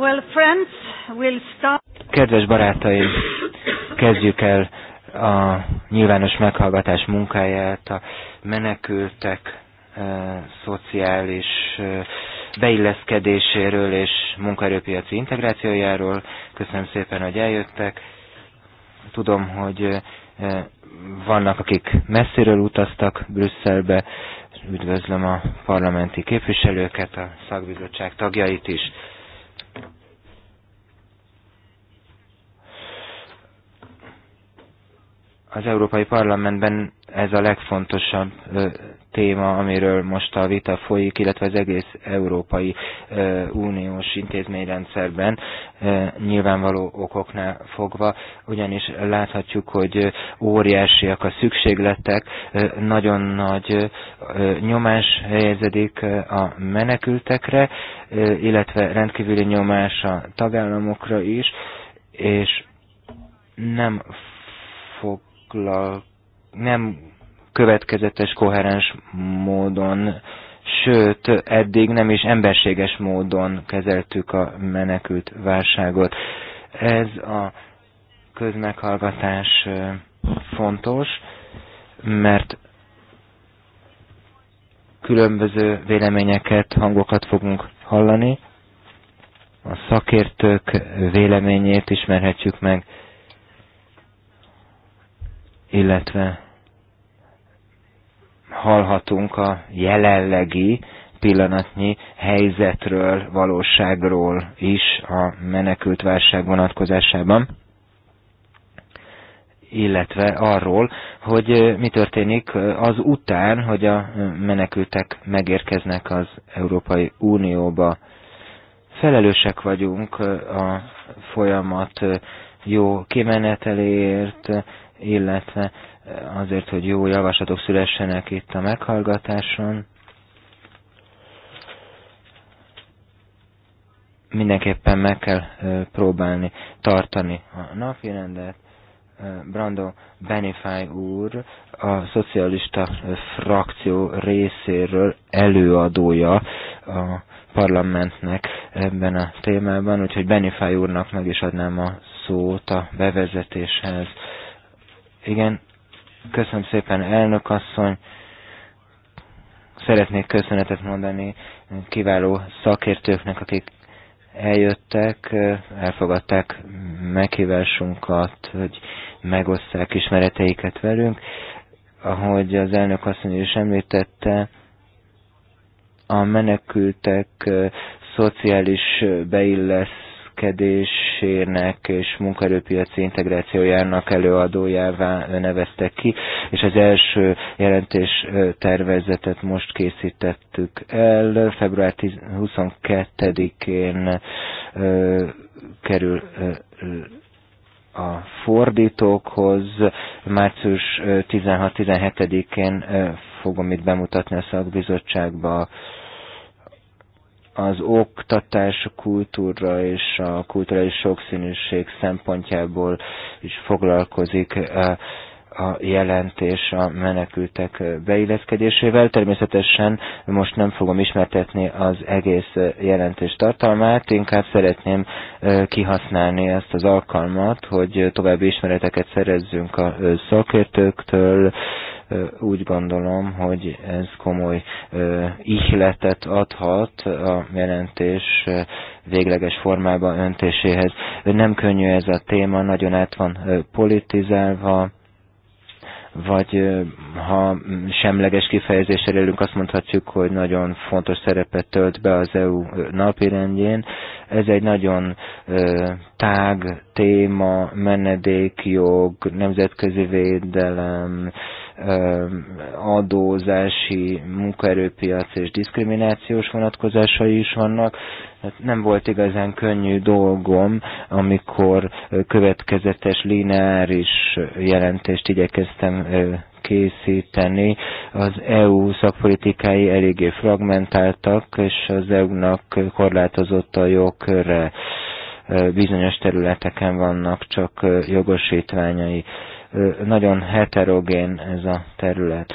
Well, friends, we'll start. Kedves barátaim, kezdjük el a nyilvános meghallgatás munkáját, a menekültek e, szociális e, beilleszkedéséről és munkaerőpiaci integrációjáról. Köszönöm szépen, hogy eljöttek. Tudom, hogy e, vannak, akik messziről utaztak Brüsszelbe, üdvözlöm a parlamenti képviselőket, a szakbizottság tagjait is. az Európai Parlamentben ez a legfontosabb téma, amiről most a vita folyik, illetve az egész Európai Uniós intézményrendszerben nyilvánvaló okoknál fogva, ugyanis láthatjuk, hogy óriásiak a szükségletek, nagyon nagy nyomás helyezedik a menekültekre, illetve rendkívüli nyomás a tagállamokra is, és nem fog foglal, nem következetes, koherens módon, sőt, eddig nem is emberséges módon kezeltük a menekült válságot. Ez a közmeghallgatás fontos, mert különböző véleményeket, hangokat fogunk hallani. A szakértők véleményét ismerhetjük meg illetve hallhatunk a jelenlegi pillanatnyi helyzetről, valóságról is a menekült válság vonatkozásában, illetve arról, hogy mi történik az után, hogy a menekültek megérkeznek az Európai Unióba. Felelősek vagyunk a folyamat jó kimeneteléért, illetve azért, hogy jó javaslatok szülessenek itt a meghallgatáson. Mindenképpen meg kell próbálni tartani a napirendet. Brando Benify úr a szocialista frakció részéről előadója a parlamentnek ebben a témában, úgyhogy Benify úrnak meg is adnám a szót a bevezetéshez. Igen, köszönöm szépen elnök asszony. Szeretnék köszönetet mondani kiváló szakértőknek, akik eljöttek, elfogadták meghívásunkat, hogy megosszák ismereteiket velünk. Ahogy az elnök asszony is említette, a menekültek szociális beillesz növekedésének és munkaerőpiaci integrációjának előadójává neveztek ki, és az első jelentés tervezetet most készítettük el. Február 22-én kerül a fordítókhoz. Március 16-17-én fogom itt bemutatni a szakbizottságba az oktatás, a kultúra és a kulturális sokszínűség szempontjából is foglalkozik e, a jelentés a menekültek beilleszkedésével. Természetesen most nem fogom ismertetni az egész jelentés tartalmát, inkább szeretném e, kihasználni ezt az alkalmat, hogy további ismereteket szerezzünk a e, szakértőktől, úgy gondolom, hogy ez komoly ihletet adhat a jelentés végleges formába öntéséhez. Nem könnyű ez a téma, nagyon át van politizálva, vagy ha semleges kifejezéssel élünk, azt mondhatjuk, hogy nagyon fontos szerepet tölt be az EU napirendjén. Ez egy nagyon tág téma, menedékjog, nemzetközi védelem, adózási, munkaerőpiac és diszkriminációs vonatkozásai is vannak. Hát nem volt igazán könnyű dolgom, amikor következetes, lineáris jelentést igyekeztem készíteni. Az EU szakpolitikái eléggé fragmentáltak, és az EU-nak korlátozott a jogkörre bizonyos területeken vannak csak jogosítványai nagyon heterogén ez a terület.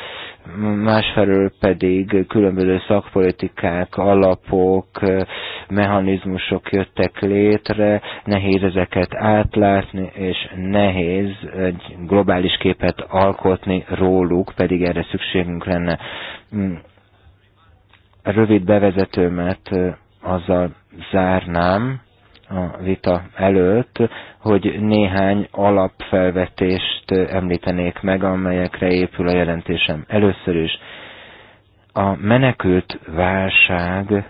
Másfelől pedig különböző szakpolitikák, alapok, mechanizmusok jöttek létre, nehéz ezeket átlátni, és nehéz egy globális képet alkotni róluk, pedig erre szükségünk lenne. Mm. Rövid bevezetőmet azzal zárnám a vita előtt, hogy néhány alapfelvetést említenék meg, amelyekre épül a jelentésem. Először is a menekült válság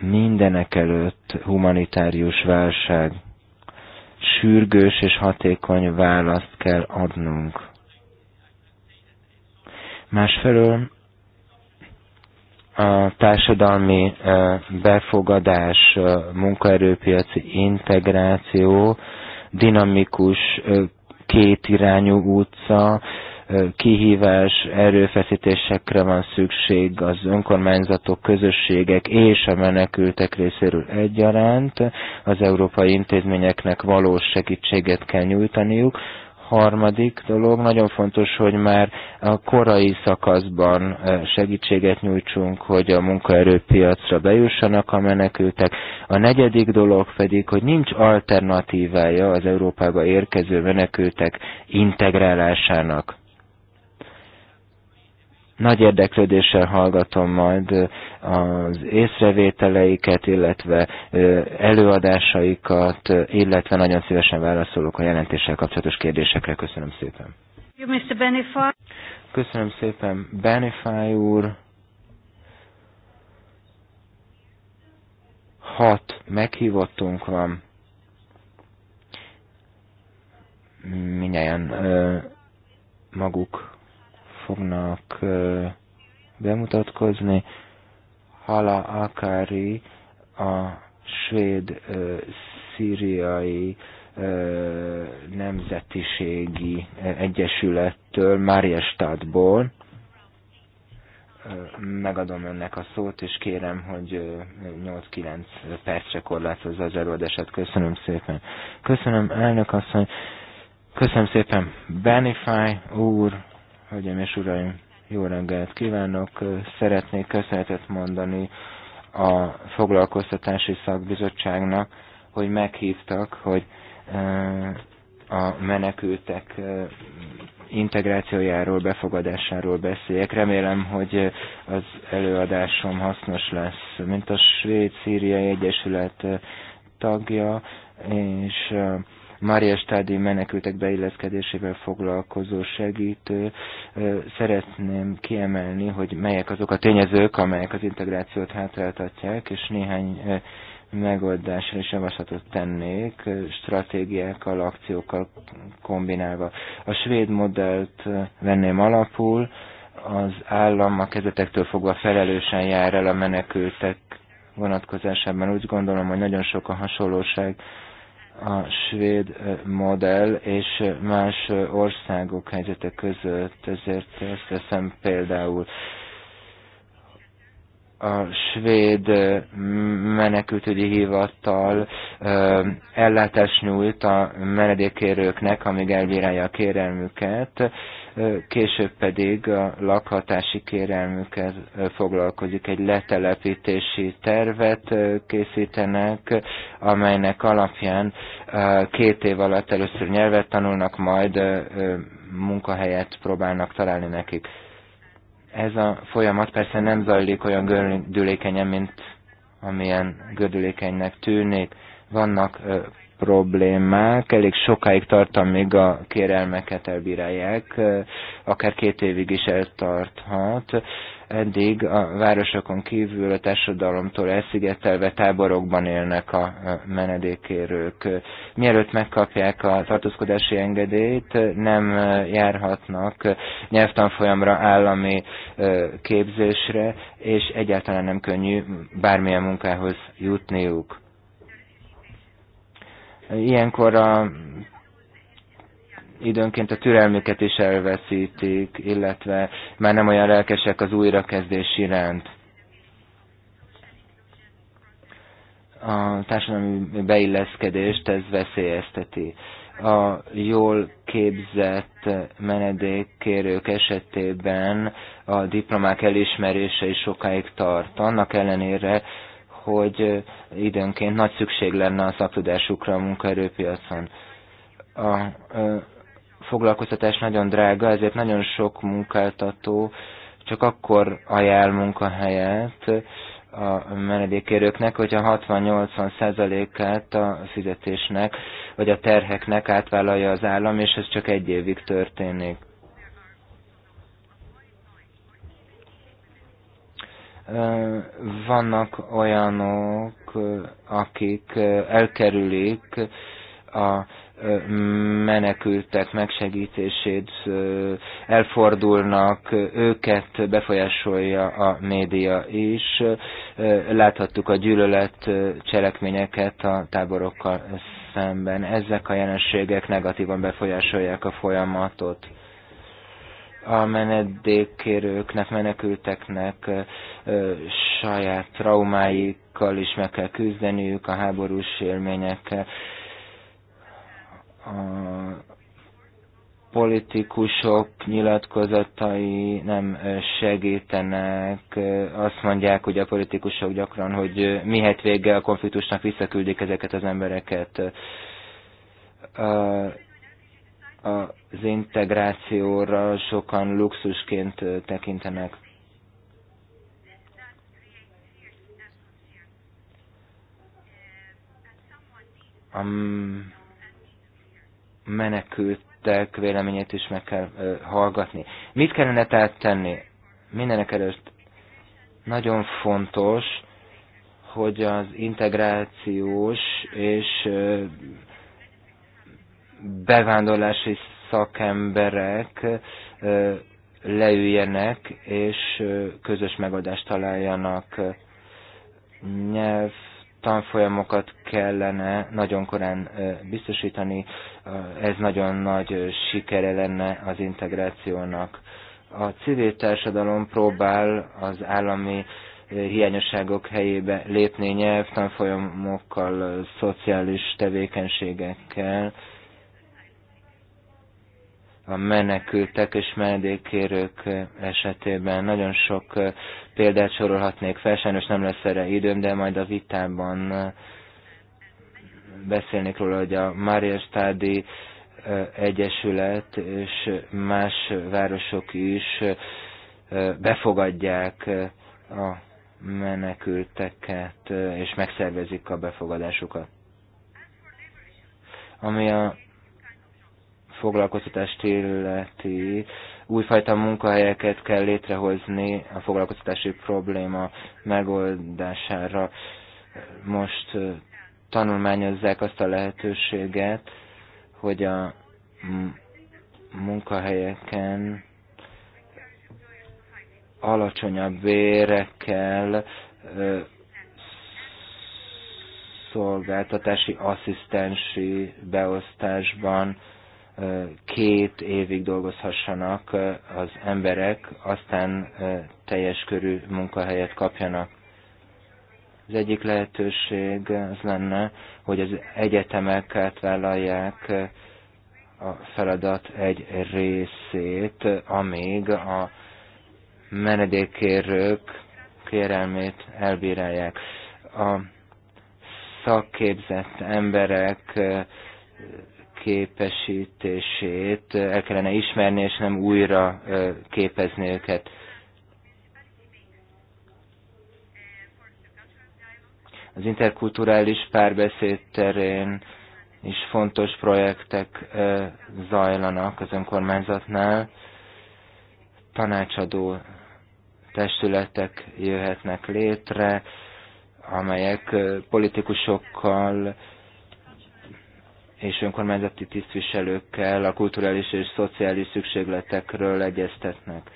mindenek előtt humanitárius válság. Sürgős és hatékony választ kell adnunk. Másfelől a társadalmi befogadás, munkaerőpiaci integráció, dinamikus kétirányú utca, kihívás, erőfeszítésekre van szükség az önkormányzatok, közösségek és a menekültek részéről egyaránt. Az európai intézményeknek valós segítséget kell nyújtaniuk, harmadik dolog, nagyon fontos, hogy már a korai szakaszban segítséget nyújtsunk, hogy a munkaerőpiacra bejussanak a menekültek. A negyedik dolog pedig, hogy nincs alternatívája az Európába érkező menekültek integrálásának. Nagy érdeklődéssel hallgatom majd az észrevételeiket, illetve előadásaikat, illetve nagyon szívesen válaszolok a jelentéssel kapcsolatos kérdésekre. Köszönöm szépen. Köszönöm szépen, Benify úr. Hat meghívottunk van. Minnyáján maguk fognak bemutatkozni. Hala Akari a svéd szíriai nemzetiségi egyesülettől, Mariestadból. Megadom önnek a szót, és kérem, hogy 8-9 percre korlátozza az előadását. Köszönöm szépen. Köszönöm, elnök asszony. Köszönöm szépen, Benify úr, Hölgyeim és Uraim, jó reggelt kívánok! Szeretnék köszönetet mondani a Foglalkoztatási Szakbizottságnak, hogy meghívtak, hogy e, a menekültek e, integrációjáról, befogadásáról beszéljek. Remélem, hogy az előadásom hasznos lesz, mint a Svéd-Szíriai Egyesület tagja, és e, Mária Stádi menekültek beilleszkedésével foglalkozó segítő. Szeretném kiemelni, hogy melyek azok a tényezők, amelyek az integrációt hátráltatják, és néhány megoldásra is javaslatot tennék, stratégiákkal, akciókkal kombinálva. A svéd modellt venném alapul, az állam a kezetektől fogva felelősen jár el a menekültek vonatkozásában. Úgy gondolom, hogy nagyon sok a hasonlóság a svéd eh, modell és eh, más eh, országok helyzete között, ezért ezt veszem például a svéd menekültügyi hivatal ellátást nyújt a menedékérőknek, amíg elbírálja a kérelmüket később pedig a lakhatási kérelmükkel foglalkozik, egy letelepítési tervet készítenek, amelynek alapján két év alatt először nyelvet tanulnak, majd munkahelyet próbálnak találni nekik. Ez a folyamat persze nem zajlik olyan gördülékenyen, mint amilyen gördülékenynek tűnik. Vannak problémák. Elég sokáig tartam, míg a kérelmeket elbírálják, akár két évig is eltarthat. Eddig a városokon kívül a társadalomtól elszigetelve táborokban élnek a menedékérők. Mielőtt megkapják a tartózkodási engedélyt, nem járhatnak nyelvtanfolyamra, állami képzésre, és egyáltalán nem könnyű bármilyen munkához jutniuk Ilyenkor a, időnként a türelmüket is elveszítik, illetve már nem olyan lelkesek az újrakezdés iránt. A társadalmi beilleszkedést ez veszélyezteti a jól képzett menedékkérők esetében a diplomák elismerése is sokáig tart. Annak ellenére, hogy időnként nagy szükség lenne a szaktudásukra a munkaerőpiacon. A foglalkoztatás nagyon drága, ezért nagyon sok munkáltató csak akkor ajánl munkahelyet a menedékérőknek, a 60-80%-át a fizetésnek vagy a terheknek átvállalja az állam, és ez csak egy évig történik Vannak olyanok, akik elkerülik a menekültek megsegítését, elfordulnak, őket befolyásolja a média is. Láthattuk a gyűlölet cselekményeket a táborokkal szemben. Ezek a jelenségek negatívan befolyásolják a folyamatot a menedékkérőknek, menekülteknek saját traumáikkal is meg kell küzdeniük, a háborús élményekkel. A politikusok nyilatkozatai nem segítenek. Azt mondják hogy a politikusok gyakran, hogy mihet vége a konfliktusnak visszaküldik ezeket az embereket az integrációra sokan luxusként tekintenek. A menekültek véleményét is meg kell hallgatni. Mit kellene tehát tenni? Mindenek előtt nagyon fontos, hogy az integrációs és bevándorlási szakemberek leüljenek és közös megoldást találjanak. Nyelv tanfolyamokat kellene nagyon korán biztosítani, ez nagyon nagy sikere lenne az integrációnak. A civil társadalom próbál az állami hiányosságok helyébe lépni nyelvtanfolyamokkal, szociális tevékenységekkel, a menekültek és menedékkérők esetében. Nagyon sok példát sorolhatnék fel, sajnos nem lesz erre időm, de majd a vitában beszélnék róla, hogy a Mária Stádi Egyesület és más városok is befogadják a menekülteket, és megszervezik a befogadásukat. Ami a foglalkoztatást illeti, újfajta munkahelyeket kell létrehozni a foglalkoztatási probléma megoldására. Most tanulmányozzák azt a lehetőséget, hogy a munkahelyeken alacsonyabb bérekkel szolgáltatási asszisztensi beosztásban két évig dolgozhassanak az emberek, aztán teljes körű munkahelyet kapjanak. Az egyik lehetőség az lenne, hogy az egyetemeket vállalják a feladat egy részét, amíg a menedékkérők kérelmét elbírálják. A szakképzett emberek képesítését el kellene ismerni, és nem újra képezni őket. Az interkulturális párbeszéd terén is fontos projektek zajlanak az önkormányzatnál. Tanácsadó testületek jöhetnek létre, amelyek politikusokkal, és önkormányzati tisztviselőkkel a kulturális és szociális szükségletekről egyeztetnek.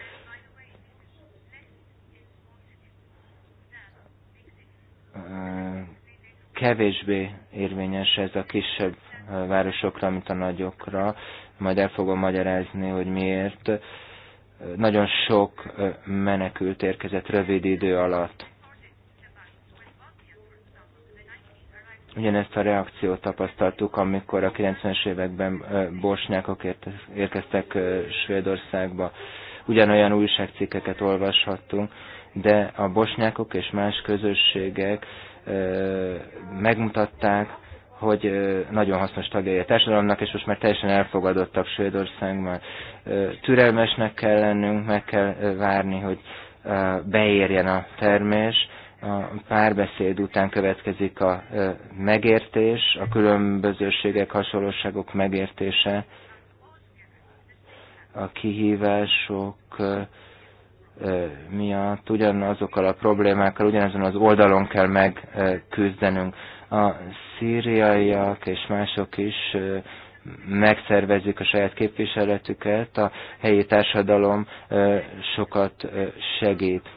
Kevésbé érvényes ez a kisebb városokra, mint a nagyokra. Majd el fogom magyarázni, hogy miért. Nagyon sok menekült érkezett rövid idő alatt Ugyanezt a reakciót tapasztaltuk, amikor a 90-es években bosnyákok érkeztek Svédországba. Ugyanolyan újságcikkeket olvashattunk, de a bosnyákok és más közösségek megmutatták, hogy nagyon hasznos tagjai a társadalomnak, és most már teljesen elfogadottak Svédországban. Türelmesnek kell lennünk, meg kell várni, hogy beérjen a termés, a párbeszéd után következik a megértés, a különbözőségek, hasonlóságok megértése, a kihívások miatt ugyanazokkal a problémákkal, ugyanazon az oldalon kell megküzdenünk. A szíriaiak és mások is megszervezik a saját képviseletüket, a helyi társadalom sokat segít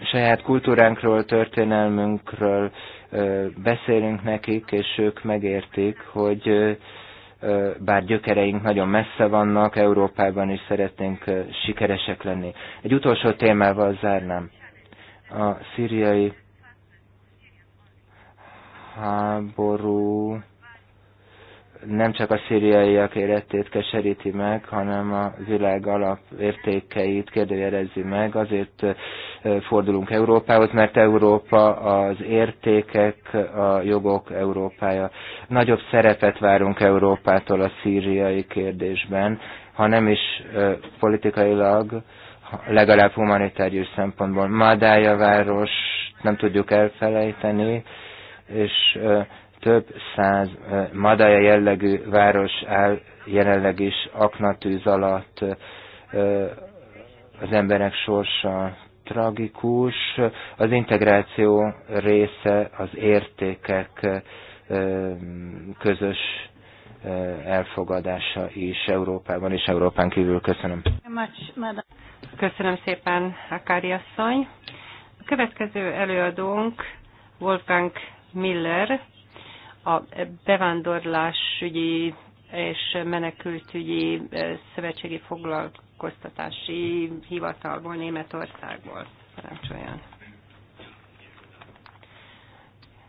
saját kultúránkról, történelmünkről beszélünk nekik, és ők megértik, hogy bár gyökereink nagyon messze vannak, Európában is szeretnénk sikeresek lenni. Egy utolsó témával zárnám. A szíriai háború nem csak a szíriaiak életét keseríti meg, hanem a világ alapértékeit kérdőjelezi meg. Azért fordulunk Európához, mert Európa az értékek, a jogok Európája. Nagyobb szerepet várunk Európától a szíriai kérdésben, ha nem is politikailag, legalább humanitárius szempontból. Madája város nem tudjuk elfelejteni, és több száz Madaja jellegű város áll jelenleg is aknatűz alatt az emberek sorsa tragikus. Az integráció része az értékek közös elfogadása is Európában és Európán kívül. Köszönöm. Köszönöm szépen, Akári asszony. A következő előadónk Wolfgang Miller, a bevándorlásügyi és menekültügyi eh, szövetségi foglalkoztatási hivatalból Németországból. Parancsoljon.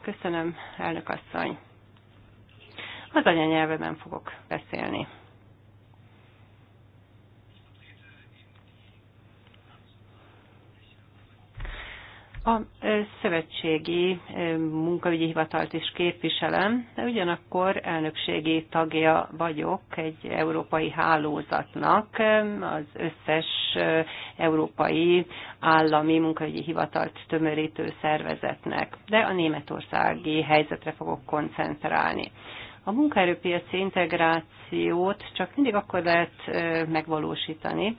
Köszönöm, elnök asszony. Az anyanyelvemen fogok beszélni. A szövetségi munkaügyi hivatalt is képviselem, de ugyanakkor elnökségi tagja vagyok egy európai hálózatnak, az összes európai állami munkaügyi hivatalt tömörítő szervezetnek, de a németországi helyzetre fogok koncentrálni. A munkaerőpiaci integrációt csak mindig akkor lehet megvalósítani,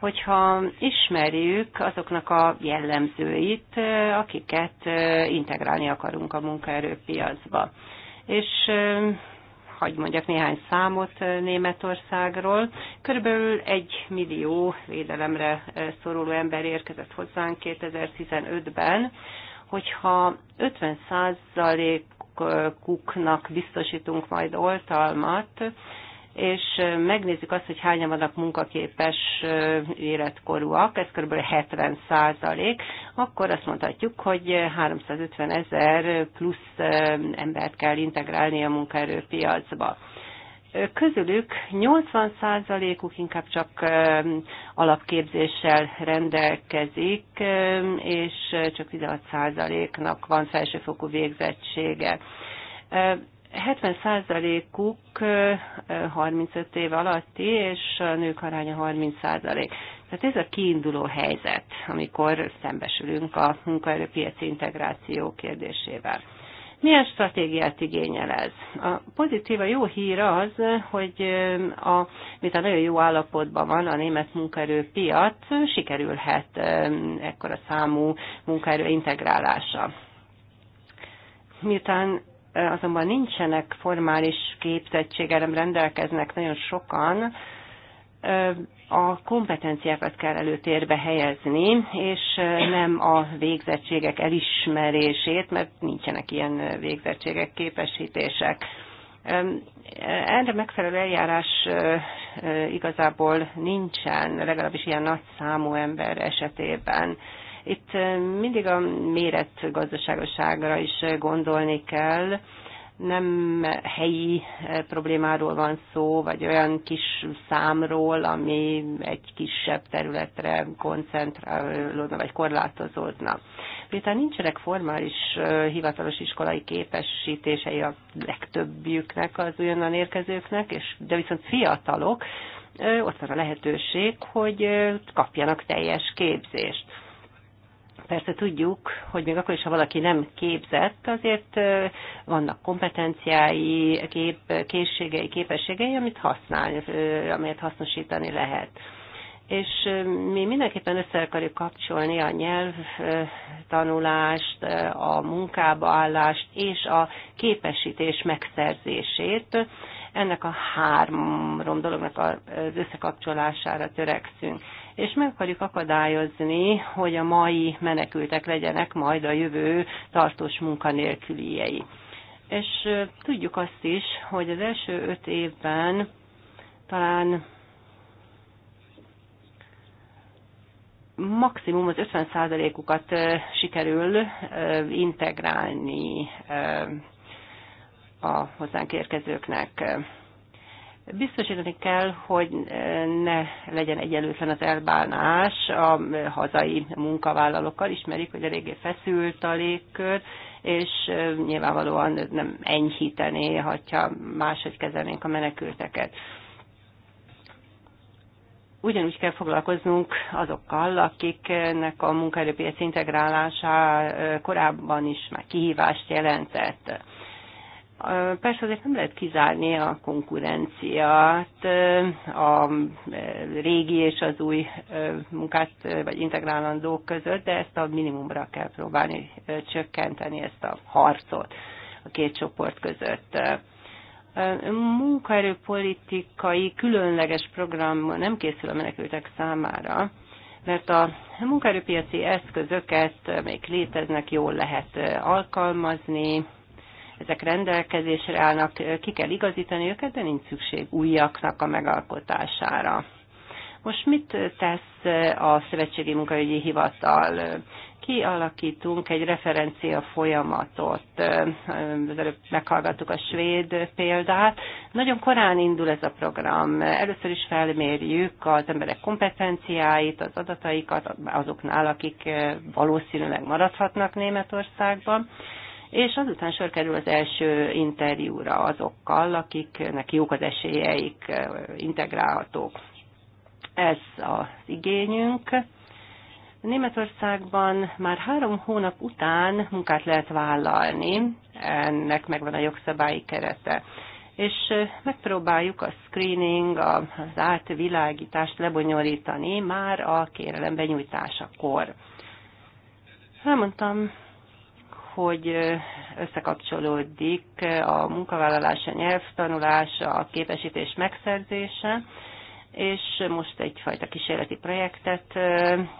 hogyha ismerjük azoknak a jellemzőit, akiket integrálni akarunk a munkaerőpiacba. És hagyd mondjak néhány számot Németországról. Körülbelül egy millió védelemre szoruló ember érkezett hozzánk 2015-ben, hogyha 50 kuknak biztosítunk majd oltalmat, és megnézzük azt, hogy hányan vannak munkaképes életkorúak, ez kb. 70 százalék, akkor azt mondhatjuk, hogy 350 ezer plusz embert kell integrálni a munkaerőpiacba. Közülük 80%-uk inkább csak alapképzéssel rendelkezik, és csak 16%-nak van felsőfokú végzettsége. 70%-uk 35 év alatti, és a nők aránya 30%. Tehát ez a kiinduló helyzet, amikor szembesülünk a munkaerőpiaci integráció kérdésével. Milyen stratégiát igényel ez? A pozitív, a jó hír az, hogy a, mint a nagyon jó állapotban van a német munkaerőpiac, sikerülhet ekkora számú munkaerő integrálása. Miután azonban nincsenek formális képzettséggel, rendelkeznek nagyon sokan, a kompetenciákat kell előtérbe helyezni, és nem a végzettségek elismerését, mert nincsenek ilyen végzettségek, képesítések. Erre megfelelő eljárás igazából nincsen, legalábbis ilyen nagy számú ember esetében. Itt mindig a méret gazdaságoságra is gondolni kell. Nem helyi problémáról van szó, vagy olyan kis számról, ami egy kisebb területre koncentrálódna, vagy korlátozódna. Miután nincsenek formális hivatalos iskolai képesítései a legtöbbjüknek, az újonnan érkezőknek, és, de viszont fiatalok, ott van a lehetőség, hogy kapjanak teljes képzést persze tudjuk, hogy még akkor is, ha valaki nem képzett, azért vannak kompetenciái, kép, készségei, képességei, amit használ, amelyet hasznosítani lehet. És mi mindenképpen össze akarjuk kapcsolni a nyelv tanulást, a munkába állást és a képesítés megszerzését, ennek a három dolognak az összekapcsolására törekszünk. És meg akarjuk akadályozni, hogy a mai menekültek legyenek majd a jövő tartós munkanélküliei. És tudjuk azt is, hogy az első öt évben talán maximum az 50%-ukat sikerül integrálni a hozzánk érkezőknek. Biztosítani kell, hogy ne legyen egyenlőtlen az elbánás a hazai munkavállalókkal. Ismerik, hogy eléggé feszült a légkör, és nyilvánvalóan nem enyhítené, ha máshogy kezelnénk a menekülteket ugyanúgy kell foglalkoznunk azokkal, akiknek a munkaerőpiac integrálása korábban is már kihívást jelentett. Persze azért nem lehet kizárni a konkurenciát, a régi és az új munkát vagy integrálandók között, de ezt a minimumra kell próbálni csökkenteni ezt a harcot a két csoport között. Munkaerőpolitikai különleges program nem készül a menekültek számára, mert a munkaerőpiaci eszközöket még léteznek, jól lehet alkalmazni, ezek rendelkezésre állnak, ki kell igazítani őket, de nincs szükség újaknak a megalkotására. Most mit tesz a Szövetségi Munkaügyi Hivatal? kialakítunk egy referencia folyamatot. Az előbb meghallgattuk a svéd példát. Nagyon korán indul ez a program. Először is felmérjük az emberek kompetenciáit, az adataikat azoknál, akik valószínűleg maradhatnak Németországban és azután sor kerül az első interjúra azokkal, akiknek jók az esélyeik, integrálhatók. Ez az igényünk. Németországban már három hónap után munkát lehet vállalni, ennek megvan a jogszabályi kerete. És megpróbáljuk a screening, az átvilágítást lebonyolítani már a kérelem benyújtásakor. Elmondtam hogy összekapcsolódik a munkavállalás, a nyelvtanulás, a képesítés megszerzése, és most egyfajta kísérleti projektet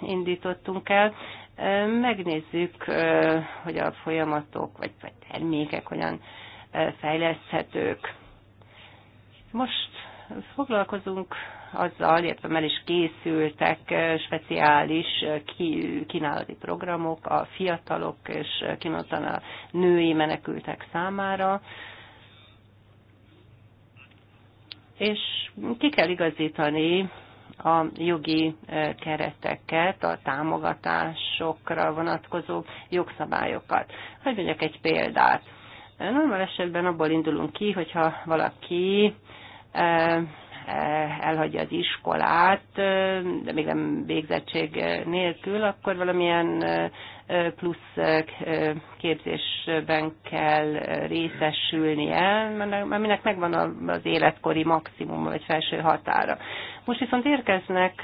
indítottunk el. Megnézzük, hogy a folyamatok vagy, a termékek hogyan fejleszthetők. Most foglalkozunk azzal, illetve már is készültek speciális kínálati programok a fiatalok és kimondottan a női menekültek számára, és ki kell igazítani a jogi kereteket, a támogatásokra vonatkozó jogszabályokat. Hogy mondjak egy példát. Normál esetben abból indulunk ki, hogyha valaki Eh, elhagyja az iskolát, eh, de még nem végzettség nélkül, akkor valamilyen eh, plusz képzésben kell részesülnie, aminek megvan az életkori maximum vagy felső határa. Most viszont érkeznek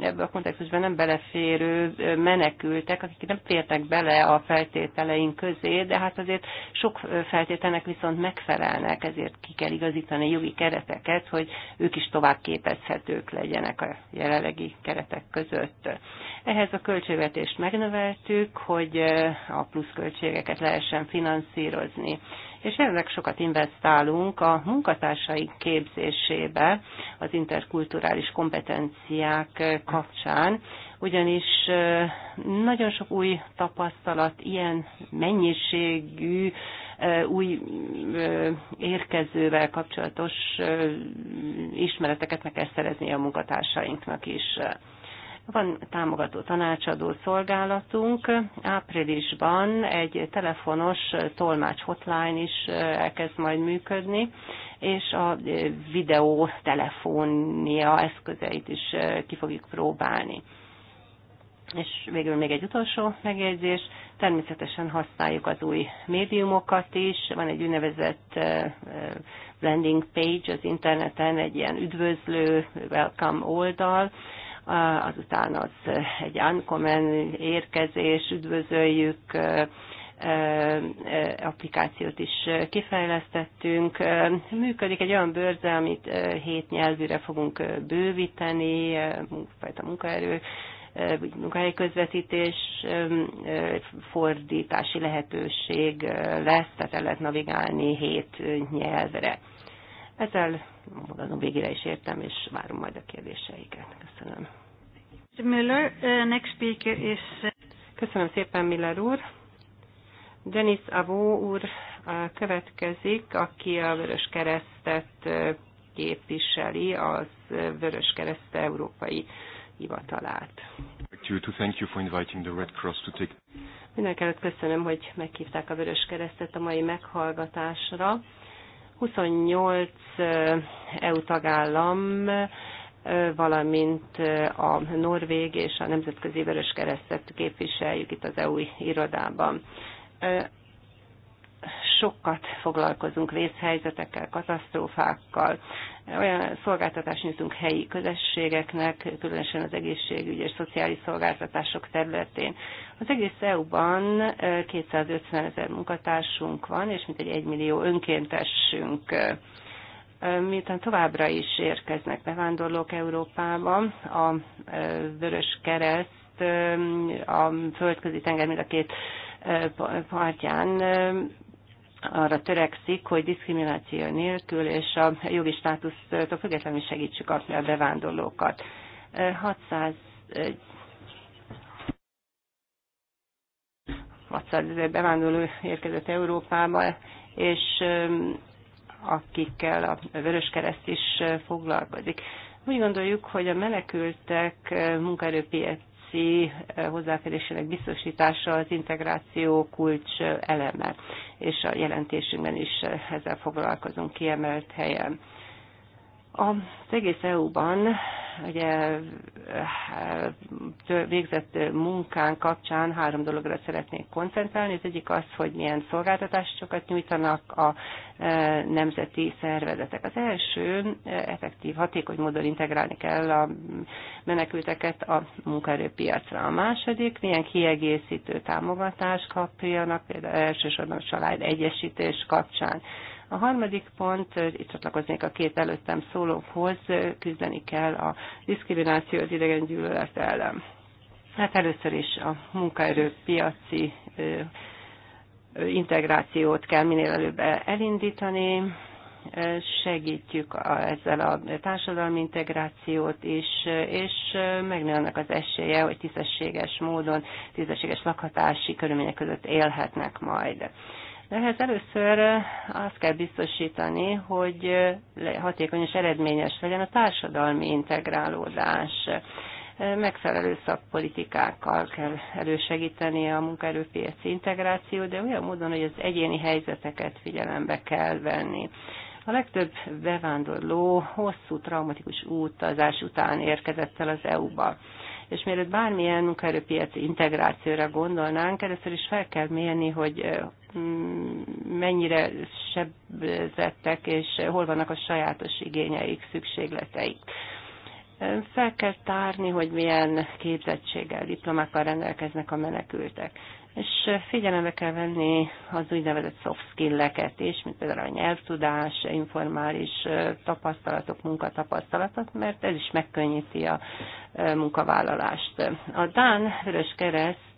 ebbe a kontextusban nem beleférő menekültek, akik nem fértek bele a feltételeink közé, de hát azért sok feltételnek viszont megfelelnek, ezért ki kell igazítani jogi kereteket, hogy ők is tovább képezhetők legyenek a jelenlegi keretek között. Ehhez a költségvetést megnöveltük, reméljük, hogy a pluszköltségeket lehessen finanszírozni. És ezek sokat investálunk a munkatársaink képzésébe az interkulturális kompetenciák kapcsán, ugyanis nagyon sok új tapasztalat, ilyen mennyiségű új érkezővel kapcsolatos ismereteket meg kell szerezni a munkatársainknak is. Van támogató tanácsadó szolgálatunk, áprilisban egy telefonos tolmács hotline is elkezd majd működni, és a videó telefonia eszközeit is ki fogjuk próbálni. És végül még egy utolsó megjegyzés. Természetesen használjuk az új médiumokat is. Van egy úgynevezett landing page az interneten, egy ilyen üdvözlő welcome oldal, azután az egy Ancomen érkezés, üdvözöljük, applikációt is kifejlesztettünk. Működik egy olyan bőrze, amit hét nyelvűre fogunk bővíteni, fajta munkaerő, munkahelyi közvetítés, fordítási lehetőség lesz, tehát el lehet navigálni hét nyelvre. Ezzel mondanom végére is értem, és várom majd a kérdéseiket. Köszönöm. Müller, uh, next speaker is... Uh, köszönöm szépen, Miller úr. Denis Avó úr uh, következik, aki a Vörös Keresztet uh, képviseli, az Vörös Kereszt Európai Hivatalát. Mindenkelőtt köszönöm, hogy meghívták a Vörös Keresztet a mai meghallgatásra. 28 EU tagállam, valamint a Norvég és a Nemzetközi Vöröskeresztet képviseljük itt az EU irodában sokat foglalkozunk vészhelyzetekkel, katasztrófákkal, olyan szolgáltatást nyújtunk helyi közösségeknek, különösen az egészségügy és szociális szolgáltatások területén. Az egész EU-ban 250 ezer munkatársunk van, és mintegy 1 millió önkéntesünk miután továbbra is érkeznek bevándorlók Európába, a Vörös Kereszt, a földközi tenger mind a két partján arra törekszik, hogy diszkrimináció nélkül és a jogi státusztól függetlenül segítsük a bevándorlókat. 600 600 ezer bevándorló érkezett Európába, és akikkel a Kereszt is foglalkozik. Úgy gondoljuk, hogy a menekültek munkaerőpiac piaci eh, hozzáférésének biztosítása az integráció kulcs eh, eleme, és a jelentésünkben is eh, ezzel foglalkozunk kiemelt helyen. Az egész EU-ban ugye eh, végzett munkán kapcsán három dologra szeretnék koncentrálni. Az egyik az, hogy milyen szolgáltatásokat nyújtanak a eh, nemzeti szervezetek. Az első eh, effektív, hatékony módon integrálni kell a menekülteket a munkaerőpiacra. A második, milyen kiegészítő támogatást kapjanak, például elsősorban a család egyesítés kapcsán. A harmadik pont, itt csatlakoznék a két előttem szólókhoz, küzdeni kell a diszkrimináció az idegen gyűlölet ellen. Hát először is a munkaerőpiaci integrációt kell minél előbb elindítani, segítjük a, ezzel a társadalmi integrációt is, és megnőnek az esélye, hogy tisztességes módon, tisztességes lakhatási körülmények között élhetnek majd. Ehhez hát először azt kell biztosítani, hogy hatékony és eredményes legyen a társadalmi integrálódás. Megfelelő szakpolitikákkal kell elősegíteni a munkaerőpiaci integráció, de olyan módon, hogy az egyéni helyzeteket figyelembe kell venni. A legtöbb bevándorló hosszú traumatikus utazás után érkezett el az EU-ba és mielőtt bármilyen munkaerőpiaci integrációra gondolnánk, először is fel kell mérni, hogy mennyire sebzettek, és hol vannak a sajátos igényeik, szükségleteik. Fel kell tárni, hogy milyen képzettséggel, diplomákkal rendelkeznek a menekültek. És figyelembe kell venni az úgynevezett soft skill-eket is, mint például a nyelvtudás, informális tapasztalatok, munkatapasztalatok, mert ez is megkönnyíti a munkavállalást. A Dán Vörös Kereszt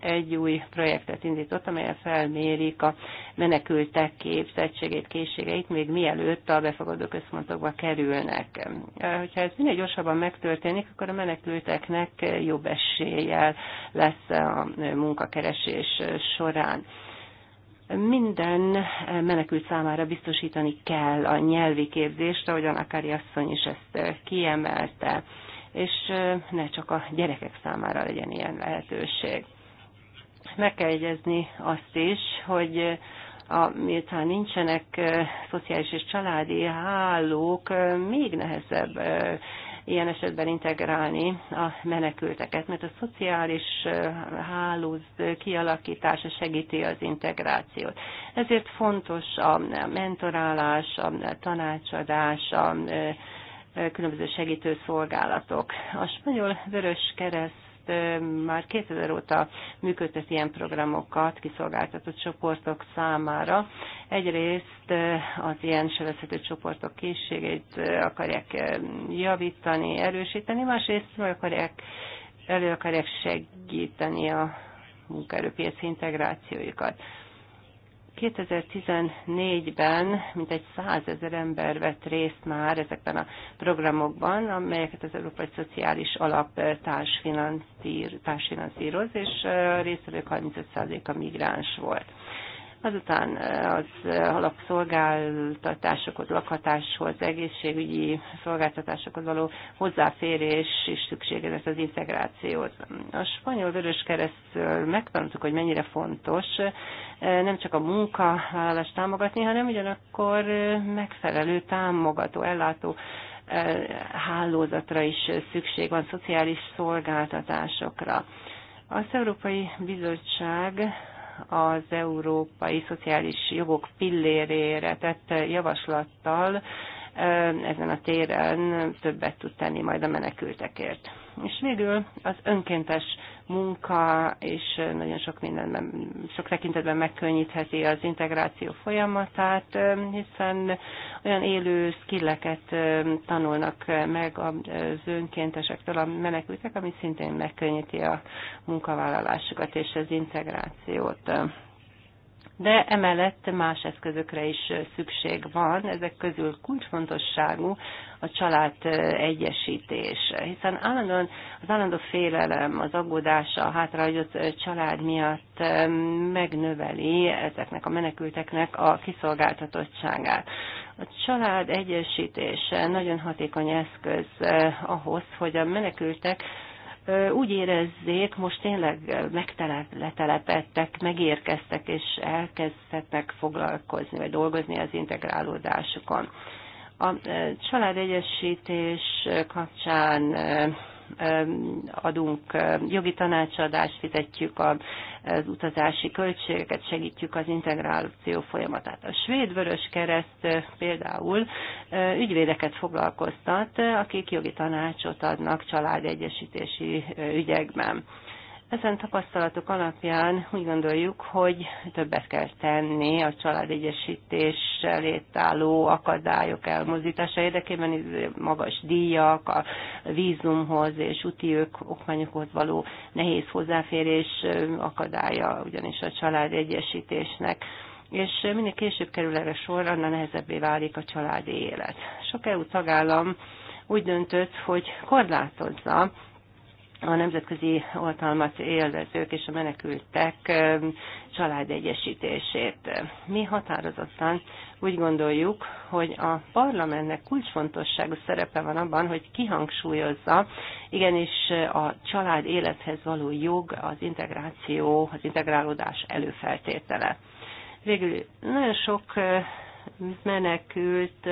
egy új projektet indított, amelyen felmérik a menekültek képzettségét, készségeit, még mielőtt a befogadó központokba kerülnek. Hogyha ez minél gyorsabban megtörténik, akkor a menekülteknek jobb eséllyel lesz a munkakeresés során minden menekült számára biztosítani kell a nyelvi képzést, ahogyan Akari asszony is ezt kiemelte és ne csak a gyerekek számára legyen ilyen lehetőség. Meg kell jegyezni azt is, hogy a, miután nincsenek szociális és családi hálók, még nehezebb ilyen esetben integrálni a menekülteket, mert a szociális hálóz kialakítása segíti az integrációt. Ezért fontos a mentorálás, a tanácsadás, a különböző segítő szolgálatok. A spanyol vörös kereszt már 2000 óta működtet ilyen programokat kiszolgáltatott csoportok számára. Egyrészt az ilyen sebezhető csoportok készségét akarják javítani, erősíteni, másrészt meg akarják, elő akarják segíteni a munkaerőpiaci integrációjukat. 2014-ben mintegy százezer ember vett részt már ezekben a programokban, amelyeket az Európai Szociális Alap társfinanszíroz, és résztvevők 35%-a migráns volt. Azután az alapszolgáltatásokhoz, lakhatáshoz, egészségügyi szolgáltatásokhoz való hozzáférés is szükséges az integrációhoz. A spanyol vörös keresztől megtanultuk, hogy mennyire fontos nem csak a munkavállalást támogatni, hanem ugyanakkor megfelelő támogató, ellátó hálózatra is szükség van, szociális szolgáltatásokra. Az Európai Bizottság az európai szociális jogok pillérére tett javaslattal ezen a téren többet tud tenni majd a menekültekért. És végül az önkéntes munka és nagyon sok mindenben, sok tekintetben megkönnyítheti az integráció folyamatát, hiszen olyan élő skilleket tanulnak meg az önkéntesektől a menekültek, ami szintén megkönnyíti a munkavállalásukat és az integrációt de emellett más eszközökre is szükség van, ezek közül kulcsfontosságú a család egyesítés, hiszen állandóan, az állandó félelem, az aggódása a hátrahagyott család miatt megnöveli ezeknek a menekülteknek a kiszolgáltatottságát. A család egyesítése nagyon hatékony eszköz ahhoz, hogy a menekültek úgy érezzék, most tényleg megtelepedtek, megérkeztek, és elkezdhetnek foglalkozni, vagy dolgozni az integrálódásukon. A családegyesítés kapcsán adunk jogi tanácsadást, fizetjük az utazási költségeket, segítjük az integráció folyamatát. A svéd vörös kereszt például ügyvédeket foglalkoztat, akik jogi tanácsot adnak családegyesítési ügyekben. Ezen tapasztalatok alapján úgy gondoljuk, hogy többet kell tenni a családegyesítéssel étálló akadályok elmozdítása érdekében, magas díjak, a vízumhoz és úti okmányokhoz való nehéz hozzáférés akadálya ugyanis a családegyesítésnek és minél később kerül erre sor, annál nehezebbé válik a családi élet. Sok EU tagállam úgy döntött, hogy korlátozza a nemzetközi oltalmat élvezők és a menekültek családegyesítését. Mi határozottan úgy gondoljuk, hogy a parlamentnek kulcsfontosságú szerepe van abban, hogy kihangsúlyozza, igenis a család élethez való jog az integráció, az integrálódás előfeltétele. Végül nagyon sok menekült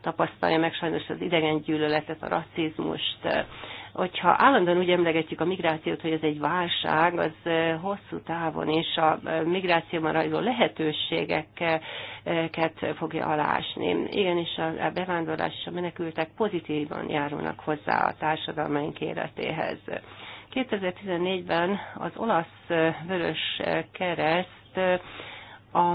tapasztalja meg sajnos az idegengyűlöletet, a rasszizmust, hogyha állandóan úgy emlegetjük a migrációt, hogy ez egy válság, az hosszú távon és a migrációban rajzó lehetőségeket fogja alásni. Igenis a bevándorlás és a menekültek pozitívan járulnak hozzá a társadalmaink életéhez. 2014-ben az olasz vörös kereszt a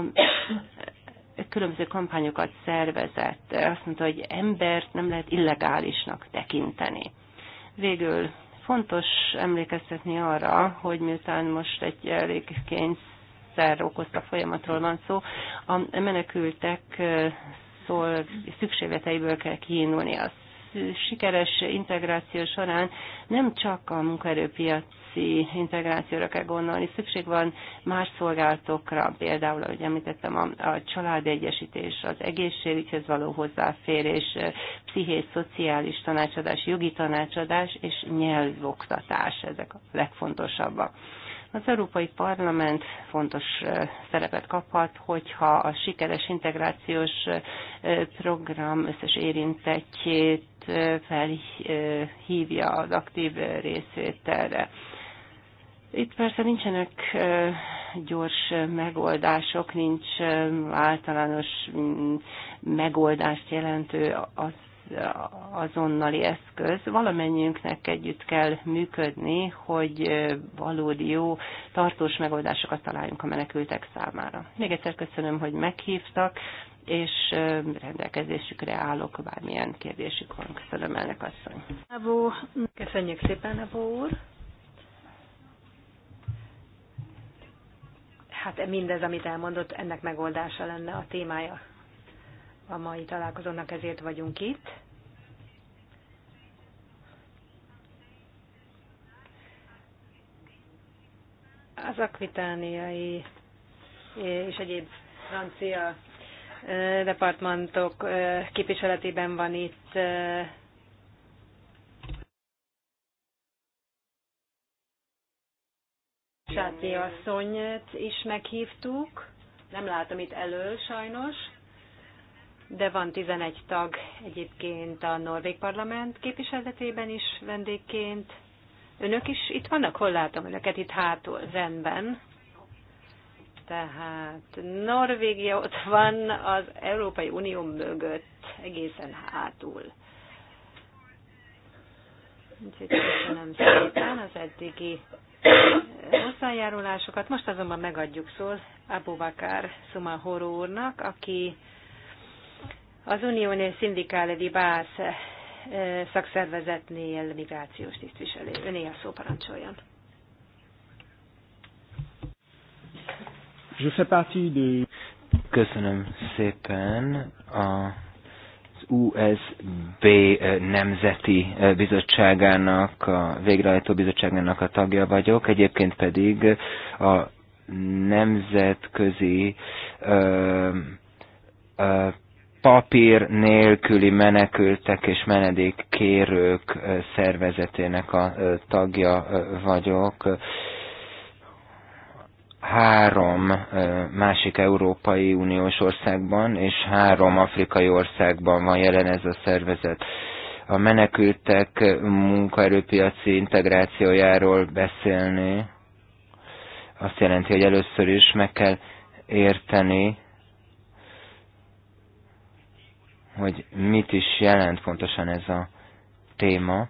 különböző kampányokat szervezett. Azt mondta, hogy embert nem lehet illegálisnak tekinteni. Végül fontos emlékeztetni arra, hogy miután most egy elég kényszer okozta folyamatról van szó, a menekültek eh, szól, szükségleteiből kell kiindulni a sikeres integráció során nem csak a munkaerőpiaci integrációra kell gondolni, szükség van más szolgálatokra, például, ahogy említettem, a, a családegyesítés, az egészségügyhöz való hozzáférés, pszichés, szociális tanácsadás, jogi tanácsadás és nyelvoktatás, ezek a legfontosabbak. Az Európai Parlament fontos szerepet kaphat, hogyha a sikeres integrációs program összes érintettjét felhívja az aktív részét erre. Itt persze nincsenek gyors megoldások, nincs általános mm, megoldást jelentő az azonnali eszköz. Valamennyiünknek együtt kell működni, hogy valódi jó, tartós megoldásokat találjunk a menekültek számára. Még egyszer köszönöm, hogy meghívtak, és rendelkezésükre állok, bármilyen kérdésük van. Köszönöm, elnök asszony. köszönjük szépen, Evo úr. Hát mindez, amit elmondott, ennek megoldása lenne a témája a mai találkozónak, ezért vagyunk itt. Az akvitániai és egyéb francia Departmentok képviseletében van itt Sáté asszonyt is meghívtuk. Nem látom itt elől sajnos, de van 11 tag egyébként a Norvég Parlament képviseletében is vendégként. Önök is itt vannak? Hol látom önöket? Itt hátul, rendben. Tehát Norvégia ott van az Európai Unió mögött, egészen hátul. Úgyhogy köszönöm szépen az eddigi eh, hozzájárulásokat. Most azonban megadjuk szól Bakar Sumahoro úrnak, aki az Uniónél Sindicale di eh, szakszervezetnél migrációs tisztviselő. Öné a szó parancsoljon. Je fais partie de... Köszönöm szépen a USB eh, Nemzeti eh, Bizottságának, a végrehajtó bizottságának a tagja vagyok, egyébként pedig eh, a nemzetközi ö, ö, papír nélküli menekültek és menedékkérők szervezetének a tagja vagyok három másik Európai Uniós országban és három afrikai országban van jelen ez a szervezet. A menekültek munkaerőpiaci integrációjáról beszélni azt jelenti, hogy először is meg kell érteni, hogy mit is jelent pontosan ez a téma.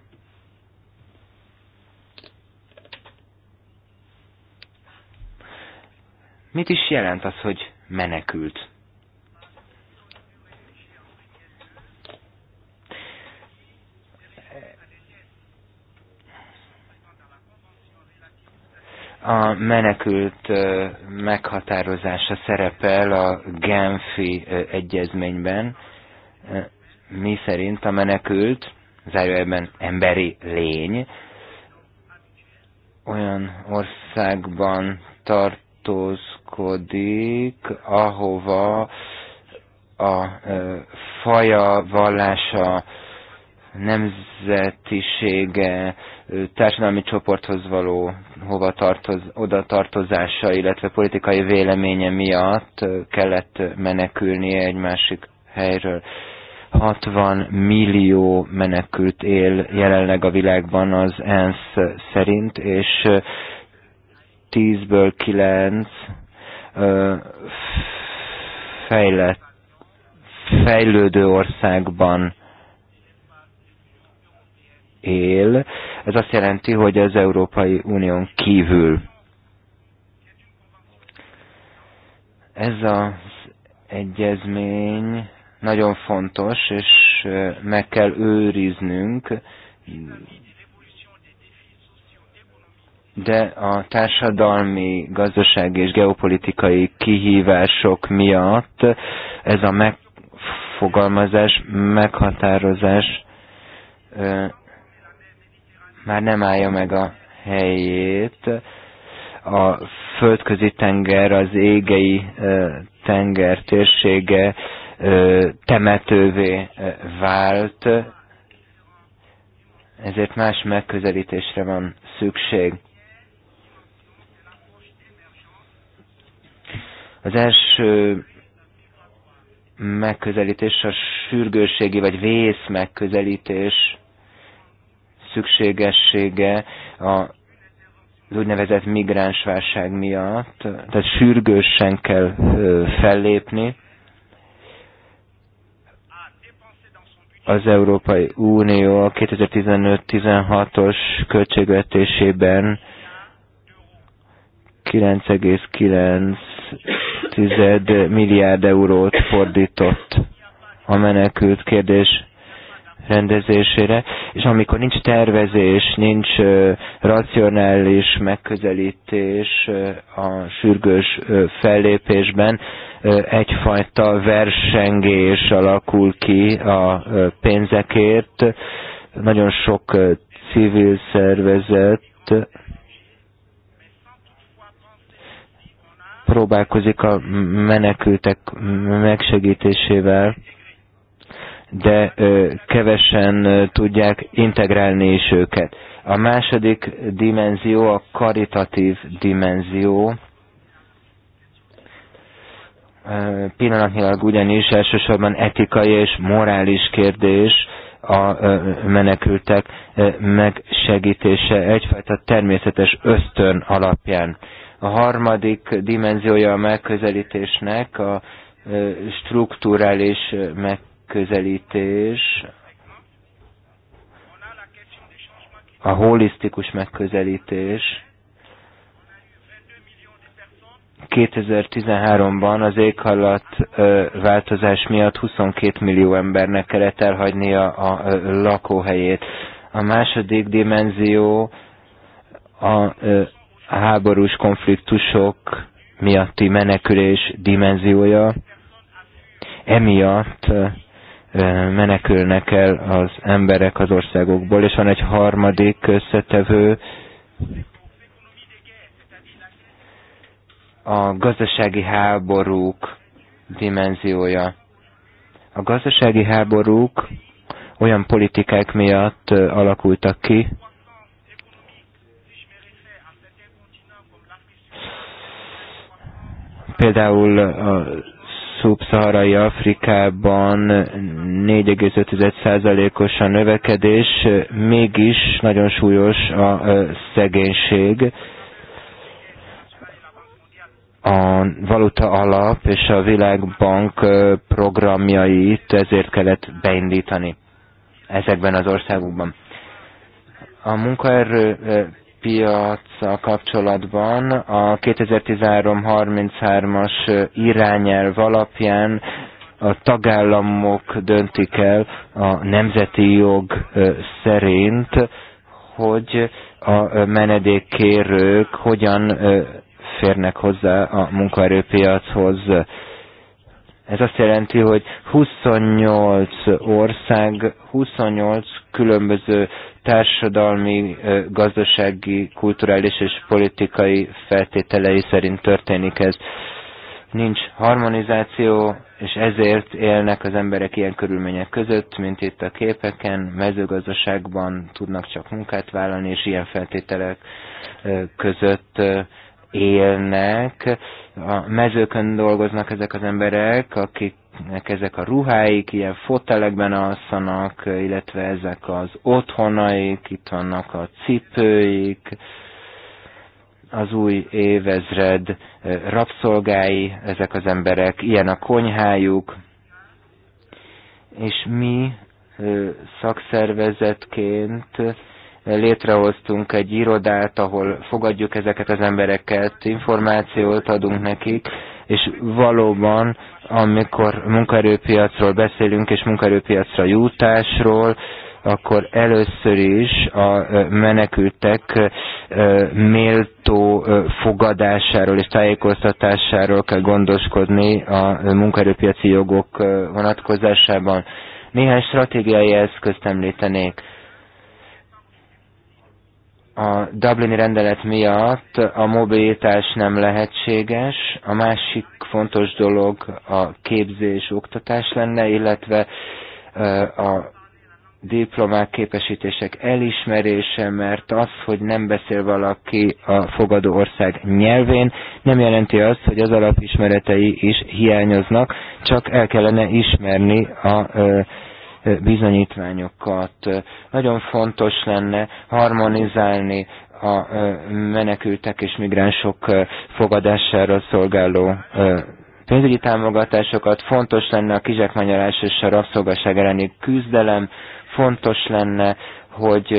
Mit is jelent az, hogy menekült? a menekült meghatározása szerepel a Genfi egyezményben, mi szerint a menekült, zárójelben emberi lény, olyan országban tart, tartózkodik, ahova a e, faja, vallása, nemzetisége, e, társadalmi csoporthoz való hova tartoz, oda tartozása, illetve politikai véleménye miatt e, kellett menekülnie egy másik helyről. 60 millió menekült él jelenleg a világban az ENSZ szerint, és tízből kilenc fejlett, fejlődő országban él. Ez azt jelenti, hogy az Európai Unión kívül. Ez az egyezmény nagyon fontos, és meg kell őriznünk, de a társadalmi, gazdasági és geopolitikai kihívások miatt ez a megfogalmazás, meghatározás már nem állja meg a helyét. A földközi tenger, az égei tenger térsége temetővé vált, ezért más megközelítésre van szükség. Az első megközelítés a sürgősségi vagy vész megközelítés szükségessége a az úgynevezett migránsválság miatt, tehát sürgősen kell fellépni. Az Európai Unió 2015-16-os költségvetésében 9,9 tized milliárd eurót fordított a menekült kérdés rendezésére, és amikor nincs tervezés, nincs racionális megközelítés a sürgős fellépésben, egyfajta versengés alakul ki a pénzekért. Nagyon sok civil szervezet próbálkozik a menekültek megsegítésével, de kevesen tudják integrálni is őket. A második dimenzió a karitatív dimenzió. Pillanatnyilag ugyanis elsősorban etikai és morális kérdés a menekültek megsegítése egyfajta természetes ösztön alapján. A harmadik dimenziója a megközelítésnek a strukturális megközelítés, a holisztikus megközelítés. 2013-ban az éghajlat változás miatt 22 millió embernek kellett elhagynia a lakóhelyét. A második dimenzió a háborús konfliktusok miatti menekülés dimenziója, emiatt menekülnek el az emberek az országokból, és van egy harmadik összetevő, a gazdasági háborúk dimenziója. A gazdasági háborúk olyan politikák miatt alakultak ki, Például a szubszaharai Afrikában 4,5%-os a növekedés, mégis nagyon súlyos a szegénység. A valuta alap és a világbank programjait ezért kellett beindítani ezekben az országokban. A munkaerő piacsal kapcsolatban a 2013-33-as irányelv alapján a tagállamok döntik el a nemzeti jog szerint, hogy a menedékkérők hogyan férnek hozzá a munkaerőpiachoz. Ez azt jelenti, hogy 28 ország, 28 különböző társadalmi, gazdasági, kulturális és politikai feltételei szerint történik ez. Nincs harmonizáció, és ezért élnek az emberek ilyen körülmények között, mint itt a képeken, mezőgazdaságban tudnak csak munkát vállalni, és ilyen feltételek között élnek a mezőkön dolgoznak ezek az emberek, akiknek ezek a ruháik, ilyen fotelekben alszanak, illetve ezek az otthonaik, itt vannak a cipőik, az új évezred rabszolgái, ezek az emberek, ilyen a konyhájuk, és mi szakszervezetként létrehoztunk egy irodát, ahol fogadjuk ezeket az embereket, információt adunk nekik, és valóban, amikor munkaerőpiacról beszélünk, és munkaerőpiacra jutásról, akkor először is a menekültek méltó fogadásáról és tájékoztatásáról kell gondoskodni a munkaerőpiaci jogok vonatkozásában. Néhány stratégiai eszközt említenék a Dublini rendelet miatt a mobilitás nem lehetséges. A másik fontos dolog a képzés, oktatás lenne, illetve a diplomák, képesítések elismerése, mert az, hogy nem beszél valaki a fogadó ország nyelvén, nem jelenti azt, hogy az alapismeretei is hiányoznak, csak el kellene ismerni a bizonyítványokat. Nagyon fontos lenne harmonizálni a menekültek és migránsok fogadására szolgáló pénzügyi támogatásokat, fontos lenne a kizsákmányolás és a rabszolgaság elleni küzdelem, fontos lenne, hogy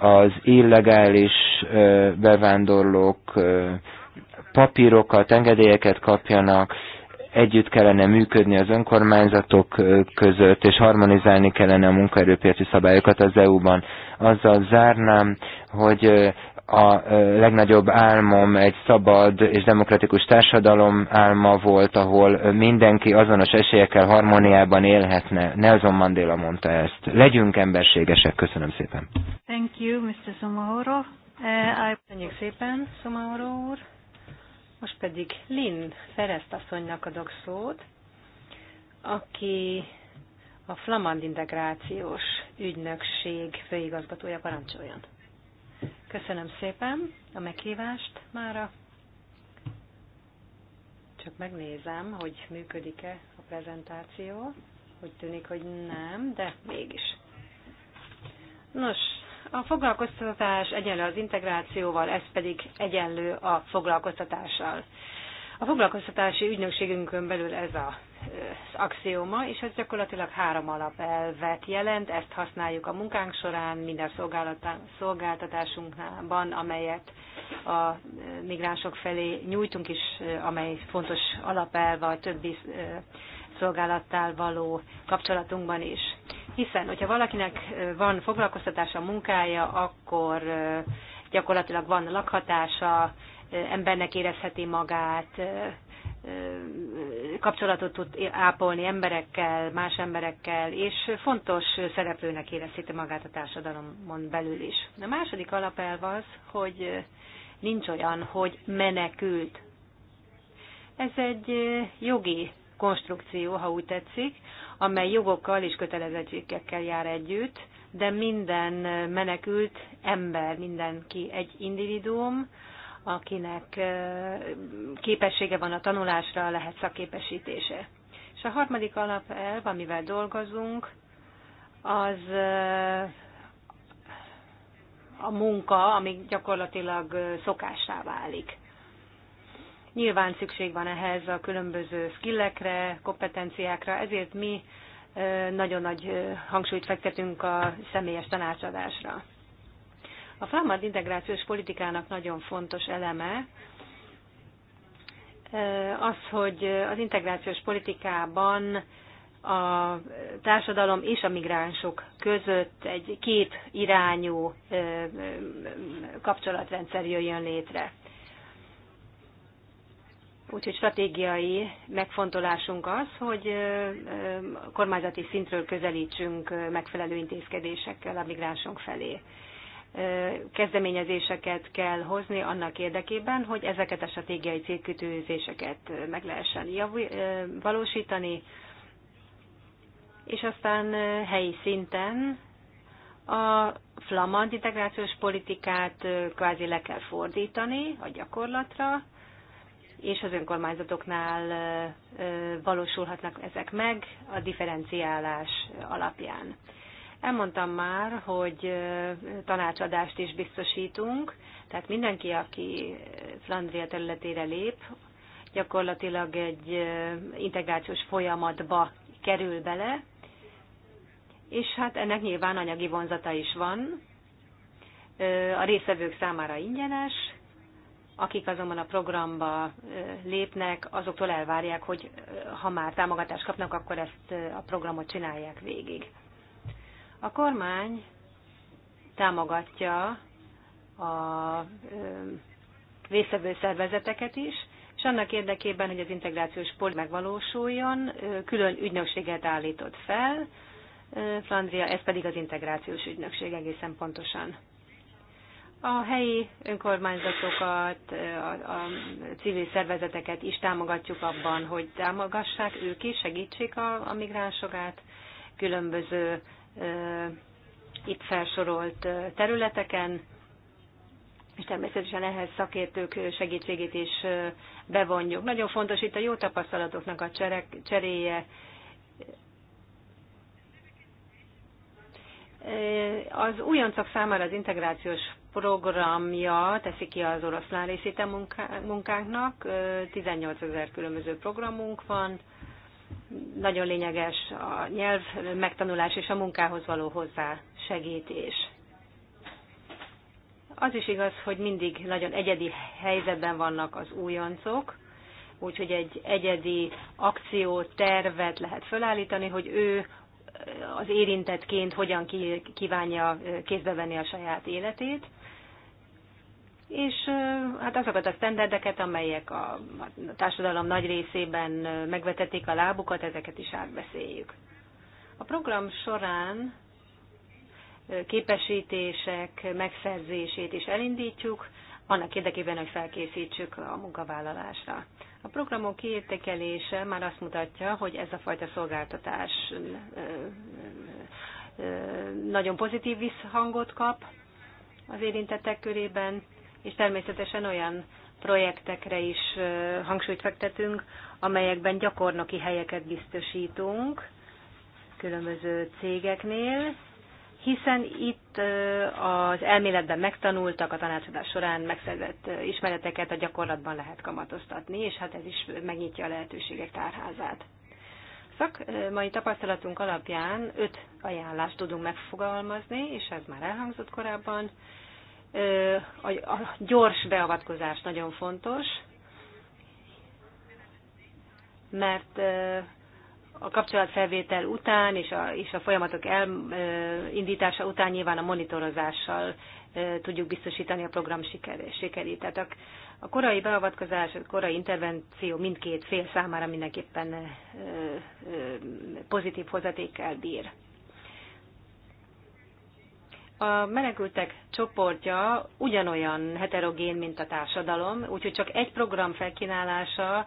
az illegális bevándorlók papírokat, engedélyeket kapjanak, együtt kellene működni az önkormányzatok között, és harmonizálni kellene a munkaerőpiaci szabályokat az EU-ban. Azzal zárnám, hogy a legnagyobb álmom egy szabad és demokratikus társadalom álma volt, ahol mindenki azonos esélyekkel harmóniában élhetne. Nelson Mandela mondta ezt. Legyünk emberségesek. Köszönöm szépen. Thank you, Mr. Somohoro. Uh, I... Köszönjük szépen, Somohoro úr. Most pedig Lynn Ferezt asszonynak adok szót, aki a Flamand Integrációs Ügynökség főigazgatója parancsoljon. Köszönöm szépen a meghívást mára. Csak megnézem, hogy működik-e a prezentáció. Úgy tűnik, hogy nem, de mégis. Nos, a foglalkoztatás egyenlő az integrációval, ez pedig egyenlő a foglalkoztatással. A foglalkoztatási ügynökségünkön belül ez a, az axioma, és ez gyakorlatilag három alapelvet jelent, ezt használjuk a munkánk során, minden szolgáltatásunkban, amelyet a migránsok felé nyújtunk is, amely fontos alapelve a többi szolgálattal való kapcsolatunkban is. Hiszen, hogyha valakinek van foglalkoztatása, munkája, akkor gyakorlatilag van lakhatása, embernek érezheti magát, kapcsolatot tud ápolni emberekkel, más emberekkel, és fontos szereplőnek érezheti magát a társadalomon belül is. A második alapelv az, hogy nincs olyan, hogy menekült. Ez egy jogi konstrukció, ha úgy tetszik, amely jogokkal és kötelezettségekkel jár együtt, de minden menekült ember, mindenki egy individuum, akinek képessége van a tanulásra, lehet szakképesítése. És a harmadik alapelv, amivel dolgozunk, az a munka, ami gyakorlatilag szokásá válik. Nyilván szükség van ehhez a különböző skillekre, kompetenciákra, ezért mi nagyon nagy hangsúlyt fektetünk a személyes tanácsadásra. A Flamad integrációs politikának nagyon fontos eleme az, hogy az integrációs politikában a társadalom és a migránsok között egy két irányú kapcsolatrendszer jöjjön létre. Úgyhogy stratégiai megfontolásunk az, hogy kormányzati szintről közelítsünk megfelelő intézkedésekkel a migránsunk felé. Kezdeményezéseket kell hozni annak érdekében, hogy ezeket a stratégiai célkütőzéseket meg lehessen valósítani, és aztán helyi szinten a flamand integrációs politikát kvázi le kell fordítani a gyakorlatra, és az önkormányzatoknál valósulhatnak ezek meg a differenciálás alapján. Elmondtam már, hogy tanácsadást is biztosítunk, tehát mindenki, aki Flandria területére lép, gyakorlatilag egy integrációs folyamatba kerül bele, és hát ennek nyilván anyagi vonzata is van, a részvevők számára ingyenes, akik azonban a programba lépnek, azoktól elvárják, hogy ha már támogatást kapnak, akkor ezt a programot csinálják végig. A kormány támogatja a részvevő szervezeteket is, és annak érdekében, hogy az integrációs pol megvalósuljon, külön ügynökséget állított fel, Flandria, ez pedig az integrációs ügynökség egészen pontosan. A helyi önkormányzatokat, a, a civil szervezeteket is támogatjuk abban, hogy támogassák ők is, segítsék a, a migránsokat különböző ö, itt felsorolt területeken, és természetesen ehhez szakértők segítségét is bevonjuk. Nagyon fontos itt a jó tapasztalatoknak a cserek, cseréje, az újoncok számára az integrációs programja teszi ki az oroszlán részét a munkánknak. 18 ezer különböző programunk van. Nagyon lényeges a nyelv megtanulás és a munkához való hozzásegítés. Az is igaz, hogy mindig nagyon egyedi helyzetben vannak az újoncok, úgyhogy egy egyedi akciótervet lehet felállítani, hogy ő az érintettként hogyan kívánja kézbe venni a saját életét és hát azokat a standardeket, amelyek a társadalom nagy részében megvetették a lábukat, ezeket is átbeszéljük. A program során képesítések megszerzését is elindítjuk, annak érdekében, hogy felkészítsük a munkavállalásra. A programok kiértékelése már azt mutatja, hogy ez a fajta szolgáltatás nagyon pozitív visszhangot kap az érintettek körében, és természetesen olyan projektekre is hangsúlyt fektetünk, amelyekben gyakornoki helyeket biztosítunk különböző cégeknél, hiszen itt az elméletben megtanultak, a tanácsadás során megszerzett ismereteket a gyakorlatban lehet kamatoztatni, és hát ez is megnyitja a lehetőségek tárházát. mai tapasztalatunk alapján öt ajánlást tudunk megfogalmazni, és ez már elhangzott korábban, a gyors beavatkozás nagyon fontos, mert a kapcsolatfelvétel után és a, és a folyamatok elindítása után nyilván a monitorozással tudjuk biztosítani a program sikerét. Tehát a, a korai beavatkozás, a korai intervenció mindkét fél számára mindenképpen pozitív hozatékkel bír a menekültek csoportja ugyanolyan heterogén, mint a társadalom, úgyhogy csak egy program felkínálása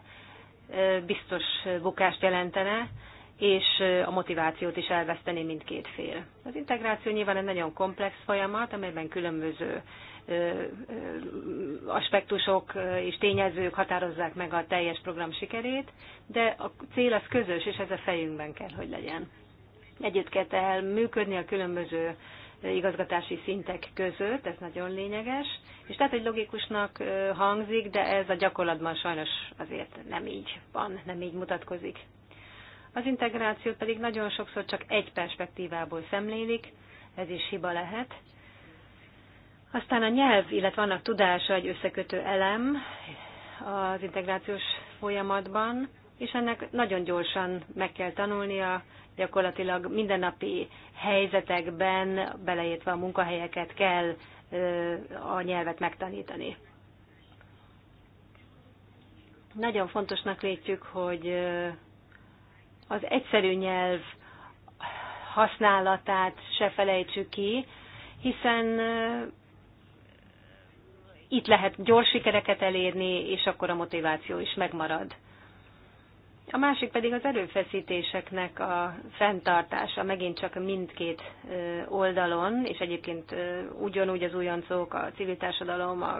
biztos bukást jelentene, és a motivációt is elveszteni mindkét fél. Az integráció nyilván egy nagyon komplex folyamat, amelyben különböző aspektusok és tényezők határozzák meg a teljes program sikerét, de a cél az közös, és ez a fejünkben kell, hogy legyen. Együtt kell működni a különböző igazgatási szintek között, ez nagyon lényeges, és tehát egy logikusnak hangzik, de ez a gyakorlatban sajnos azért nem így van, nem így mutatkozik. Az integráció pedig nagyon sokszor csak egy perspektívából szemlélik, ez is hiba lehet. Aztán a nyelv, illetve annak tudása egy összekötő elem az integrációs folyamatban, és ennek nagyon gyorsan meg kell tanulnia gyakorlatilag mindennapi helyzetekben, beleértve a munkahelyeket kell a nyelvet megtanítani. Nagyon fontosnak létjük, hogy az egyszerű nyelv használatát se felejtsük ki, hiszen itt lehet gyors sikereket elérni, és akkor a motiváció is megmarad. A másik pedig az erőfeszítéseknek a fenntartása, megint csak mindkét oldalon, és egyébként ugyanúgy az újoncok, a civil társadalom, a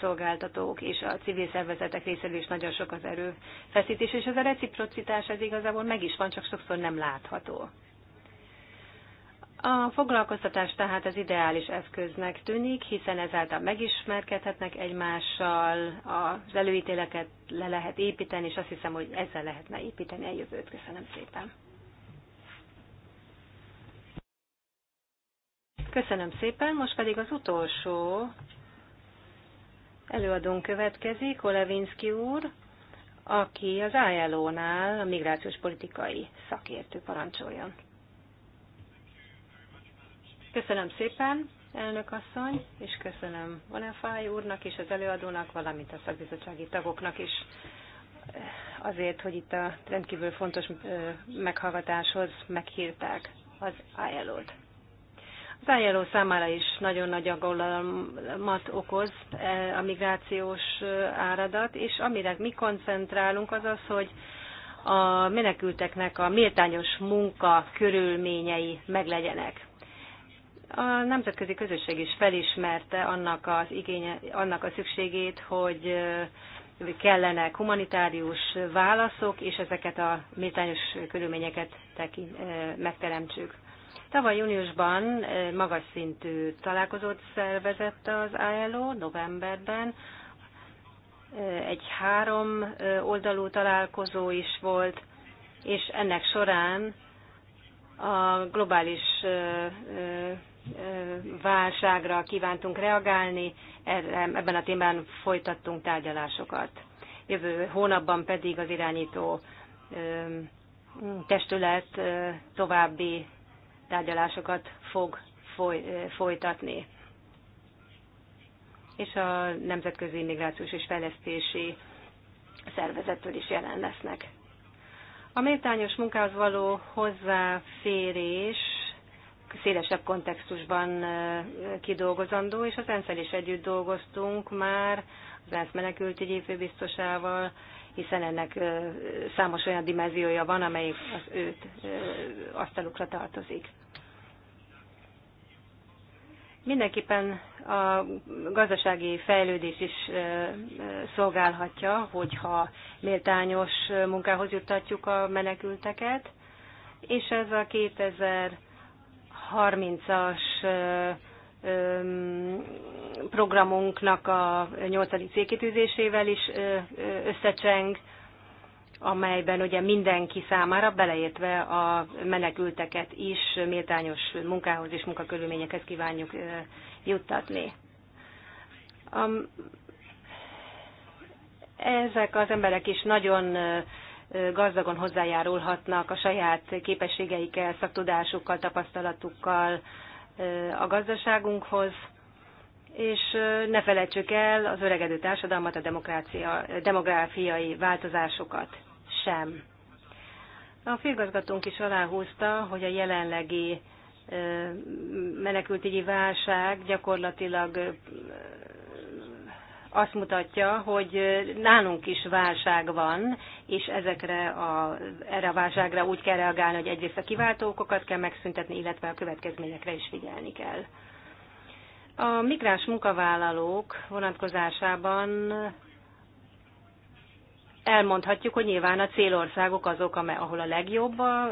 szolgáltatók és a civil szervezetek részéről is nagyon sok az erőfeszítés, és ez a reciprocitás ez igazából meg is van, csak sokszor nem látható. A foglalkoztatás tehát az ideális eszköznek tűnik, hiszen ezáltal megismerkedhetnek egymással, az előítéleket le lehet építeni, és azt hiszem, hogy ezzel lehetne építeni a jövőt. Köszönöm szépen. Köszönöm szépen, most pedig az utolsó előadónk következik, Olevinski úr, aki az ILO-nál a migrációs politikai szakértő parancsoljon. Köszönöm szépen, elnök asszony, és köszönöm Vanefáj úrnak és az előadónak, valamint a szakbizottsági tagoknak is azért, hogy itt a rendkívül fontos meghallgatáshoz meghírták az ILO-t. Az ILO számára is nagyon nagy aggodalmat okoz e, a migrációs áradat, és amire mi koncentrálunk az az, hogy a menekülteknek a méltányos munka körülményei meglegyenek. A nemzetközi közösség is felismerte annak az igénye, annak a szükségét, hogy kellene humanitárius válaszok, és ezeket a méltányos körülményeket tekint, megteremtsük. Tavaly júniusban magas szintű találkozót szervezett az ILO, novemberben. Egy három oldalú találkozó is volt, és ennek során a globális válságra kívántunk reagálni, ebben a témán folytattunk tárgyalásokat. Jövő hónapban pedig az irányító testület további tárgyalásokat fog folytatni. És a Nemzetközi Migrációs és Fejlesztési Szervezettől is jelen lesznek. A méltányos munkához való hozzáférés szélesebb kontextusban kidolgozandó, és az ensz is együtt dolgoztunk már, az ENSZ menekültügyi főbiztosával, hiszen ennek számos olyan dimenziója van, amelyik az őt asztalukra tartozik. Mindenképpen a gazdasági fejlődés is szolgálhatja, hogyha méltányos munkához juttatjuk a menekülteket, és ez a 2000 30-as programunknak a nyolcadik célkitűzésével is összecseng, amelyben ugye mindenki számára, beleértve a menekülteket is méltányos munkához és munkakörülményekhez kívánjuk juttatni. Ezek az emberek is nagyon gazdagon hozzájárulhatnak a saját képességeikkel, szaktudásukkal, tapasztalatukkal a gazdaságunkhoz, és ne felejtsük el az öregedő társadalmat, a demokrácia, demográfiai változásokat sem. A félgazgatónk is aláhúzta, hogy a jelenlegi menekültügyi válság gyakorlatilag azt mutatja, hogy nálunk is válság van, és ezekre a, erre a válságra úgy kell reagálni, hogy egyrészt a kiváltókokat kell megszüntetni, illetve a következményekre is figyelni kell. A migráns munkavállalók vonatkozásában elmondhatjuk, hogy nyilván a célországok azok, ahol a, legjobb a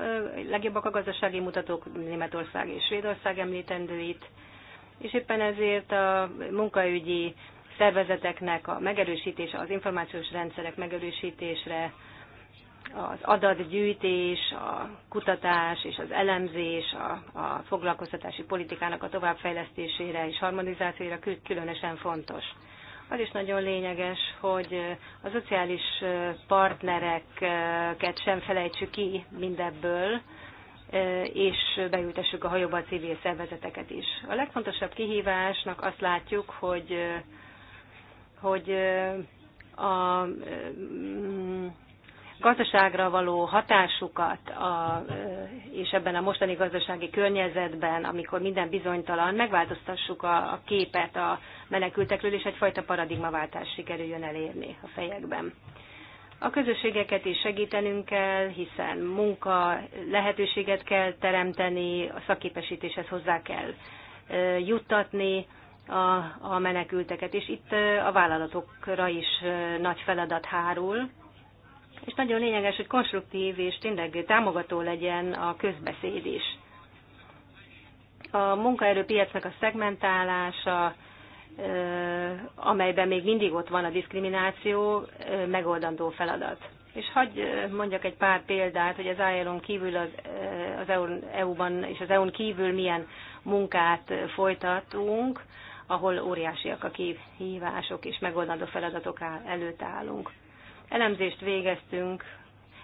legjobbak a gazdasági mutatók, Németország és Svédország említendőit, és éppen ezért a munkaügyi szervezeteknek a megerősítése, az információs rendszerek megerősítésre, az adatgyűjtés, a kutatás és az elemzés, a, a foglalkoztatási politikának a továbbfejlesztésére és harmonizációra különösen fontos. Az is nagyon lényeges, hogy a szociális partnereket sem felejtsük ki mindebből, és beültessük a hajóba a civil szervezeteket is. A legfontosabb kihívásnak azt látjuk, hogy hogy a gazdaságra való hatásukat, a, és ebben a mostani gazdasági környezetben, amikor minden bizonytalan, megváltoztassuk a, a képet a menekültekről, és egyfajta paradigmaváltás sikerüljön elérni a fejekben. A közösségeket is segítenünk kell, hiszen munka lehetőséget kell teremteni, a szakképesítéshez hozzá kell juttatni, a, a menekülteket, és itt a vállalatokra is nagy feladat hárul. És nagyon lényeges, hogy konstruktív és tényleg támogató legyen a közbeszéd is. A munkaerőpiacnak a szegmentálása, amelyben még mindig ott van a diszkrimináció, megoldandó feladat. És hagyj mondjak egy pár példát, hogy az ILO-n kívül az, az EU-ban e és az EU-n kívül milyen munkát folytatunk ahol óriásiak a kihívások és megoldandó feladatok előtt állunk. Elemzést végeztünk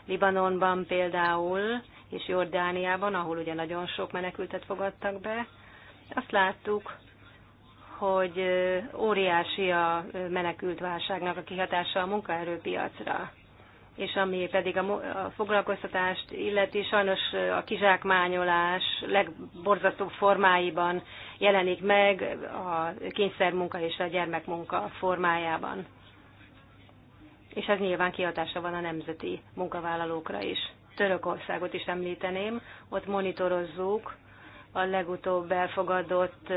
Libanonban például, és Jordániában, ahol ugye nagyon sok menekültet fogadtak be. Azt láttuk, hogy óriási a menekült válságnak a kihatása a munkaerőpiacra és ami pedig a foglalkoztatást illeti, sajnos a kizsákmányolás legborzasztóbb formáiban jelenik meg a kényszermunka és a gyermekmunka formájában. És ez nyilván kihatása van a nemzeti munkavállalókra is. Törökországot is említeném, ott monitorozzuk a legutóbb elfogadott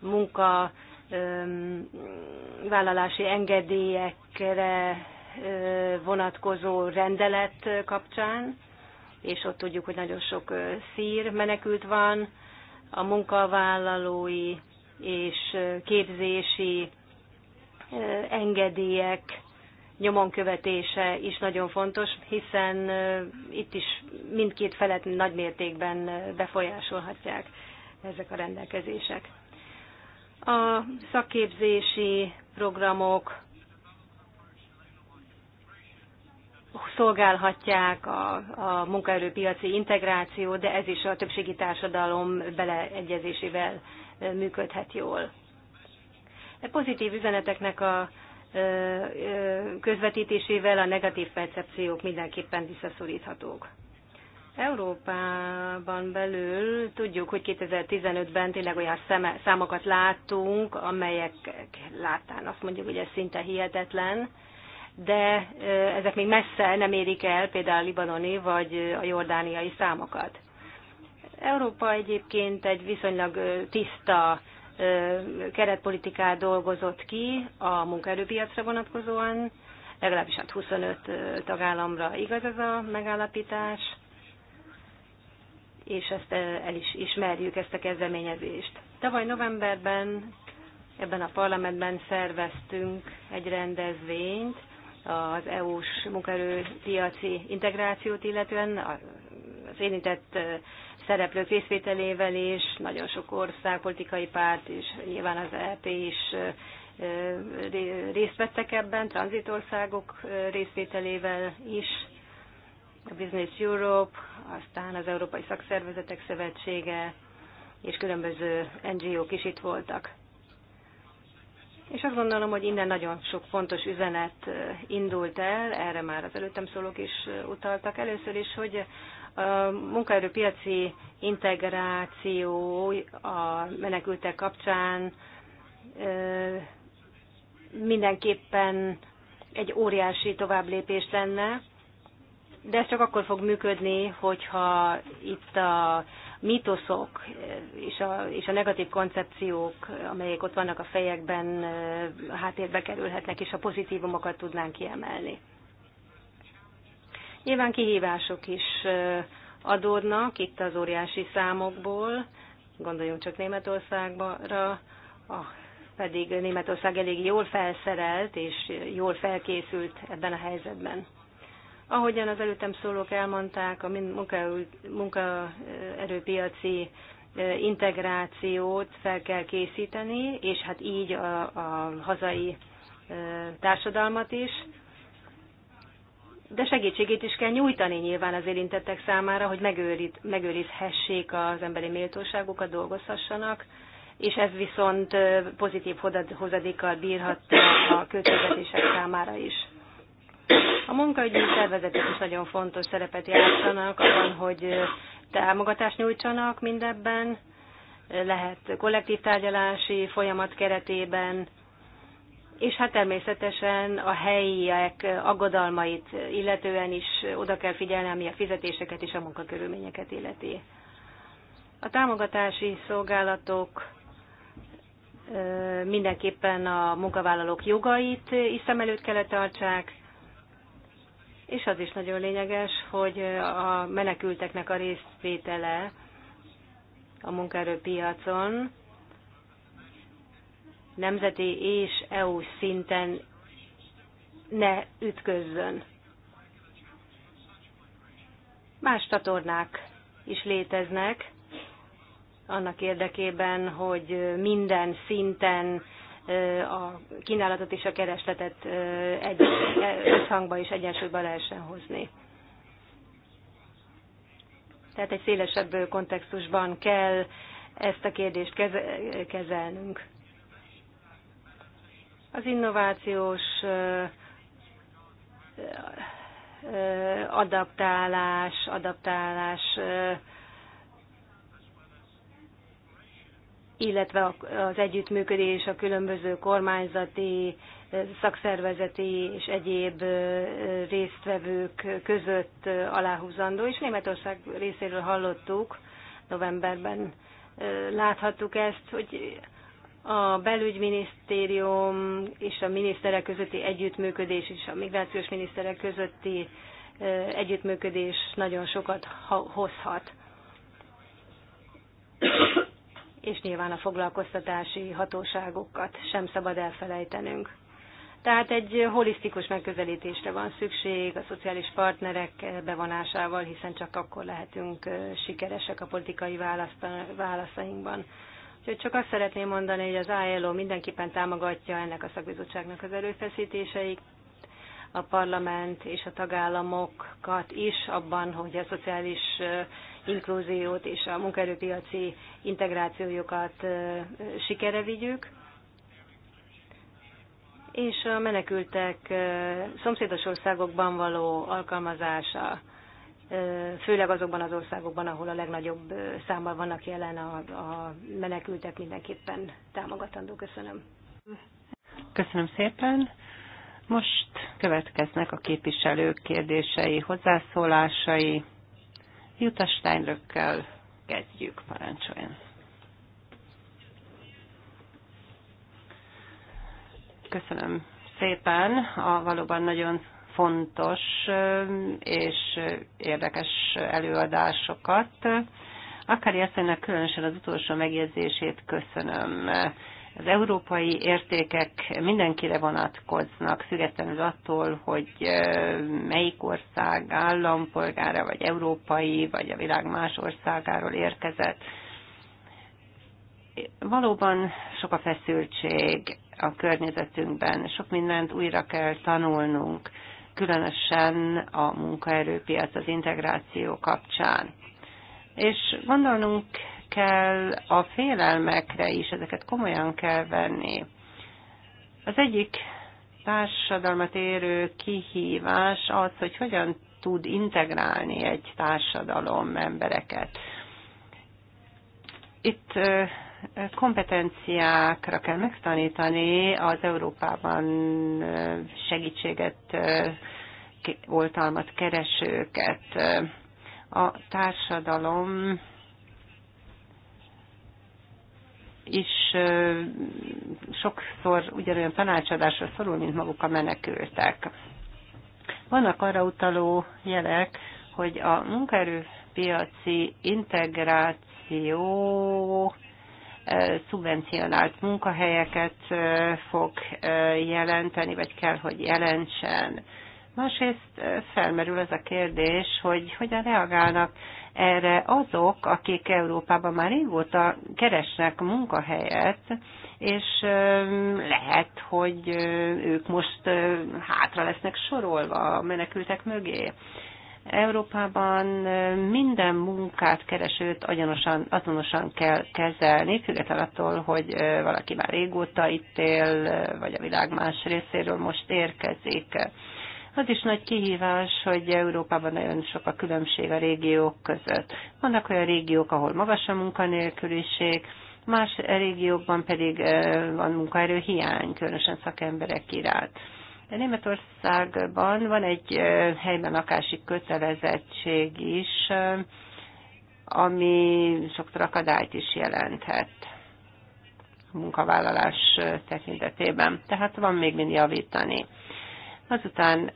munkavállalási engedélyekre vonatkozó rendelet kapcsán, és ott tudjuk, hogy nagyon sok szír menekült van, a munkavállalói és képzési engedélyek nyomon követése is nagyon fontos, hiszen itt is mindkét felet nagy mértékben befolyásolhatják ezek a rendelkezések. A szakképzési programok, szolgálhatják a, a munkaerőpiaci integráció, de ez is a többségi társadalom beleegyezésével működhet jól. A e pozitív üzeneteknek a közvetítésével a negatív percepciók mindenképpen visszaszoríthatók. Európában belül tudjuk, hogy 2015-ben tényleg olyan szeme, számokat láttunk, amelyek láttán azt mondjuk, hogy ez szinte hihetetlen, de ezek még messze nem érik el például a libanoni vagy a jordániai számokat. Európa egyébként egy viszonylag tiszta keretpolitikát dolgozott ki a munkaerőpiacra vonatkozóan, legalábbis hát 25 tagállamra igaz ez a megállapítás, és ezt el is ismerjük, ezt a kezdeményezést. Tavaly novemberben ebben a parlamentben szerveztünk egy rendezvényt, az EU-s munkaerőpiaci integrációt illetően, az érintett szereplők részvételével és nagyon sok ország, politikai párt és nyilván az EP is részt vettek ebben, tranzitországok részvételével is, a Business Europe, aztán az Európai Szakszervezetek Szövetsége és különböző NGO-k is itt voltak. És azt gondolom, hogy innen nagyon sok fontos üzenet indult el, erre már az előttem szólók is utaltak. Először is, hogy a munkaerőpiaci integráció a menekültek kapcsán mindenképpen egy óriási továbblépés lenne, de ez csak akkor fog működni, hogyha itt a mitoszok és a, és a negatív koncepciók, amelyek ott vannak a fejekben, a háttérbe kerülhetnek, és a pozitívumokat tudnánk kiemelni. Nyilván kihívások is adódnak itt az óriási számokból, gondoljunk csak Németországra, pedig Németország elég jól felszerelt és jól felkészült ebben a helyzetben. Ahogyan az előttem szólók elmondták, a munkaerőpiaci integrációt fel kell készíteni, és hát így a, a hazai társadalmat is, de segítségét is kell nyújtani nyilván az érintettek számára, hogy megőrit, megőrizhessék az emberi méltóságukat, dolgozhassanak, és ez viszont pozitív hozadékkal bírhat a költségvetések számára is. A munkaügyi szervezetek is nagyon fontos szerepet játszanak abban, hogy támogatást nyújtsanak mindebben, lehet kollektív tárgyalási folyamat keretében, és hát természetesen a helyiek aggodalmait illetően is oda kell figyelni, ami a fizetéseket és a munkakörülményeket illeti. A támogatási szolgálatok mindenképpen a munkavállalók jogait is szem előtt kellett tartsák, és az is nagyon lényeges, hogy a menekülteknek a részvétele a munkaerőpiacon nemzeti és EU szinten ne ütközzön. Más csatornák is léteznek annak érdekében, hogy minden szinten a kínálatot és a keresletet egy, összhangba és egyensúlyba lehessen hozni. Tehát egy szélesebb kontextusban kell ezt a kérdést kezelnünk. Az innovációs adaptálás, adaptálás illetve az együttműködés a különböző kormányzati, eh, szakszervezeti és egyéb eh, résztvevők között eh, aláhúzandó, és Németország részéről hallottuk, novemberben láthattuk ezt, hogy a belügyminisztérium és a miniszterek közötti együttműködés és a migrációs miniszterek közötti együttműködés nagyon sokat hozhat és nyilván a foglalkoztatási hatóságokat sem szabad elfelejtenünk. Tehát egy holisztikus megközelítésre van szükség a szociális partnerek bevonásával, hiszen csak akkor lehetünk sikeresek a politikai válaszainkban. Úgyhogy csak azt szeretném mondani, hogy az ILO mindenképpen támogatja ennek a szakbizottságnak az erőfeszítéseit, a parlament és a tagállamokat is abban, hogy a szociális inklúziót és a munkaerőpiaci integrációjukat sikere vigyük. És a menekültek szomszédos országokban való alkalmazása, főleg azokban az országokban, ahol a legnagyobb számban vannak jelen a, a menekültek mindenképpen támogatandó. Köszönöm. Köszönöm szépen. Most következnek a képviselők kérdései, hozzászólásai. Jutta Steinrökkel kezdjük, parancsoljon. Köszönöm szépen a valóban nagyon fontos és érdekes előadásokat. Akár asszonynak különösen az utolsó megjegyzését köszönöm. Az európai értékek mindenkire vonatkoznak, függetlenül attól, hogy melyik ország állampolgára, vagy európai, vagy a világ más országáról érkezett. Valóban sok a feszültség a környezetünkben, sok mindent újra kell tanulnunk, különösen a munkaerőpiac, az integráció kapcsán. És gondolnunk kell a félelmekre is, ezeket komolyan kell venni. Az egyik társadalmat érő kihívás az, hogy hogyan tud integrálni egy társadalom embereket. Itt kompetenciákra kell megtanítani az Európában segítséget, oltalmat keresőket. A társadalom is sokszor ugyanolyan tanácsadásra szorul, mint maguk a menekültek. Vannak arra utaló jelek, hogy a munkaerőpiaci integráció szubvencionált munkahelyeket fog jelenteni, vagy kell, hogy jelentsen. Másrészt felmerül az a kérdés, hogy hogyan reagálnak erre azok, akik Európában már régóta keresnek munkahelyet, és lehet, hogy ők most hátra lesznek sorolva a menekültek mögé. Európában minden munkát keresőt agyonosan, azonosan kell kezelni, függetlenül attól, hogy valaki már régóta itt él, vagy a világ más részéről most érkezik az is nagy kihívás, hogy Európában nagyon sok a különbség a régiók között. Vannak olyan régiók, ahol magas a munkanélküliség, más régiókban pedig eh, van munkaerő hiány, különösen szakemberek iránt. Németországban van egy eh, helyben lakási kötelezettség is, eh, ami sokszor akadályt is jelenthet munkavállalás tekintetében. Tehát van még mind javítani. Azután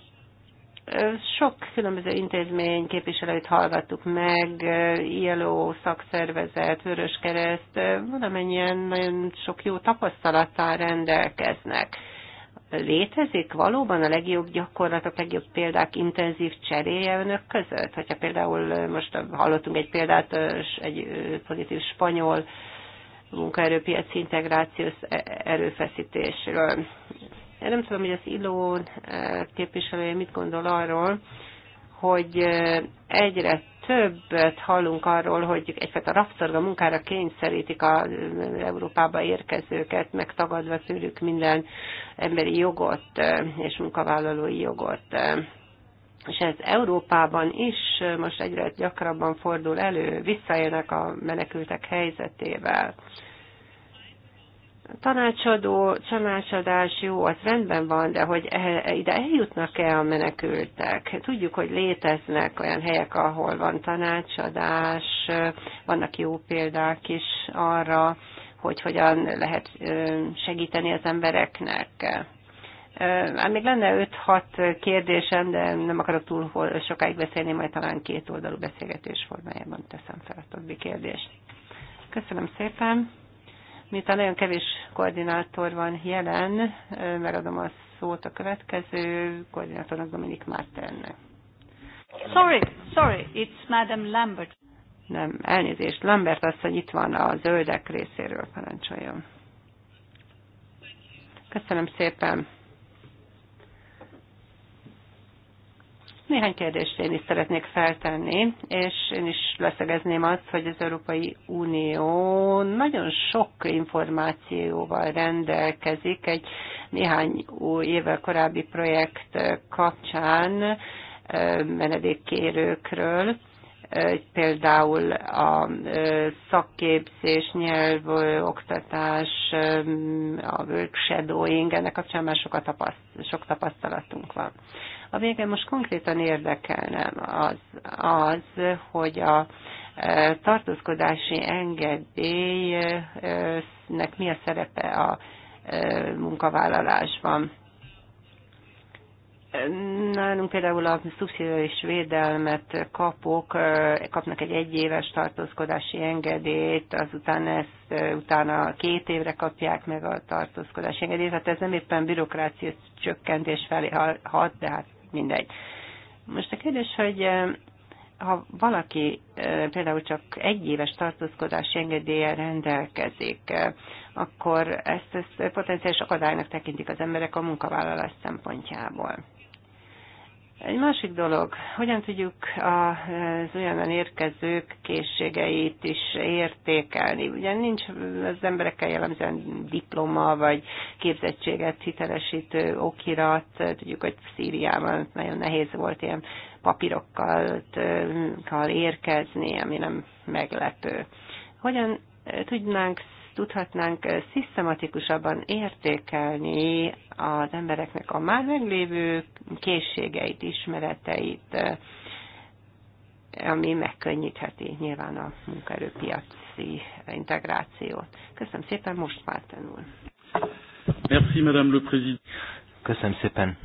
sok különböző intézmény képviselőit hallgattuk meg, ILO szakszervezet, Vörös Kereszt, valamennyien nagyon sok jó tapasztalattal rendelkeznek. Létezik valóban a legjobb gyakorlatok, legjobb példák intenzív cseréje önök között? Hogyha például most hallottunk egy példát, egy pozitív spanyol munkaerőpiaci integrációs erőfeszítésről. Én nem tudom, hogy az ILO eh, képviselője mit gondol arról, hogy eh, egyre többet hallunk arról, hogy egyfajta rabszorga munkára kényszerítik az eh, Európába érkezőket, megtagadva tőlük minden emberi jogot és munkavállalói jogot. És ez Európában is most egyre gyakrabban fordul elő, visszaélnek a menekültek helyzetével tanácsadó, tanácsadás jó, az rendben van, de hogy e, e, ide eljutnak-e a menekültek? Tudjuk, hogy léteznek olyan helyek, ahol van tanácsadás, vannak jó példák is arra, hogy hogyan lehet segíteni az embereknek. Ám még lenne 5-6 kérdésem, de nem akarok túl sokáig beszélni, majd talán két oldalú beszélgetés formájában teszem fel a többi kérdést. Köszönöm szépen! Miután nagyon kevés koordinátor van jelen, megadom a szót a következő koordinátornak, Dominik Mártennek. Sorry, sorry, it's Madam Lambert. Nem, elnézést, Lambert hogy itt van a zöldek részéről, parancsoljon. Köszönöm szépen. Néhány kérdést én is szeretnék feltenni, és én is leszegezném azt, hogy az Európai Unió nagyon sok információval rendelkezik egy néhány évvel korábbi projekt kapcsán menedékkérőkről, például a szakképzés, nyelv, oktatás, a workshadowing, ennek kapcsán már sokat tapaszt, sok tapasztalatunk van. A vége most konkrétan érdekelne az, az hogy a e, tartózkodási engedélynek mi a szerepe a e, munkavállalásban. Nálunk például a szubszidális védelmet kapok, e, kapnak egy egyéves tartózkodási engedélyt, azután ezt utána két évre kapják meg a tartózkodási engedélyt. Tehát ez nem éppen bürokrácia csökkentés felé hat, de hát mindegy. Most a kérdés, hogy ha valaki például csak egy éves tartózkodási engedélye rendelkezik, akkor ezt, ezt potenciális akadálynak tekintik az emberek a munkavállalás szempontjából. Egy másik dolog, hogyan tudjuk az olyan érkezők készségeit is értékelni? Ugye nincs az emberekkel jellemzően diploma vagy képzettséget hitelesítő okirat, tudjuk, hogy Szíriában nagyon nehéz volt ilyen papírokkal érkezni, ami nem meglepő. Hogyan tudnánk tudhatnánk eh, szisztematikusabban értékelni az embereknek a már meglévő készségeit, ismereteit, eh, ami megkönnyítheti nyilván a munkaerőpiaci integrációt. Köszönöm szépen, most már tanul. Merci, Madame le Président. Köszönöm szépen,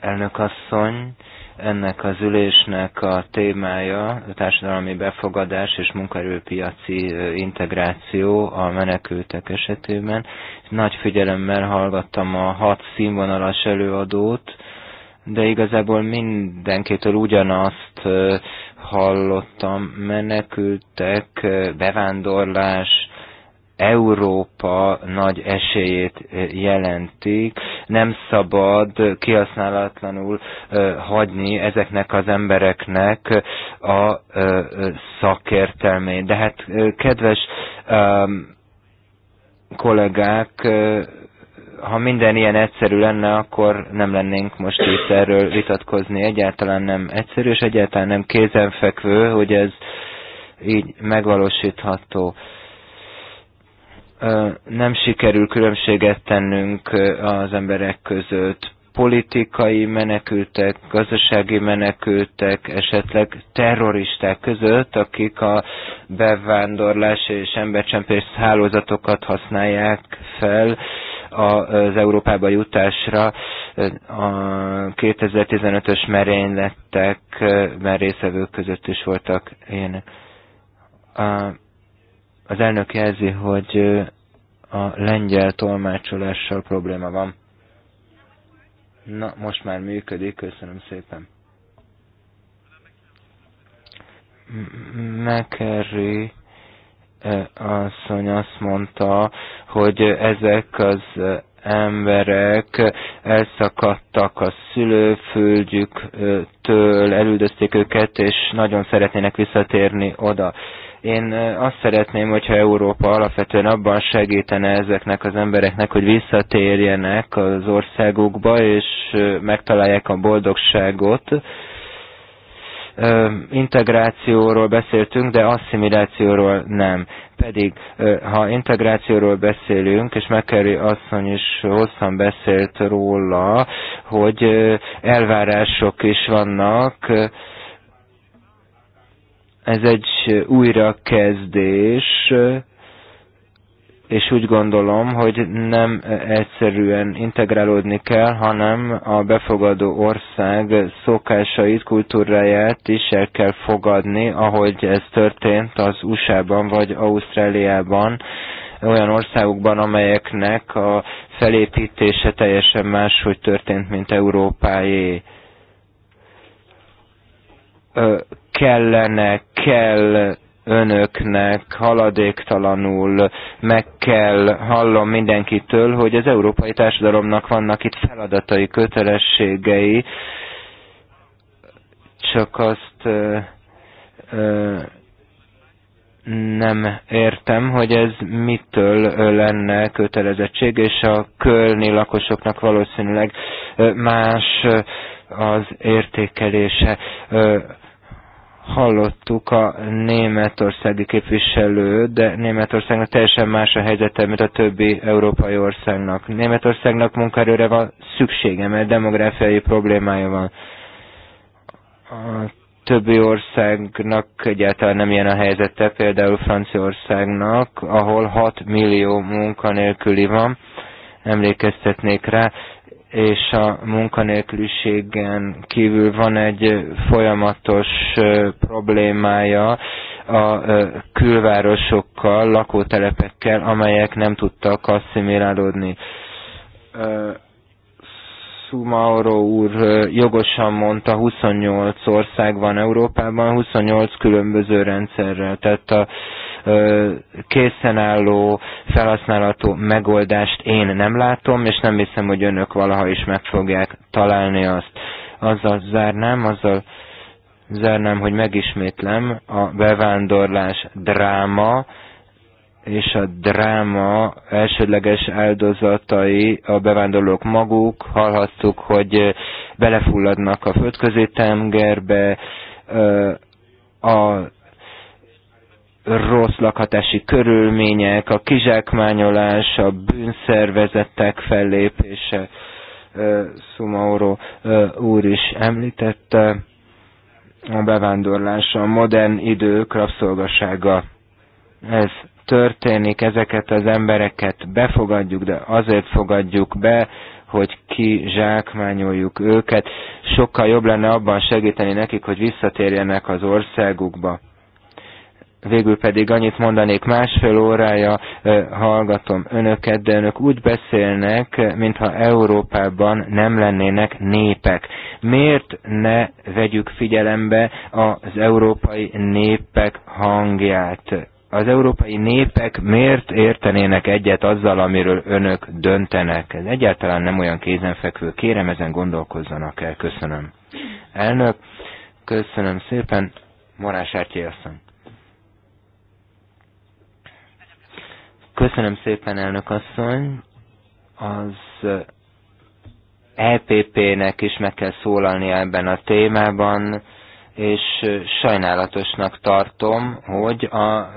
elnök asszony. Ennek az ülésnek a témája a társadalmi befogadás és munkaerőpiaci integráció a menekültek esetében. Nagy figyelemmel hallgattam a hat színvonalas előadót, de igazából mindenkitől ugyanazt hallottam, menekültek, bevándorlás, Európa nagy esélyét jelentik, nem szabad kihasználatlanul hagyni ezeknek az embereknek a szakértelmét. De hát kedves kollégák, ha minden ilyen egyszerű lenne, akkor nem lennénk most itt erről vitatkozni. Egyáltalán nem egyszerű, és egyáltalán nem kézenfekvő, hogy ez így megvalósítható. Uh, nem sikerül különbséget tennünk az emberek között. Politikai menekültek, gazdasági menekültek, esetleg terroristák között, akik a bevándorlás és embercsempész hálózatokat használják fel az Európába jutásra. A 2015-ös merénylettek részevők között is voltak ilyenek. Az elnök jelzi, hogy a lengyel tolmácsolással probléma van. Na, most már működik, köszönöm szépen. McCarry e, asszony azt mondta, hogy ezek az e, emberek elszakadtak a szülőföldjüktől, elüldözték őket, és nagyon szeretnének visszatérni oda. Én azt szeretném, hogyha Európa alapvetően abban segítene ezeknek az embereknek, hogy visszatérjenek az országukba, és megtalálják a boldogságot. Integrációról beszéltünk, de asszimilációról nem. Pedig, ha integrációról beszélünk, és McCary asszony is hosszan beszélt róla, hogy elvárások is vannak, ez egy újrakezdés, és úgy gondolom, hogy nem egyszerűen integrálódni kell, hanem a befogadó ország szokásait, kultúráját is el kell fogadni, ahogy ez történt az USA-ban vagy Ausztráliában, olyan országokban, amelyeknek a felépítése teljesen máshogy történt, mint Európáé kellene, kell önöknek haladéktalanul meg kell hallom mindenkitől, hogy az európai társadalomnak vannak itt feladatai, kötelességei, csak azt ö, ö, nem értem, hogy ez mitől lenne kötelezettség, és a kölni lakosoknak valószínűleg más az értékelése. Ö, hallottuk a németországi képviselő, de Németországnak teljesen más a helyzete, mint a többi európai országnak. Németországnak munkaerőre van szüksége, mert demográfiai problémája van. A többi országnak egyáltalán nem ilyen a helyzete, például Franciaországnak, ahol 6 millió munkanélküli van, emlékeztetnék rá, és a munkanélküliségen kívül van egy folyamatos problémája a külvárosokkal, lakótelepekkel, amelyek nem tudtak asszimilálódni. Sumauro úr jogosan mondta, 28 ország van Európában, 28 különböző rendszerrel, tehát a készen álló, felhasználható megoldást én nem látom, és nem hiszem, hogy önök valaha is meg fogják találni azt. Azzal zárnám, azzal zárnám, hogy megismétlem, a bevándorlás dráma, és a dráma elsődleges áldozatai a bevándorlók maguk. Hallhattuk, hogy belefulladnak a földközi tengerbe, a rossz lakhatási körülmények, a kizsákmányolás, a bűnszervezetek fellépése, Szumauro úr is említette, a bevándorlás, a modern idők rabszolgasága. Ez történik, ezeket az embereket befogadjuk, de azért fogadjuk be, hogy zsákmányoljuk őket. Sokkal jobb lenne abban segíteni nekik, hogy visszatérjenek az országukba. Végül pedig annyit mondanék, másfél órája hallgatom önöket, de önök úgy beszélnek, mintha Európában nem lennének népek. Miért ne vegyük figyelembe az európai népek hangját? az európai népek miért értenének egyet azzal, amiről önök döntenek? Ez egyáltalán nem olyan kézenfekvő. Kérem, ezen gondolkozzanak el. Köszönöm. Elnök, köszönöm szépen. Morás Ártyi asszony. Köszönöm szépen, elnök asszony. Az EPP-nek eh, e is meg kell szólalni ebben a témában, és eh, sajnálatosnak tartom, hogy a eh,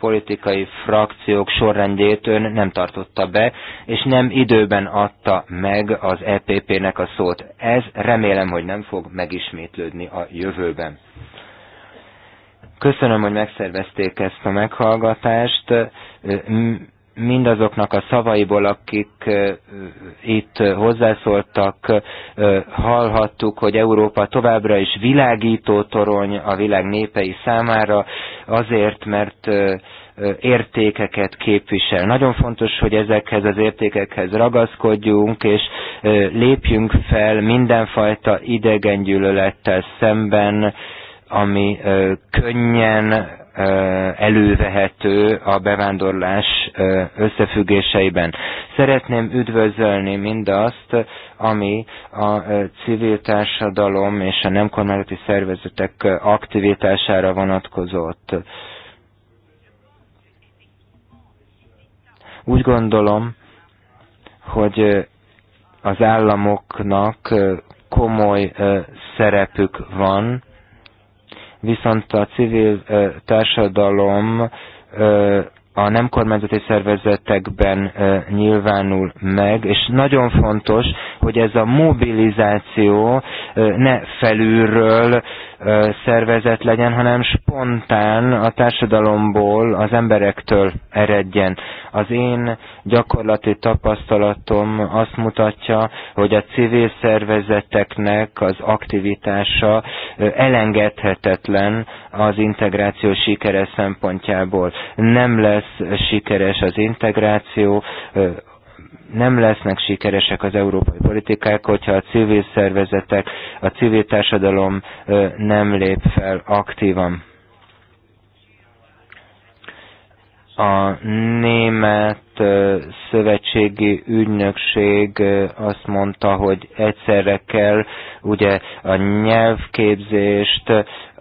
politikai frakciók sorrendjét ön nem tartotta be, és nem időben adta meg az EPP-nek a szót. Ez remélem, hogy nem fog megismétlődni a jövőben. Köszönöm, hogy megszervezték ezt a meghallgatást mindazoknak a szavaiból, akik itt hozzászóltak, hallhattuk, hogy Európa továbbra is világító torony a világ népei számára, azért, mert értékeket képvisel. Nagyon fontos, hogy ezekhez az értékekhez ragaszkodjunk, és lépjünk fel mindenfajta idegen gyűlölettel szemben, ami könnyen elővehető a bevándorlás összefüggéseiben. Szeretném üdvözölni mindazt, ami a civil társadalom és a nem kormányzati szervezetek aktivitására vonatkozott. Úgy gondolom, hogy az államoknak komoly szerepük van, viszont a civil társadalom a nem kormányzati szervezetekben nyilvánul meg, és nagyon fontos, hogy ez a mobilizáció ne felülről szervezet legyen, hanem spontán a társadalomból, az emberektől eredjen. Az én gyakorlati tapasztalatom azt mutatja, hogy a civil szervezeteknek az aktivitása elengedhetetlen az integráció sikere szempontjából. Nem lesz sikeres az integráció, nem lesznek sikeresek az európai politikák, hogyha a civil szervezetek, a civil társadalom nem lép fel aktívan. A német szövetségi ügynökség azt mondta, hogy egyszerre kell ugye a nyelvképzést,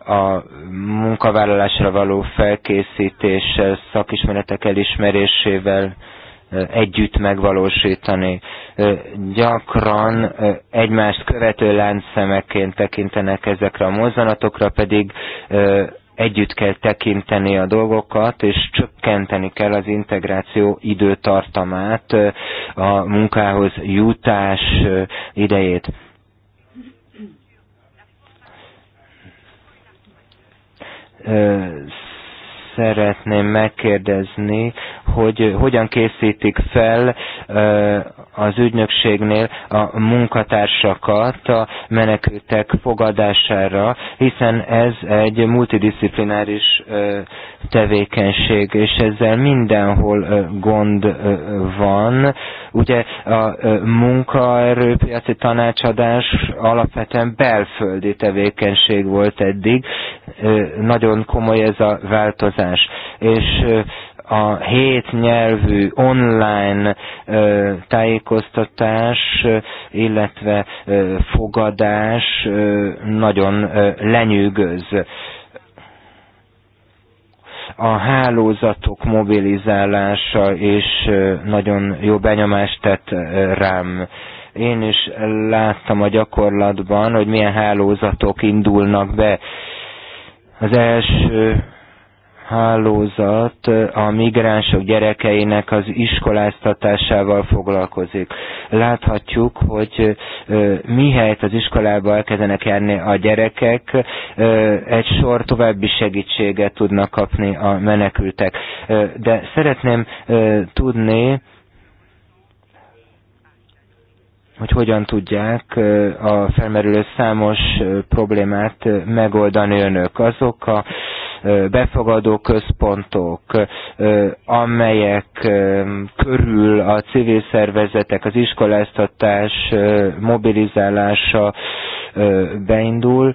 a munkavállalásra való felkészítéssel, szakismeretek elismerésével, együtt megvalósítani. Gyakran egymást követő láncszemeként tekintenek ezekre a mozzanatokra, pedig együtt kell tekinteni a dolgokat, és csökkenteni kell az integráció időtartamát, a munkához jutás idejét szeretném megkérdezni, hogy hogyan készítik fel az ügynökségnél a munkatársakat a menekültek fogadására, hiszen ez egy multidisziplináris tevékenység, és ezzel mindenhol gond van. Ugye a munkaerőpiaci tanácsadás alapvetően belföldi tevékenység volt eddig, nagyon komoly ez a változás oktatás, és a hét nyelvű online tájékoztatás, illetve fogadás nagyon lenyűgöz a hálózatok mobilizálása is nagyon jó benyomást tett rám. Én is láttam a gyakorlatban, hogy milyen hálózatok indulnak be. Az első hálózat a migránsok gyerekeinek az iskoláztatásával foglalkozik. Láthatjuk, hogy mihelyt az iskolába elkezdenek járni a gyerekek, egy sor további segítséget tudnak kapni a menekültek. De szeretném tudni, hogy hogyan tudják a felmerülő számos problémát megoldani önök. Azok a befogadó központok, amelyek körül a civil szervezetek, az iskoláztatás mobilizálása beindul,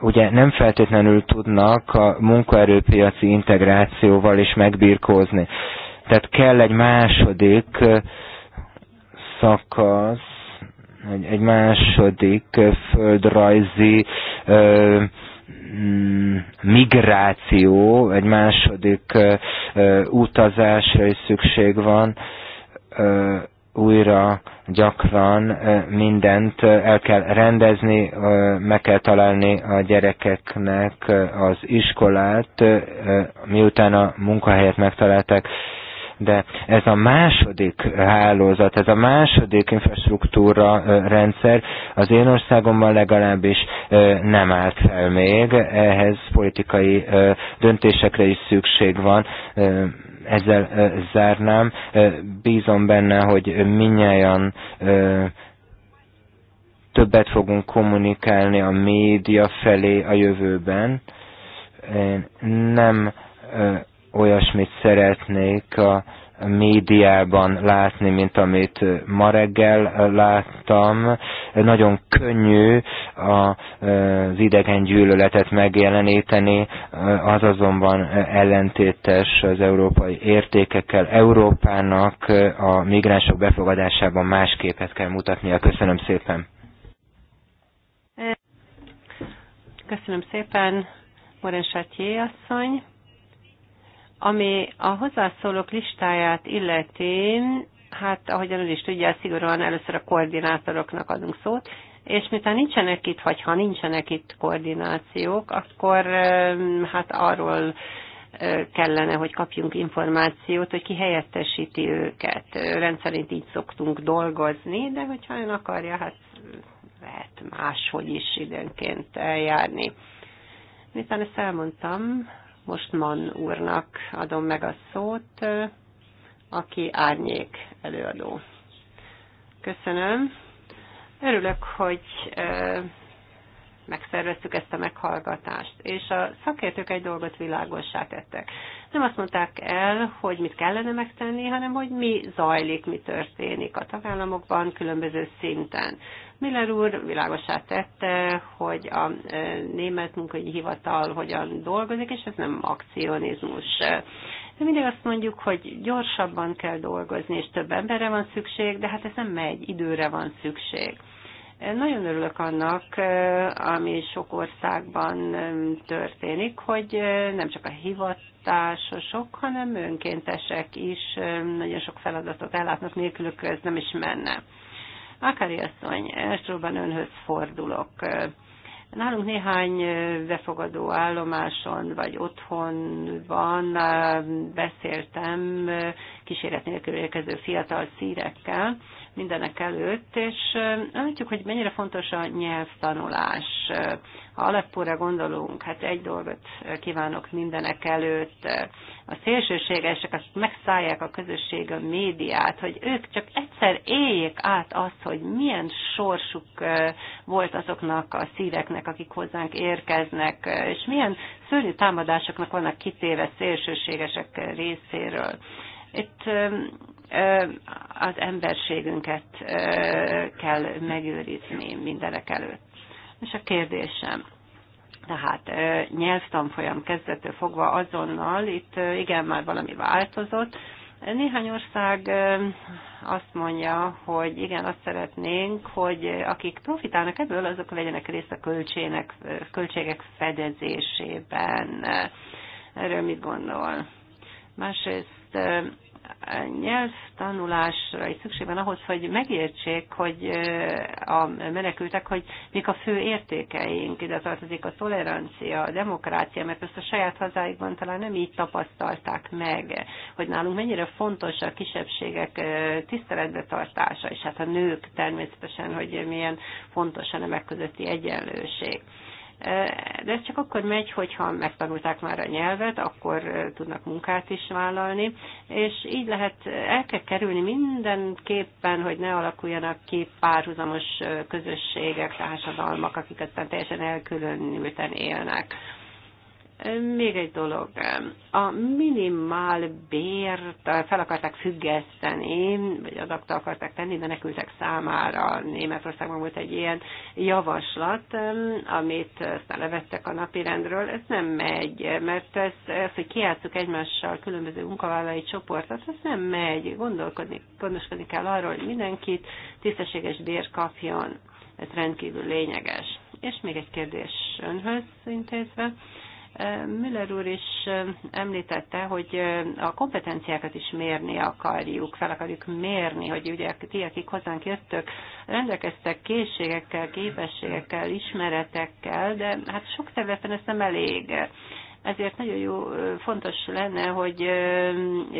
ugye nem feltétlenül tudnak a munkaerőpiaci integrációval is megbirkózni. Tehát kell egy második szakasz, egy, egy második földrajzi Mm, migráció, egy második utazásra is szükség van, újra gyakran mindent el kell rendezni, meg kell találni a gyerekeknek az iskolát, miután a munkahelyet megtalálták de ez a második hálózat, ez a második infrastruktúra rendszer az én országomban legalábbis nem állt fel még, ehhez politikai döntésekre is szükség van, ezzel zárnám. Bízom benne, hogy minnyáján többet fogunk kommunikálni a média felé a jövőben. Én nem olyasmit szeretnék a médiában látni, mint amit ma reggel láttam. Nagyon könnyű az idegen gyűlöletet megjeleníteni, az azonban ellentétes az európai értékekkel. Európának a migránsok befogadásában más képet kell mutatnia. Köszönöm szépen! Köszönöm szépen, Moren Sátyé asszony. Ami a hozzászólók listáját illeti, hát ahogyan ön is tudja, szigorúan először a koordinátoroknak adunk szót, és miután nincsenek itt, vagy ha nincsenek itt koordinációk, akkor hát arról kellene, hogy kapjunk információt, hogy ki helyettesíti őket. Rendszerint így szoktunk dolgozni, de hogyha ön akarja, hát lehet máshogy is időnként eljárni. Miután ezt elmondtam, most Mann úrnak adom meg a szót, aki árnyék előadó. Köszönöm. Örülök, hogy megszerveztük ezt a meghallgatást, és a szakértők egy dolgot világossá tettek. Nem azt mondták el, hogy mit kellene megtenni, hanem hogy mi zajlik, mi történik a tagállamokban, különböző szinten. Miller úr világosá tette, hogy a e, német munkahogyi hivatal hogyan dolgozik, és ez nem akcionizmus. De mindig azt mondjuk, hogy gyorsabban kell dolgozni, és több emberre van szükség, de hát ez nem megy, időre van szükség. Nagyon örülök annak, ami sok országban történik, hogy nem csak a hivatásosok, hanem önkéntesek is nagyon sok feladatot ellátnak, nélkülük ez nem is menne. Akari asszony, elsősorban önhöz fordulok. Nálunk néhány befogadó állomáson vagy otthon van, beszéltem kíséret nélkül érkező fiatal szírekkel mindenek előtt, és látjuk, hogy mennyire fontos a nyelvtanulás. Ha Aleppóra gondolunk, hát egy dolgot kívánok mindenek előtt. A szélsőségesek azt megszállják a közösség a médiát, hogy ők csak egyszer éljék át azt, hogy milyen sorsuk volt azoknak a szíveknek, embereknek, akik hozzánk érkeznek, és milyen szörnyű támadásoknak vannak kitéve szélsőségesek részéről. Itt az emberségünket kell megőrizni mindenek előtt. És a kérdésem, tehát nyelvtanfolyam kezdetől fogva azonnal, itt igen, már valami változott, néhány ország azt mondja, hogy igen, azt szeretnénk, hogy akik profitálnak ebből, azok legyenek részt a költségek, költségek fedezésében. Erről mit gondol? Másrészt nyelvtanulásra is szükség van ahhoz, hogy megértsék, hogy a menekültek, hogy mik a fő értékeink. Ide tartozik a tolerancia, a demokrácia, mert ezt a saját hazáikban talán nem így tapasztalták meg, hogy nálunk mennyire fontos a kisebbségek tiszteletbe tartása, és hát a nők természetesen, hogy milyen fontos a nemek közötti egyenlőség de ez csak akkor megy, hogyha megtanulták már a nyelvet, akkor tudnak munkát is vállalni, és így lehet, el kell kerülni mindenképpen, hogy ne alakuljanak ki párhuzamos közösségek, társadalmak, akik aztán teljesen elkülönülten élnek. Még egy dolog, a minimál bért fel akarták függeszteni, vagy adakta akarták tenni de nekültek számára. Németországban volt egy ilyen javaslat, amit aztán levettek a napirendről. Ez nem megy, mert ez, ez hogy kiátszuk egymással különböző munkavállalói csoportot, ez nem megy. Gondolkodni, gondoskodni kell arról, hogy mindenkit tisztességes bér kapjon. Ez rendkívül lényeges. És még egy kérdés önhöz intézve Müller úr is említette, hogy a kompetenciákat is mérni akarjuk, fel akarjuk mérni, hogy ugye ti, akik hozzánk jöttök, rendelkeztek készségekkel, képességekkel, ismeretekkel, de hát sok területen ez nem elég. Ezért nagyon jó, fontos lenne, hogy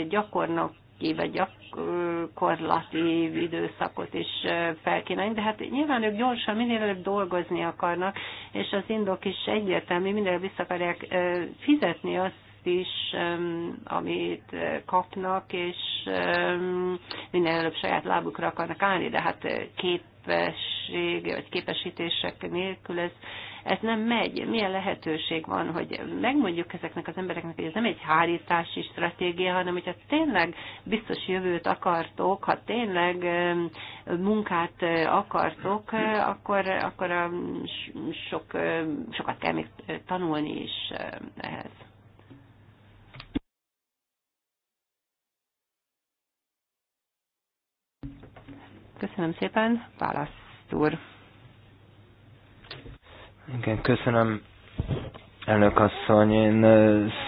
gyakornok vagy gyakorlati időszakot is felkínálni, de hát nyilván ők gyorsan, minél előbb dolgozni akarnak, és az indok is egyértelmű, minél előbb vissza akarják fizetni azt, is, amit kapnak, és minél előbb saját lábukra akarnak állni, de hát képesség vagy képesítések nélkül ez ez nem megy. Milyen lehetőség van, hogy megmondjuk ezeknek az embereknek, hogy ez nem egy hárítási stratégia, hanem hogyha tényleg biztos jövőt akartok, ha tényleg munkát eh, akartok, eh, akkor, akkor a sok, eh, sokat kell még tanulni is ehhez. Köszönöm szépen, válasz úr. Igen, köszönöm. Elnök asszony, én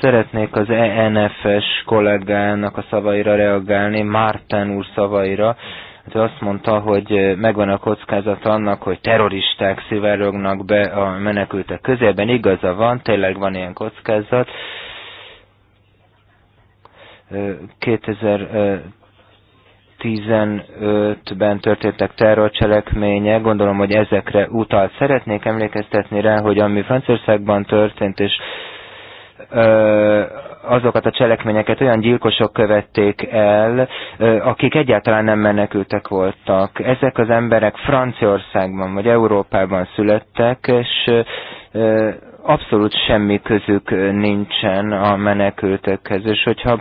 szeretnék az ENFS kollégának a szavaira reagálni, Márten úr szavaira. Hát azt mondta, hogy megvan a kockázat annak, hogy terroristák szivárognak be a menekültek közében. Igaza van, tényleg van ilyen kockázat. 2000 2015-ben történtek terrorcselekmények, gondolom, hogy ezekre utalt szeretnék emlékeztetni rá, hogy ami Franciaországban történt, és azokat a cselekményeket olyan gyilkosok követték el, akik egyáltalán nem menekültek voltak. Ezek az emberek Franciaországban vagy Európában születtek, és abszolút semmi közük nincsen a menekültekhez. És hogyha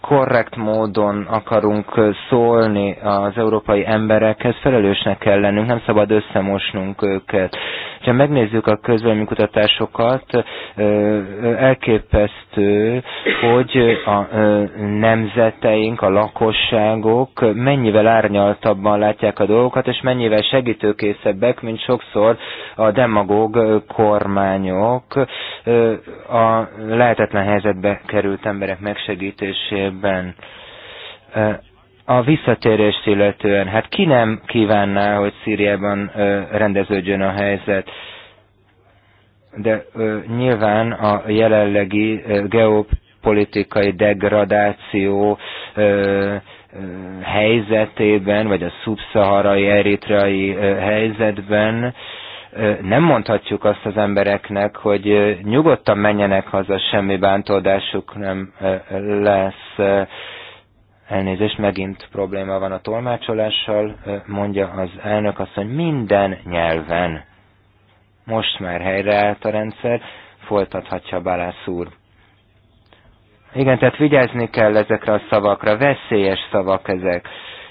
korrekt módon akarunk szólni az európai emberekhez, felelősnek kell lennünk, nem szabad összemosnunk őket. Ha megnézzük a közvéleménykutatásokat, elképesztő, hogy a nemzeteink, a lakosságok mennyivel árnyaltabban látják a dolgokat, és mennyivel segítőkészebbek, mint sokszor a demagóg kormányok a lehetetlen helyzetbe került emberek meg megsegítésében. A visszatérést illetően, hát ki nem kívánná, hogy Szíriában rendeződjön a helyzet, de nyilván a jelenlegi geopolitikai degradáció helyzetében, vagy a szubszaharai eritrai helyzetben nem mondhatjuk azt az embereknek, hogy nyugodtan menjenek haza, semmi bántódásuk nem lesz. Elnézést, megint probléma van a tolmácsolással, mondja az elnök azt, hogy minden nyelven. Most már helyreállt a rendszer, folytathatja Balász úr. Igen, tehát vigyázni kell ezekre a szavakra, veszélyes szavak ezek,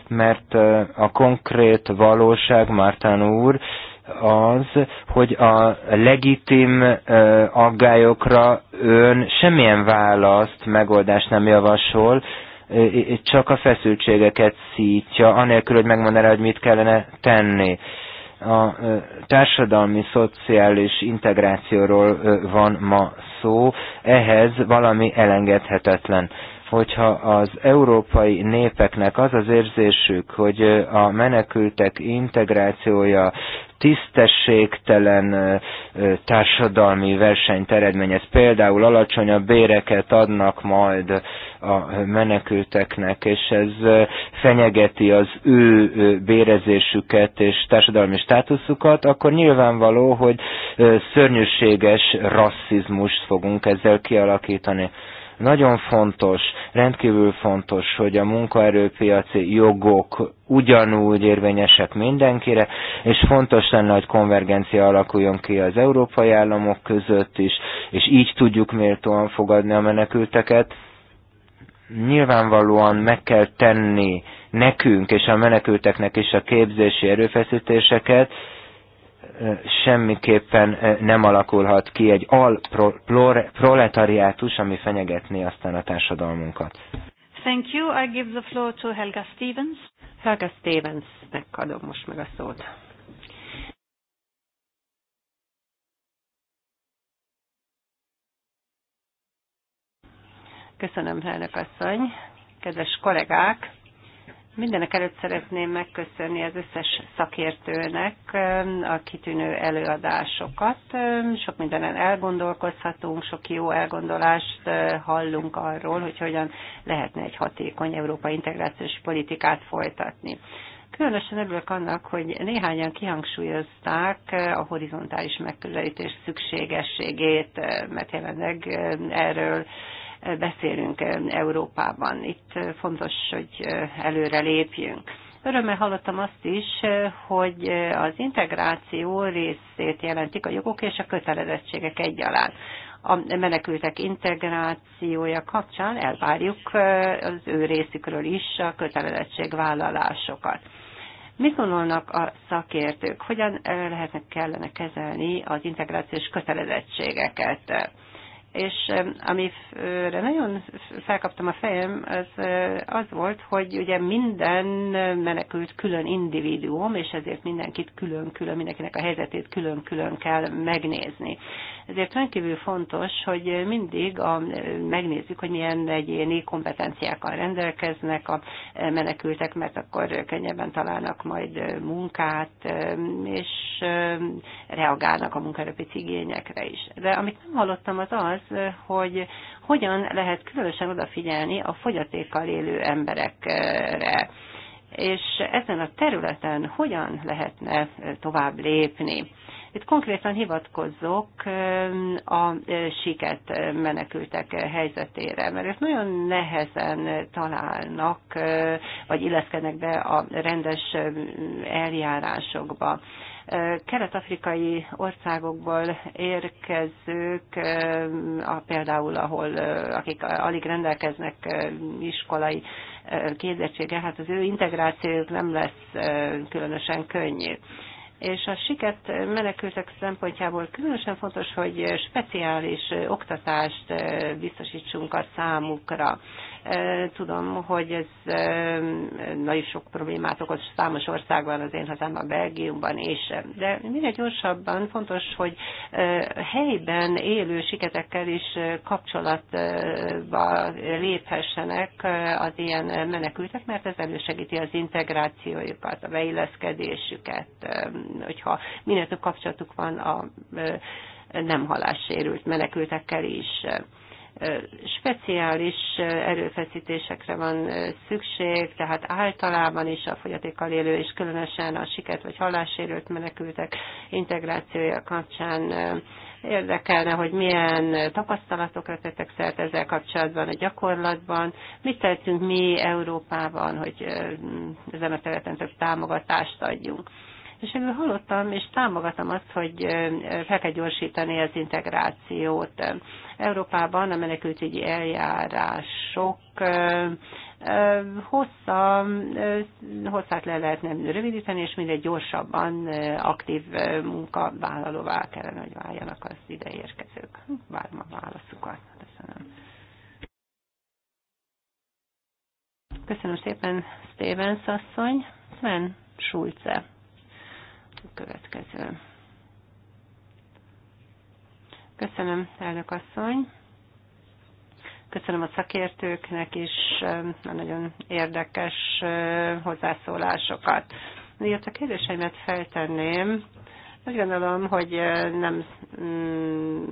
mert a konkrét valóság, Mártán úr, az, hogy a legitim aggályokra ön semmilyen választ, megoldást nem javasol, csak a feszültségeket szítja, anélkül, hogy megmondaná, hogy mit kellene tenni. A társadalmi, szociális integrációról van ma szó, ehhez valami elengedhetetlen hogyha az európai népeknek az az érzésük, hogy a menekültek integrációja tisztességtelen társadalmi versenyt eredményez. Például alacsonyabb béreket adnak majd a menekülteknek, és ez fenyegeti az ő bérezésüket és társadalmi státuszukat, akkor nyilvánvaló, hogy szörnyűséges rasszizmust fogunk ezzel kialakítani. Nagyon fontos, rendkívül fontos, hogy a munkaerőpiaci jogok ugyanúgy érvényesek mindenkire, és fontos lenne, hogy konvergencia alakuljon ki az európai államok között is, és így tudjuk méltóan fogadni a menekülteket. Nyilvánvalóan meg kell tenni nekünk és a menekülteknek is a képzési erőfeszítéseket, semmiképpen nem alakulhat ki egy alproletariátus, ami fenyegetné aztán a társadalmunkat. Thank you. I give the floor to Helga Stevens. Helga Stevens, megadom most meg a szót. Köszönöm, elnök asszony. Kedves kollégák, Mindenek előtt szeretném megköszönni az összes szakértőnek um, a kitűnő előadásokat. Um, sok mindenen elgondolkozhatunk, sok jó elgondolást uh, hallunk arról, hogy hogyan lehetne egy hatékony európai integrációs politikát folytatni. Különösen örülök annak, hogy néhányan kihangsúlyozták uh, a horizontális megközelítés szükségességét, uh, mert jelenleg erről beszélünk eh, Európában. Itt eh, fontos, hogy eh, előre lépjünk. Örömmel hallottam azt is, hogy az integráció részét jelentik a jogok és a kötelezettségek egyaránt a menekültek integrációja kapcsán elvárjuk az ő részükről is a kötelezettségvállalásokat. Mit gondolnak a szakértők? Hogyan lehetnek kellene kezelni az integrációs kötelezettségeket? és amire nagyon felkaptam a fejem, az az volt, hogy ugye minden menekült külön individuum, és ezért mindenkit külön-külön, mindenkinek a helyzetét külön-külön kell megnézni. Ezért rendkívül fontos, hogy mindig a, megnézzük, hogy milyen egyéni kompetenciákkal rendelkeznek a menekültek, mert akkor könnyebben találnak majd munkát, és reagálnak a munkaerőpici igényekre is. De amit nem hallottam az az, az, hogy hogyan lehet különösen odafigyelni a fogyatékkal élő emberekre, és ezen a területen hogyan lehetne tovább lépni. Itt konkrétan hivatkozzok a siket menekültek helyzetére, mert ők nagyon nehezen találnak, vagy illeszkednek be a rendes eljárásokba kelet-afrikai országokból érkezők, például ahol akik alig rendelkeznek iskolai képzettséggel, hát az ő integrációjuk nem lesz különösen könnyű és a sikert menekültek szempontjából különösen fontos, hogy speciális oktatást eh, biztosítsunk a számukra. Eh, tudom, hogy ez eh, nagyon sok problémát okoz számos országban, az én hazámban, Belgiumban és de minél gyorsabban fontos, hogy helyben élő siketekkel is kapcsolatba léphessenek az ilyen menekültek, mert ez elősegíti az integrációjukat, a beilleszkedésüket hogyha minél több kapcsolatuk van a nem halássérült menekültekkel is speciális erőfeszítésekre van szükség, tehát általában is a fogyatékkal élő, és különösen a siket vagy hallássérült menekültek integrációja kapcsán érdekelne, hogy milyen tapasztalatokra tettek szert ezzel kapcsolatban a gyakorlatban, mit tettünk mi Európában, hogy ezen a területen több támogatást adjunk. És én hallottam és támogatom azt, hogy fel kell gyorsítani az integrációt. Európában a menekültügyi eljárások hossza, hosszát le nem rövidíteni, és minél gyorsabban aktív munkavállalóvá kellene, hogy váljanak az ideérkezők. Várom a válaszukat. Köszönöm. Köszönöm szépen, Stevens asszony. Sven Schulze következő. Köszönöm, elnök asszony. Köszönöm a szakértőknek is a nagyon érdekes hozzászólásokat. Miért a kérdéseimet feltenném, úgy gondolom, hogy nem mm,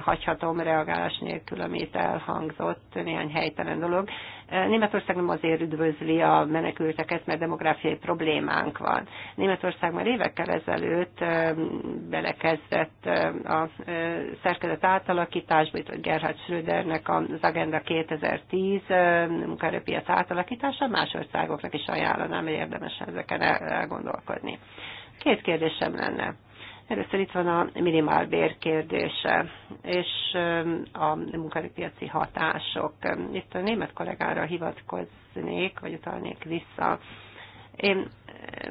hagyhatom reagálás nélkül, amit elhangzott, néhány helytelen dolog. Németország nem azért üdvözli a menekülteket, mert demográfiai problémánk van. Németország már évekkel ezelőtt belekezdett a szerkezet átalakításba, itt Gerhard Schrödernek az Agenda 2010 munkaerőpiac átalakítása, más országoknak is ajánlanám, hogy érdemes ezeken elgondolkodni. Két kérdésem lenne. Először itt van a minimálbér kérdése, és a munkaerőpiaci hatások. Itt a német kollégára hivatkoznék, vagy utalnék vissza. Én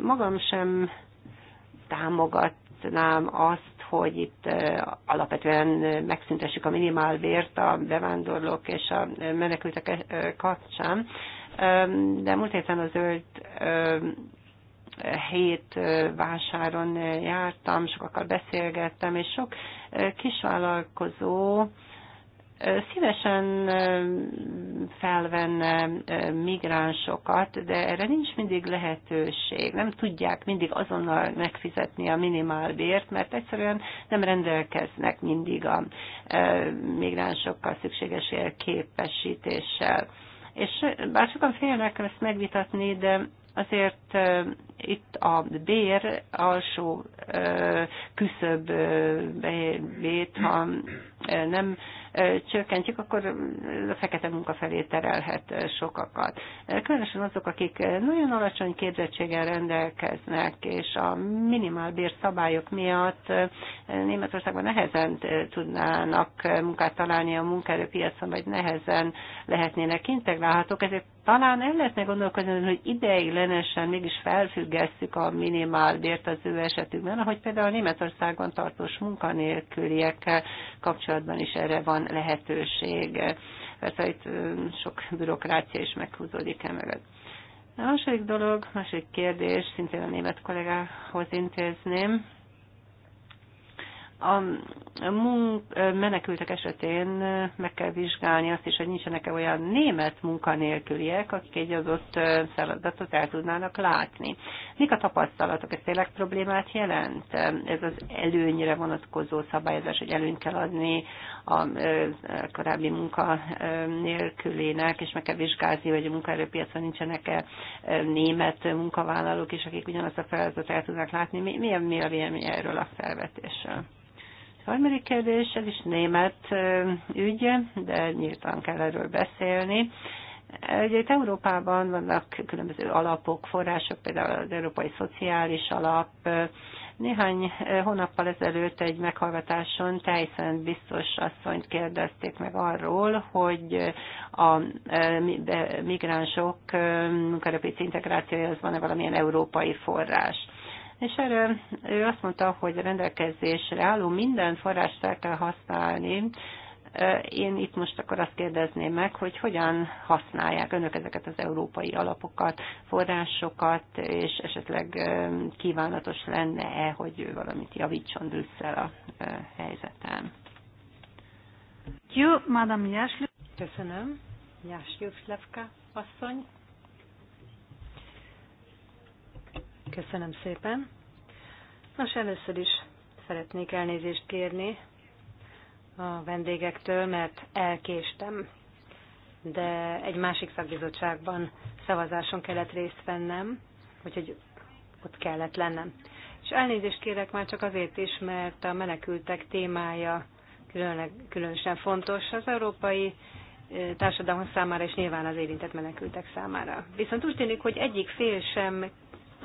magam sem támogatnám azt, hogy itt alapvetően megszüntessük a minimálbért a bevándorlók és a menekültek kapcsán. De múlt héten a zöld hét vásáron jártam, sokakkal beszélgettem, és sok kisvállalkozó szívesen felvenne migránsokat, de erre nincs mindig lehetőség. Nem tudják mindig azonnal megfizetni a minimálbért, mert egyszerűen nem rendelkeznek mindig a migránsokkal szükséges képesítéssel. És bár sokan félnek ezt megvitatni, de azért itt a bér alsó küszöbét, ha nem csökkentjük, akkor a fekete munka felé terelhet sokakat. Különösen azok, akik nagyon alacsony képzettséggel rendelkeznek, és a minimálbér szabályok miatt Németországban nehezen tudnának munkát találni a munkaerőpiacon, vagy nehezen lehetnének integrálhatók, ezért talán el lehetne gondolkozni, hogy ideiglenesen mégis felfügg függesszük a bért az ő esetükben, ahogy például Németországban tartós munkanélküliekkel kapcsolatban is erre van lehetőség. Persze itt sok bürokrácia is meghúzódik emögött. A második dolog, másik kérdés, szintén a német kollégához intézném a munk- menekültek esetén meg kell vizsgálni azt is, hogy nincsenek-e olyan német munkanélküliek, akik egy adott feladatot el tudnának látni. Mik a tapasztalatok? Ez tényleg problémát jelent? Ez az előnyre vonatkozó szabályozás, hogy előnyt kell adni a korábbi munkanélkülének, és meg kell vizsgálni, hogy a munkaerőpiacon nincsenek-e német munkavállalók is, akik ugyanazt a feladatot el tudnak látni. Mi, mi, a, mi a vélemény erről a felvetésről? harmadik kérdés, ez is német ügy, de nyíltan kell erről beszélni. Ugye itt Európában vannak különböző alapok, források, például az Európai Szociális Alap. Néhány hónappal ezelőtt egy meghallgatáson Tyson biztos asszonyt kérdezték meg arról, hogy a migránsok integrációja az van-e valamilyen európai forrás. És erre ő azt mondta, hogy a rendelkezésre álló minden forrást fel kell használni. Én itt most akkor azt kérdezném meg, hogy hogyan használják önök ezeket az európai alapokat, forrásokat, és esetleg kívánatos lenne-e, hogy ő valamit javítson Brüsszel a helyzetem. Jó, Madame Jászlő. Köszönöm. Jászlőszlevka asszony. Köszönöm szépen. Nos, először is szeretnék elnézést kérni a vendégektől, mert elkéstem, de egy másik szakbizottságban szavazáson kellett részt vennem, úgyhogy ott kellett lennem. És elnézést kérek már csak azért is, mert a menekültek témája különleg, különösen fontos az európai társadalom számára, és nyilván az érintett menekültek számára. Viszont úgy tűnik, hogy egyik fél sem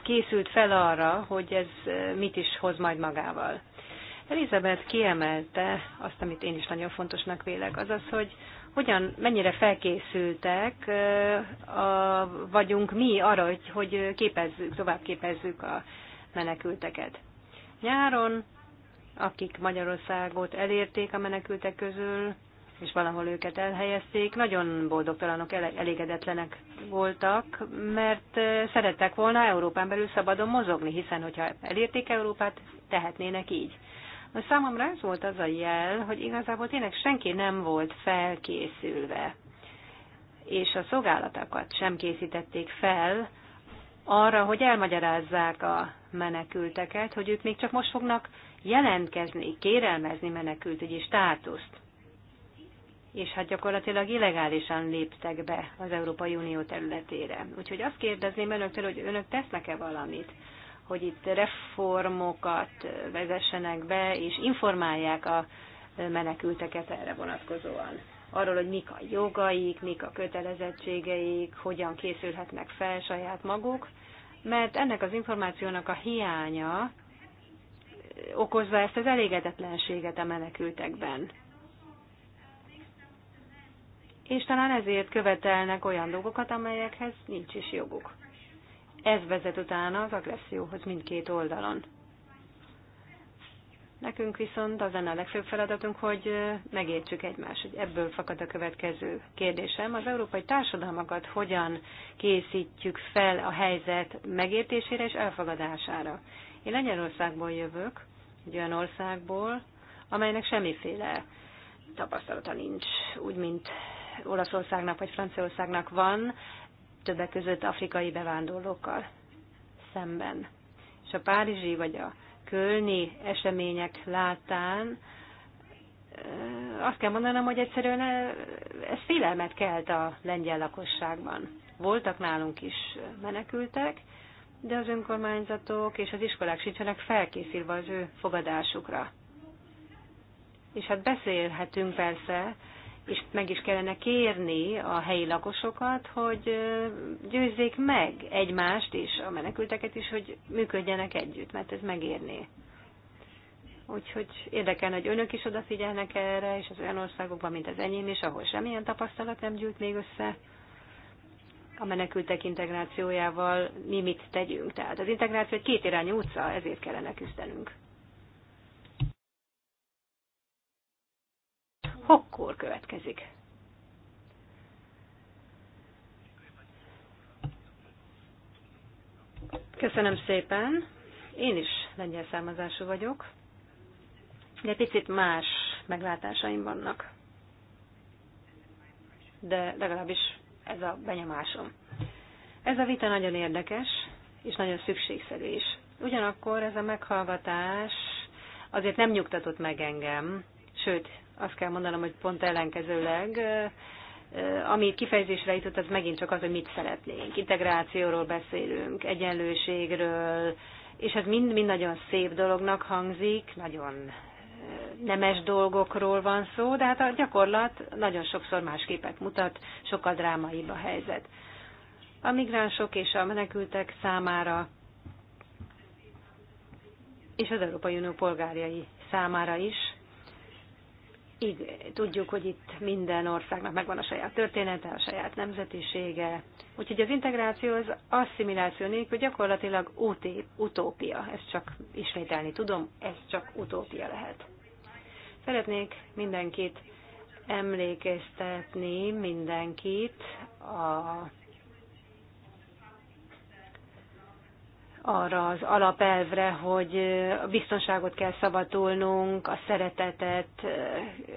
készült fel arra, hogy ez mit is hoz majd magával. Elizabeth kiemelte azt, amit én is nagyon fontosnak vélek, azaz, hogy hogyan, mennyire felkészültek a, vagyunk mi arra, hogy, hogy képezzük, tovább képezzük a menekülteket. Nyáron, akik Magyarországot elérték a menekültek közül, és valahol őket elhelyezték, nagyon boldogtalanok, elégedetlenek voltak, mert szerettek volna Európán belül szabadon mozogni, hiszen hogyha elérték Európát, tehetnének így. A számomra ez volt az a jel, hogy igazából tényleg senki nem volt felkészülve, és a szolgálatokat sem készítették fel arra, hogy elmagyarázzák a menekülteket, hogy ők még csak most fognak jelentkezni, kérelmezni menekültügyi státuszt és hát gyakorlatilag illegálisan léptek be az Európai Unió területére. Úgyhogy azt kérdezném önöktől, hogy önök tesznek-e valamit, hogy itt reformokat vezessenek be, és informálják a menekülteket erre vonatkozóan. Arról, hogy mik a jogaik, mik a kötelezettségeik, hogyan készülhetnek fel saját maguk, mert ennek az információnak a hiánya okozza ezt az elégedetlenséget a menekültekben és talán ezért követelnek olyan dolgokat, amelyekhez nincs is joguk. Ez vezet utána az agresszióhoz mindkét oldalon. Nekünk viszont az lenne a legfőbb feladatunk, hogy megértsük egymást, hogy ebből fakad a következő kérdésem. Az európai társadalmakat hogyan készítjük fel a helyzet megértésére és elfogadására? Én Lengyelországból jövök, egy olyan országból, amelynek semmiféle tapasztalata nincs, úgy, mint Olaszországnak vagy Franciaországnak van, többek között afrikai bevándorlókkal szemben. És a párizsi vagy a kölni események látán azt kell mondanom, hogy egyszerűen ez félelmet kelt a lengyel lakosságban. Voltak nálunk is menekültek, de az önkormányzatok és az iskolák sincsenek felkészülve az ő fogadásukra. És hát beszélhetünk persze és meg is kellene kérni a helyi lakosokat, hogy győzzék meg egymást és a menekülteket is, hogy működjenek együtt, mert ez megérné. Úgyhogy érdekel, hogy önök is odafigyelnek erre, és az olyan országokban, mint az enyém is, ahol semmilyen tapasztalat nem gyűlt még össze, a menekültek integrációjával mi mit tegyünk. Tehát az integráció egy kétirányú utca, ezért kellene küzdenünk. hokkor következik. Köszönöm szépen. Én is lengyel származású vagyok, de picit más meglátásaim vannak. De legalábbis ez a benyomásom. Ez a vita nagyon érdekes, és nagyon szükségszerű is. Ugyanakkor ez a meghallgatás azért nem nyugtatott meg engem, sőt, azt kell mondanom, hogy pont ellenkezőleg, ami kifejezésre jutott, az megint csak az, hogy mit szeretnénk. Integrációról beszélünk, egyenlőségről, és ez mind-mind nagyon szép dolognak hangzik, nagyon nemes dolgokról van szó, de hát a gyakorlat nagyon sokszor más képet mutat, sokkal drámaibb a helyzet. A migránsok és a menekültek számára, és az Európai Unió polgárjai számára is így tudjuk, hogy itt minden országnak megvan a saját története, a saját nemzetisége. Úgyhogy az integráció az asszimiláció nélkül gyakorlatilag utópia. Ezt csak ismételni tudom, ez csak utópia lehet. Szeretnék mindenkit emlékeztetni, mindenkit a arra az alapelvre, hogy a biztonságot kell szabadulnunk, a szeretetet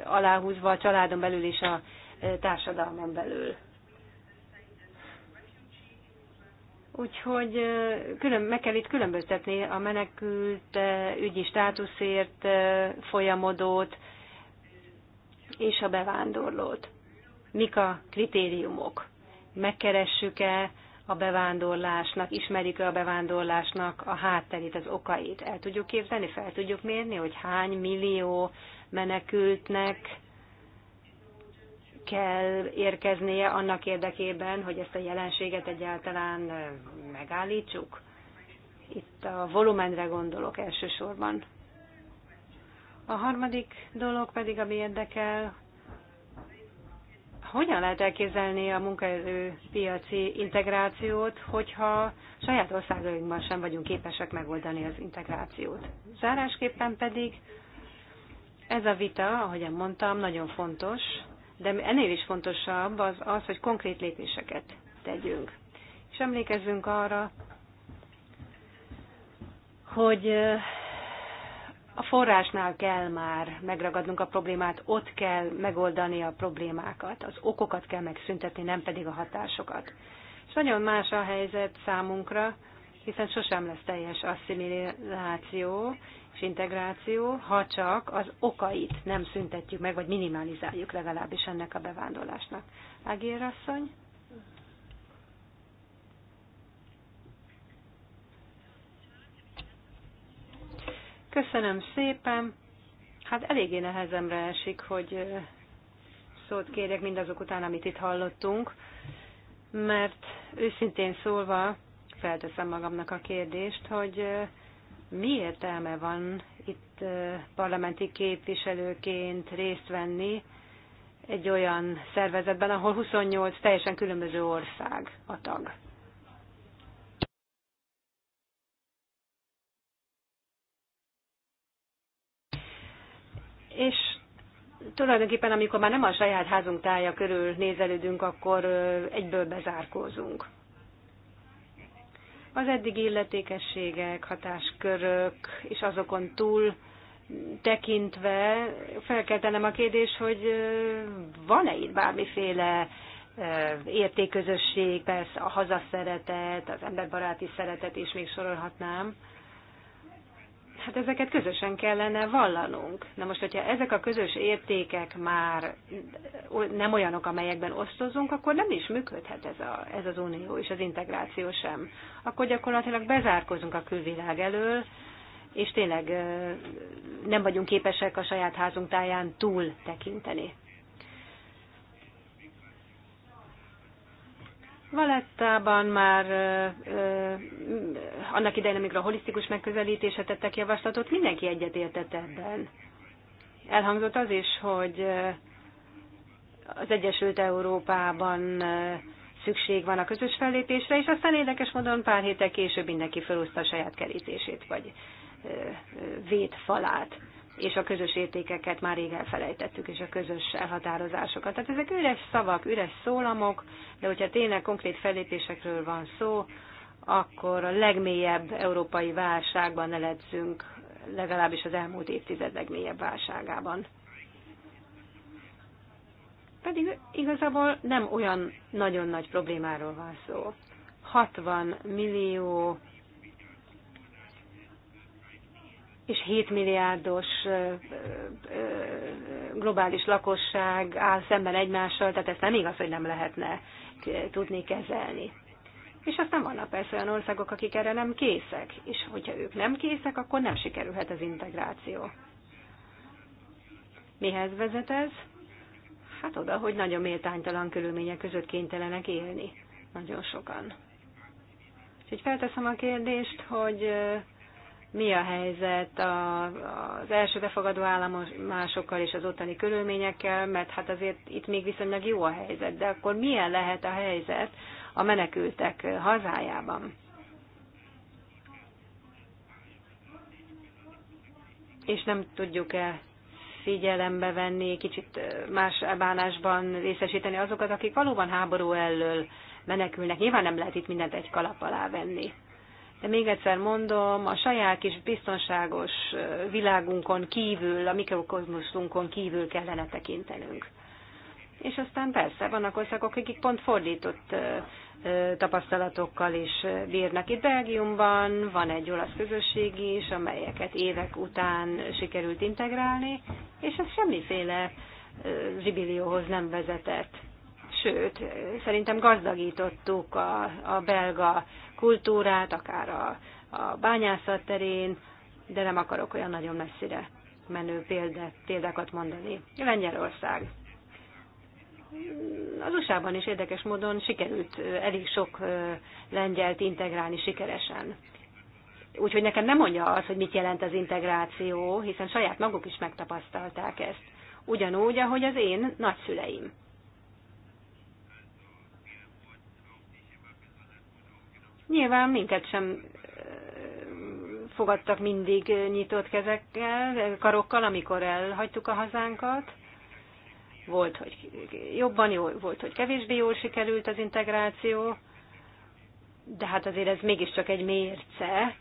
aláhúzva a családon belül és a társadalmon belül. Úgyhogy külön, meg kell itt különböztetni a menekült ügyi státuszért folyamodót és a bevándorlót. Mik a kritériumok? Megkeressük-e a bevándorlásnak, ismerik-e a bevándorlásnak a hátterét, az okait. El tudjuk képzelni, fel tudjuk mérni, hogy hány millió menekültnek kell érkeznie annak érdekében, hogy ezt a jelenséget egyáltalán megállítsuk? Itt a volumenre gondolok elsősorban. A harmadik dolog pedig, ami érdekel, hogyan lehet elképzelni a munkaerőpiaci integrációt, hogyha saját országainkban sem vagyunk képesek megoldani az integrációt. Zárásképpen pedig ez a vita, ahogyan mondtam, nagyon fontos, de ennél is fontosabb az az, hogy konkrét lépéseket tegyünk. És emlékezzünk arra, hogy a forrásnál kell már megragadnunk a problémát, ott kell megoldani a problémákat, az okokat kell megszüntetni, nem pedig a hatásokat. És nagyon más a helyzet számunkra, hiszen sosem lesz teljes asszimiláció és integráció, ha csak az okait nem szüntetjük meg, vagy minimalizáljuk legalábbis ennek a bevándorlásnak. Ágér asszony? Köszönöm szépen. Hát eléggé nehezemre esik, hogy szót kérjek mindazok után, amit itt hallottunk, mert őszintén szólva felteszem magamnak a kérdést, hogy mi értelme van itt parlamenti képviselőként részt venni egy olyan szervezetben, ahol 28 teljesen különböző ország a tag. és tulajdonképpen amikor már nem a saját házunk tája körül nézelődünk, akkor egyből bezárkózunk. Az eddigi illetékességek, hatáskörök és azokon túl tekintve fel kell tennem a kérdés, hogy van-e itt bármiféle értékközösség, persze a hazaszeretet, az emberbaráti szeretet is még sorolhatnám, hát ezeket közösen kellene vallanunk. Na most, hogyha ezek a közös értékek már nem olyanok, amelyekben osztozunk, akkor nem is működhet ez, a, ez az unió és az integráció sem. Akkor gyakorlatilag bezárkozunk a külvilág elől, és tényleg nem vagyunk képesek a saját házunk táján túl tekinteni. Valettában már ö, ö, annak idején, amikor a holisztikus megközelítése tettek javaslatot, mindenki egyetértett ebben. Elhangzott az is, hogy az Egyesült Európában szükség van a közös fellépésre, és aztán érdekes módon pár héttel később mindenki felúszta a saját kerítését, vagy védfalát és a közös értékeket már rég elfelejtettük, és a közös elhatározásokat. Tehát ezek üres szavak, üres szólamok, de hogyha tényleg konkrét fellépésekről van szó, akkor a legmélyebb európai válságban ne legalábbis az elmúlt évtized legmélyebb válságában. Pedig igazából nem olyan nagyon nagy problémáról van szó. 60 millió és 7 milliárdos globális lakosság áll szemben egymással, tehát ezt nem igaz, hogy nem lehetne tudni kezelni. És aztán vannak persze olyan országok, akik erre nem készek, és hogyha ők nem készek, akkor nem sikerülhet az integráció. Mihez vezet ez? Hát oda, hogy nagyon méltánytalan körülmények között kénytelenek élni. Nagyon sokan. Úgyhogy felteszem a kérdést, hogy mi a helyzet az első befogadó államokkal és az ottani körülményekkel, mert hát azért itt még viszonylag jó a helyzet, de akkor milyen lehet a helyzet a menekültek hazájában? És nem tudjuk-e figyelembe venni, kicsit más bánásban részesíteni azokat, akik valóban háború elől menekülnek. Nyilván nem lehet itt mindent egy kalap alá venni. De még egyszer mondom, a saját kis biztonságos világunkon kívül, a mikrokozmusunkon kívül kellene tekintenünk. És aztán persze vannak országok, akik pont fordított tapasztalatokkal is bírnak. Itt Belgiumban van egy olasz közösség is, amelyeket évek után sikerült integrálni, és ez semmiféle zibilióhoz nem vezetett. Sőt, szerintem gazdagítottuk a, a belga kultúrát, akár a, a bányászat terén, de nem akarok olyan nagyon messzire menő példát, példákat mondani. Lengyelország. Az USA-ban is érdekes módon sikerült elég sok lengyelt integrálni sikeresen. Úgyhogy nekem nem mondja az, hogy mit jelent az integráció, hiszen saját maguk is megtapasztalták ezt. Ugyanúgy, ahogy az én nagyszüleim. Nyilván minket sem fogadtak mindig nyitott kezekkel, karokkal, amikor elhagytuk a hazánkat. Volt, hogy jobban jó, volt, hogy kevésbé jól sikerült az integráció, de hát azért ez mégiscsak egy mérce.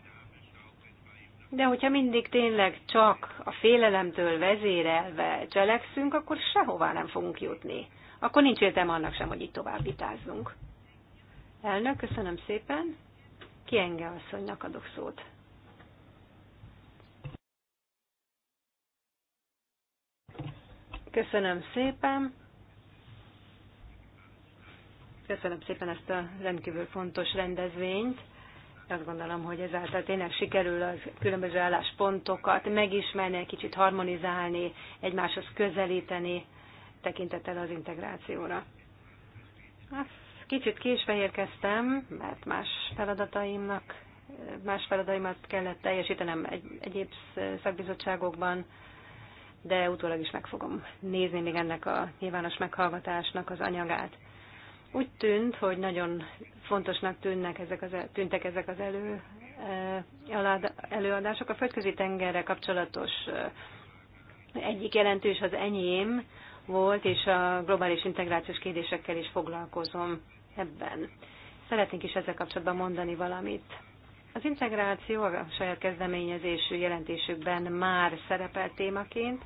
De hogyha mindig tényleg csak a félelemtől vezérelve cselekszünk, akkor sehová nem fogunk jutni. Akkor nincs értelme annak sem, hogy itt tovább vitázzunk. Elnök, köszönöm szépen. Kienge asszonynak adok szót. Köszönöm szépen. Köszönöm szépen ezt a rendkívül fontos rendezvényt. Azt gondolom, hogy ezáltal tényleg sikerül a különböző álláspontokat megismerni, egy kicsit harmonizálni, egymáshoz közelíteni tekintettel az integrációra. Azt Kicsit késve érkeztem, mert más feladataimnak, más feladaimat kellett teljesítenem egy, egyéb szakbizottságokban, de utólag is meg fogom nézni még ennek a nyilvános meghallgatásnak az anyagát. Úgy tűnt, hogy nagyon fontosnak tűnnek ezek az, tűntek ezek az elő, eh, előadások. A földközi tengerre kapcsolatos eh, egyik jelentős az enyém volt, és a globális integrációs kérdésekkel is foglalkozom ebben. Szeretnénk is ezzel kapcsolatban mondani valamit. Az integráció a saját kezdeményezésű jelentésükben már szerepel témaként,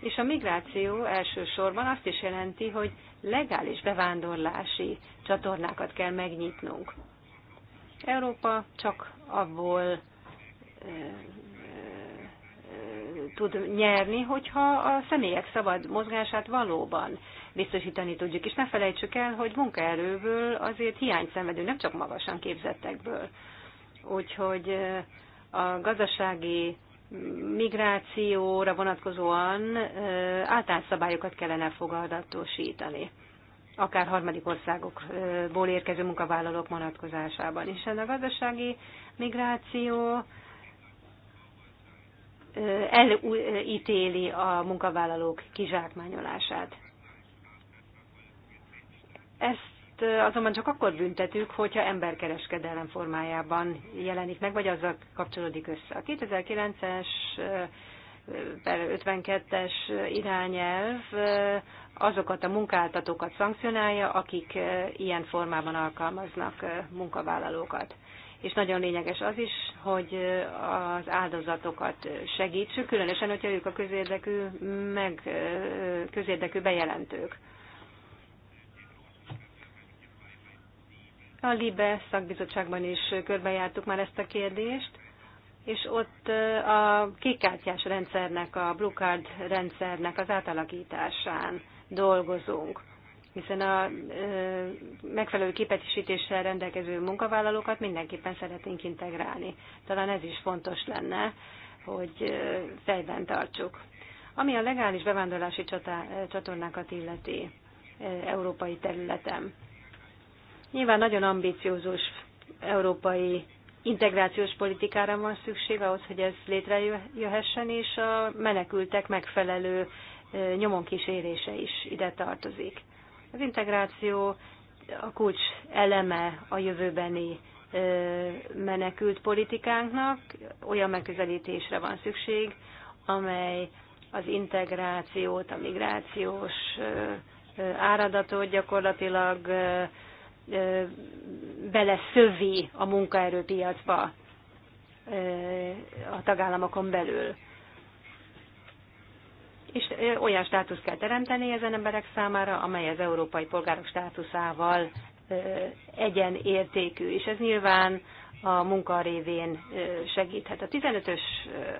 és a migráció elsősorban azt is jelenti, hogy legális bevándorlási csatornákat kell megnyitnunk. Európa csak abból eh, tud nyerni, hogyha a személyek szabad mozgását valóban biztosítani tudjuk. És ne felejtsük el, hogy munkaerőből azért hiány szenvedő, nem csak magasan képzettekből. Úgyhogy eh, a gazdasági migrációra vonatkozóan eh, általános szabályokat kellene fogadatosítani akár harmadik országokból érkező munkavállalók vonatkozásában. És a gazdasági migráció elítéli a munkavállalók kizsákmányolását. Ezt azonban csak akkor büntetük, hogyha emberkereskedelem formájában jelenik meg, vagy azzal kapcsolódik össze. A 2009-es per 52-es irányelv eh, azokat a munkáltatókat szankcionálja, akik eh, ilyen formában alkalmaznak eh, munkavállalókat és nagyon lényeges az is, hogy az áldozatokat segítsük, különösen, hogyha ők a közérdekű, meg közérdekű bejelentők. A LIBE szakbizottságban is körbejártuk már ezt a kérdést, és ott a kékkártyás rendszernek, a blue card rendszernek az átalakításán dolgozunk hiszen a megfelelő képesítéssel rendelkező munkavállalókat mindenképpen szeretnénk integrálni. Talán ez is fontos lenne, hogy fejben tartsuk. Ami a legális bevándorlási csatornákat illeti európai területen. Nyilván nagyon ambiciózus európai integrációs politikára van szükség ahhoz, hogy ez létrejöhessen, és a menekültek megfelelő nyomon kísérése is ide tartozik. Az integráció a kulcs eleme a jövőbeni menekült politikánknak. Olyan megközelítésre van szükség, amely az integrációt, a migrációs áradatot gyakorlatilag beleszövi a munkaerőpiacba a tagállamokon belül és olyan státuszt kell teremteni ezen emberek számára, amely az európai polgárok státuszával egyenértékű, és ez nyilván a munka révén segíthet. A 15-ös,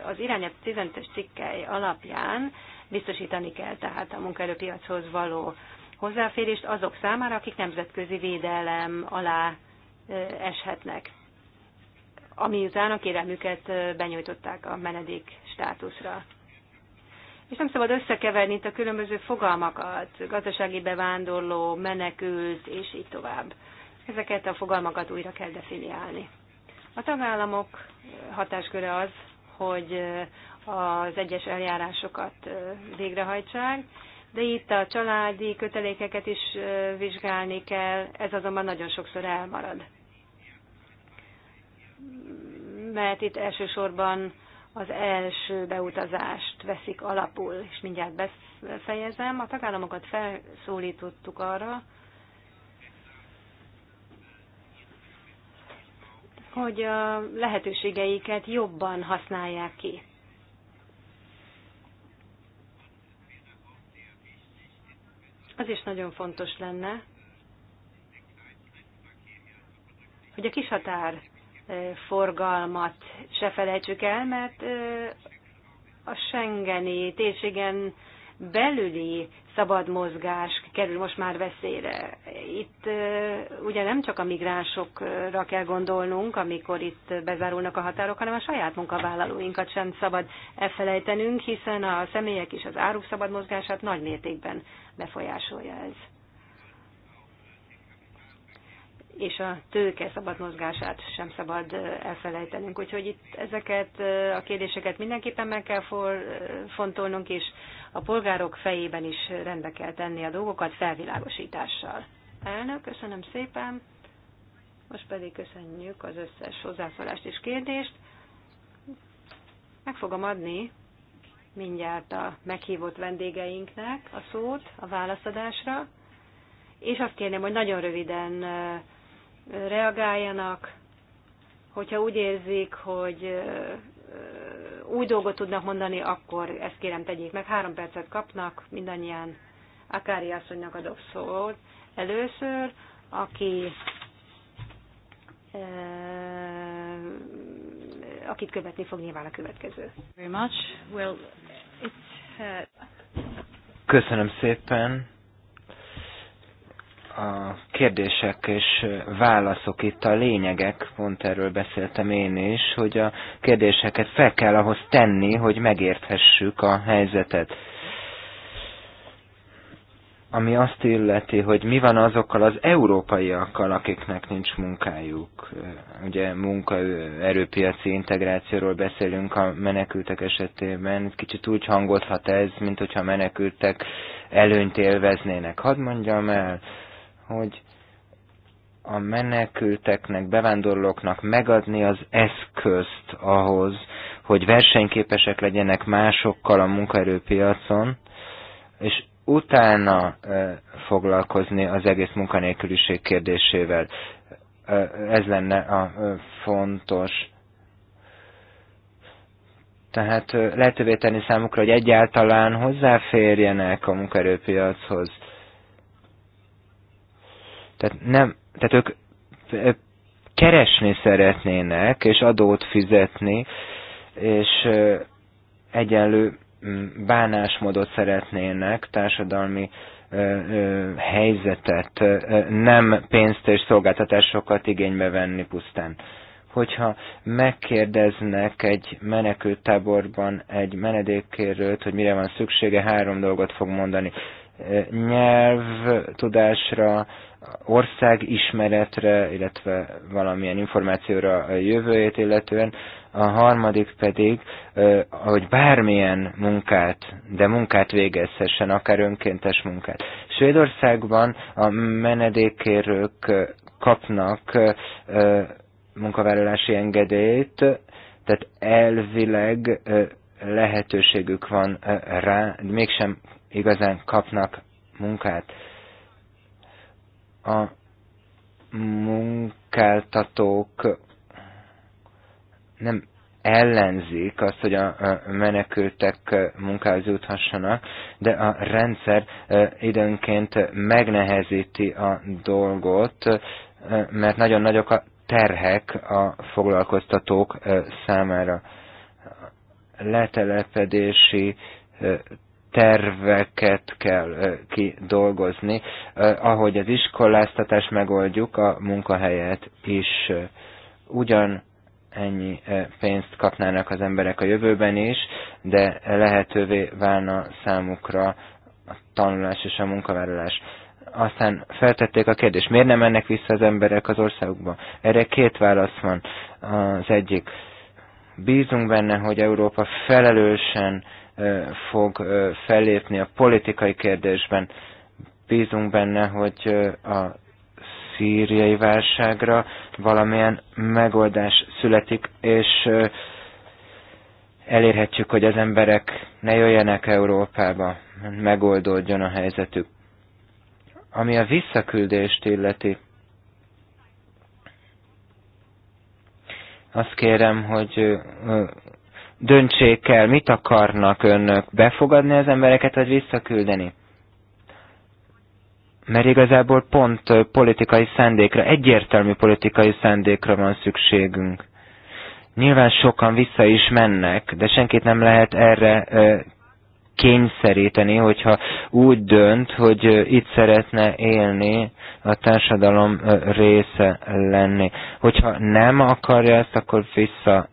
az irányabb 15-ös cikkely alapján biztosítani kell tehát a munkaerőpiachoz való hozzáférést azok számára, akik nemzetközi védelem alá eshetnek, ami után a kérelmüket benyújtották a menedék státuszra. És nem szabad összekeverni itt a különböző fogalmakat, gazdasági bevándorló, menekült, és így tovább. Ezeket a fogalmakat újra kell definiálni. A tagállamok hatásköre az, hogy az egyes eljárásokat végrehajtsák, de itt a családi kötelékeket is vizsgálni kell, ez azonban nagyon sokszor elmarad. Mert itt elsősorban az első beutazást veszik alapul, és mindjárt befejezem. A tagállamokat felszólítottuk arra, hogy a lehetőségeiket jobban használják ki. Az is nagyon fontos lenne, hogy a kishatár forgalmat se felejtsük el, mert a Schengeni térségen belüli szabad mozgás kerül most már veszélyre. Itt ugye nem csak a migránsokra kell gondolnunk, amikor itt bezárulnak a határok, hanem a saját munkavállalóinkat sem szabad elfelejtenünk, hiszen a személyek és az áruk szabad mozgását nagy mértékben befolyásolja ez és a tőke szabad mozgását sem szabad elfelejtenünk. Úgyhogy itt ezeket a kérdéseket mindenképpen meg kell for, fontolnunk, és a polgárok fejében is rendbe kell tenni a dolgokat felvilágosítással. Elnök, köszönöm szépen. Most pedig köszönjük az összes hozzászólást és kérdést. Meg fogom adni mindjárt a meghívott vendégeinknek a szót a válaszadásra, és azt kérném, hogy nagyon röviden reagáljanak, hogyha úgy érzik, hogy új dolgot tudnak mondani, akkor ezt kérem tegyék meg. Három percet kapnak mindannyian. Akári asszonynak adok szót először, aki akit követni fog nyilván a következő. Very much. Well, it's, uh, Köszönöm szépen a kérdések és válaszok itt a lényegek, pont erről beszéltem én is, hogy a kérdéseket fel kell ahhoz tenni, hogy megérthessük a helyzetet. Ami azt illeti, hogy mi van azokkal az európaiakkal, akiknek nincs munkájuk. Ugye munkaerőpiaci integrációról beszélünk a menekültek esetében. Kicsit úgy hangozhat ez, mint hogyha menekültek előnyt élveznének. Hadd mondjam el, hogy a menekülteknek, bevándorlóknak megadni az eszközt ahhoz, hogy versenyképesek legyenek másokkal a munkaerőpiacon, és utána foglalkozni az egész munkanélküliség kérdésével. Ez lenne a fontos. Tehát lehetővé tenni számukra, hogy egyáltalán hozzáférjenek a munkaerőpiachoz tehát, nem, tehát ők keresni szeretnének, és adót fizetni, és egyenlő mm, bánásmódot szeretnének, társadalmi helyzetet, nem pénzt és szolgáltatásokat igénybe venni pusztán. Hogyha megkérdeznek egy menekültáborban egy menedékkérőt, hogy mire van szüksége, három dolgot fog mondani. Nyelv, tudásra, ország ismeretre, illetve valamilyen információra a jövőjét illetően, a harmadik pedig, hogy bármilyen munkát, de munkát végezhessen, akár önkéntes munkát. Svédországban a menedékkérők kapnak munkavállalási engedélyt, tehát elvileg lehetőségük van rá, mégsem igazán kapnak munkát a munkáltatók nem ellenzik azt, hogy a menekültek munkához juthassanak, de a rendszer időnként megnehezíti a dolgot, mert nagyon nagyok a terhek a foglalkoztatók számára. Letelepedési terveket kell kidolgozni, ahogy az iskoláztatást megoldjuk, a munkahelyet is ugyan ennyi pénzt kapnának az emberek a jövőben is, de lehetővé válna számukra a tanulás és a munkavállalás. Aztán feltették a kérdést, miért nem mennek vissza az emberek az országukba? Erre két válasz van. Az egyik, bízunk benne, hogy Európa felelősen fog fellépni a politikai kérdésben. Bízunk benne, hogy a szíriai válságra valamilyen megoldás születik, és elérhetjük, hogy az emberek ne jöjjenek Európába, megoldódjon a helyzetük. Ami a visszaküldést illeti, azt kérem, hogy döntsék el, mit akarnak önök, befogadni az embereket, vagy visszaküldeni? Mert igazából pont politikai szándékra, egyértelmű politikai szándékra van szükségünk. Nyilván sokan vissza is mennek, de senkit nem lehet erre kényszeríteni, hogyha úgy dönt, hogy itt szeretne élni, a társadalom része lenni. Hogyha nem akarja ezt, akkor vissza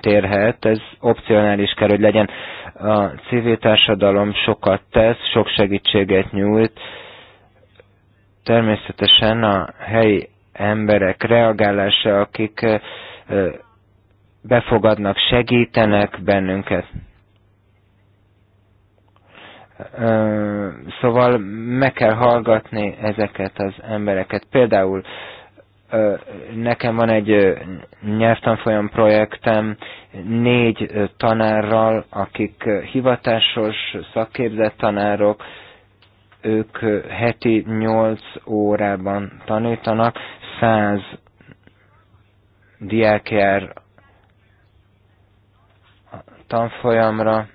térhet, ez opcionális kell, hogy legyen. A civil társadalom sokat tesz, sok segítséget nyújt. Természetesen a helyi emberek reagálása, akik befogadnak, segítenek bennünket. Szóval meg kell hallgatni ezeket az embereket. Például Nekem van egy nyelvtanfolyam projektem négy tanárral, akik hivatásos szakképzett tanárok, ők heti 8 órában tanítanak, 100 diák jár tanfolyamra,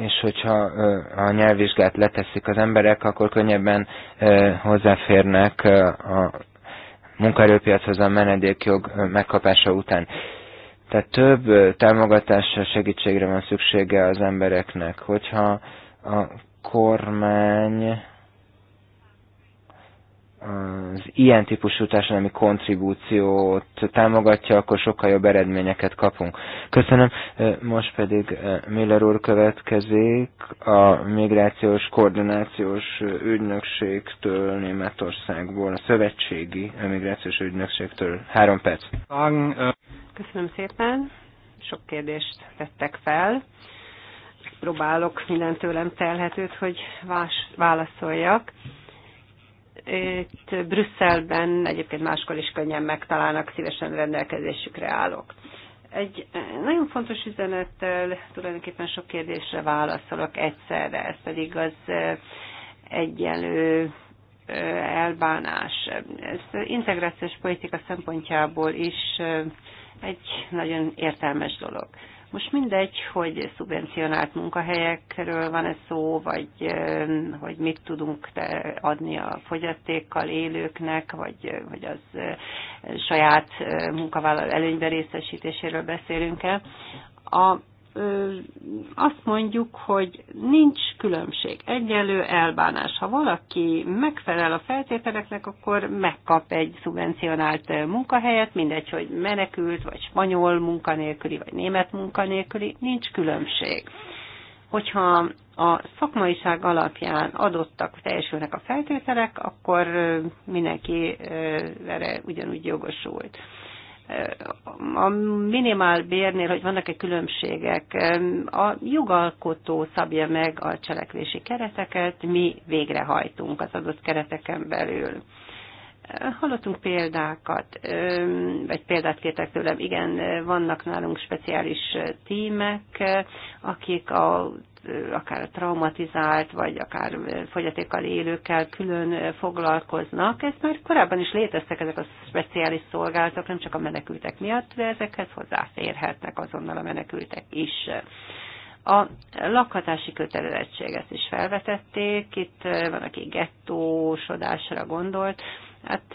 és hogyha a nyelvvizsgát leteszik az emberek, akkor könnyebben hozzáférnek a munkaerőpiachoz a menedékjog megkapása után. Tehát több támogatásra, segítségre van szüksége az embereknek. Hogyha a kormány az ilyen típusú társadalmi kontribúciót támogatja, akkor sokkal jobb eredményeket kapunk. Köszönöm. Most pedig Miller úr következik a Migrációs Koordinációs Ügynökségtől Németországból, a Szövetségi Migrációs Ügynökségtől. Három perc. Köszönöm szépen. Sok kérdést tettek fel. Próbálok minden tőlem telhetőt, hogy válaszoljak itt Brüsszelben egyébként máskor is könnyen megtalálnak, szívesen rendelkezésükre állok. Egy nagyon fontos üzenettel tulajdonképpen sok kérdésre válaszolok egyszerre, ez pedig az eh, egyenlő eh, elbánás. Ez integrációs politika szempontjából is eh, egy nagyon értelmes dolog. Most mindegy, hogy szubvencionált munkahelyekről van ez szó, vagy hogy mit tudunk te adni a fogyatékkal élőknek, vagy hogy az eh, saját eh, munkavállaló előnybe részesítéséről beszélünk-e. A azt mondjuk, hogy nincs különbség. Egyenlő elbánás. Ha valaki megfelel a feltételeknek, akkor megkap egy szubvencionált munkahelyet, mindegy, hogy menekült, vagy spanyol munkanélküli, vagy német munkanélküli, nincs különbség. Hogyha a szakmaiság alapján adottak, teljesülnek a feltételek, akkor mindenki erre ugyanúgy jogosult a bérnél, hogy vannak-e különbségek, a jogalkotó szabja meg a cselekvési kereteket, mi végrehajtunk az adott kereteken belül. Hallottunk példákat, vagy példát kértek tőlem, igen, vannak nálunk speciális tímek, akik a akár traumatizált, vagy akár fogyatékkal élőkkel külön foglalkoznak. Ez már korábban is léteztek ezek a speciális szolgálatok, nem csak a menekültek miatt, de ezekhez hozzáférhetnek azonnal a menekültek is. A lakhatási kötelezettség, ezt is felvetették, itt van, aki gettósodásra gondolt. Hát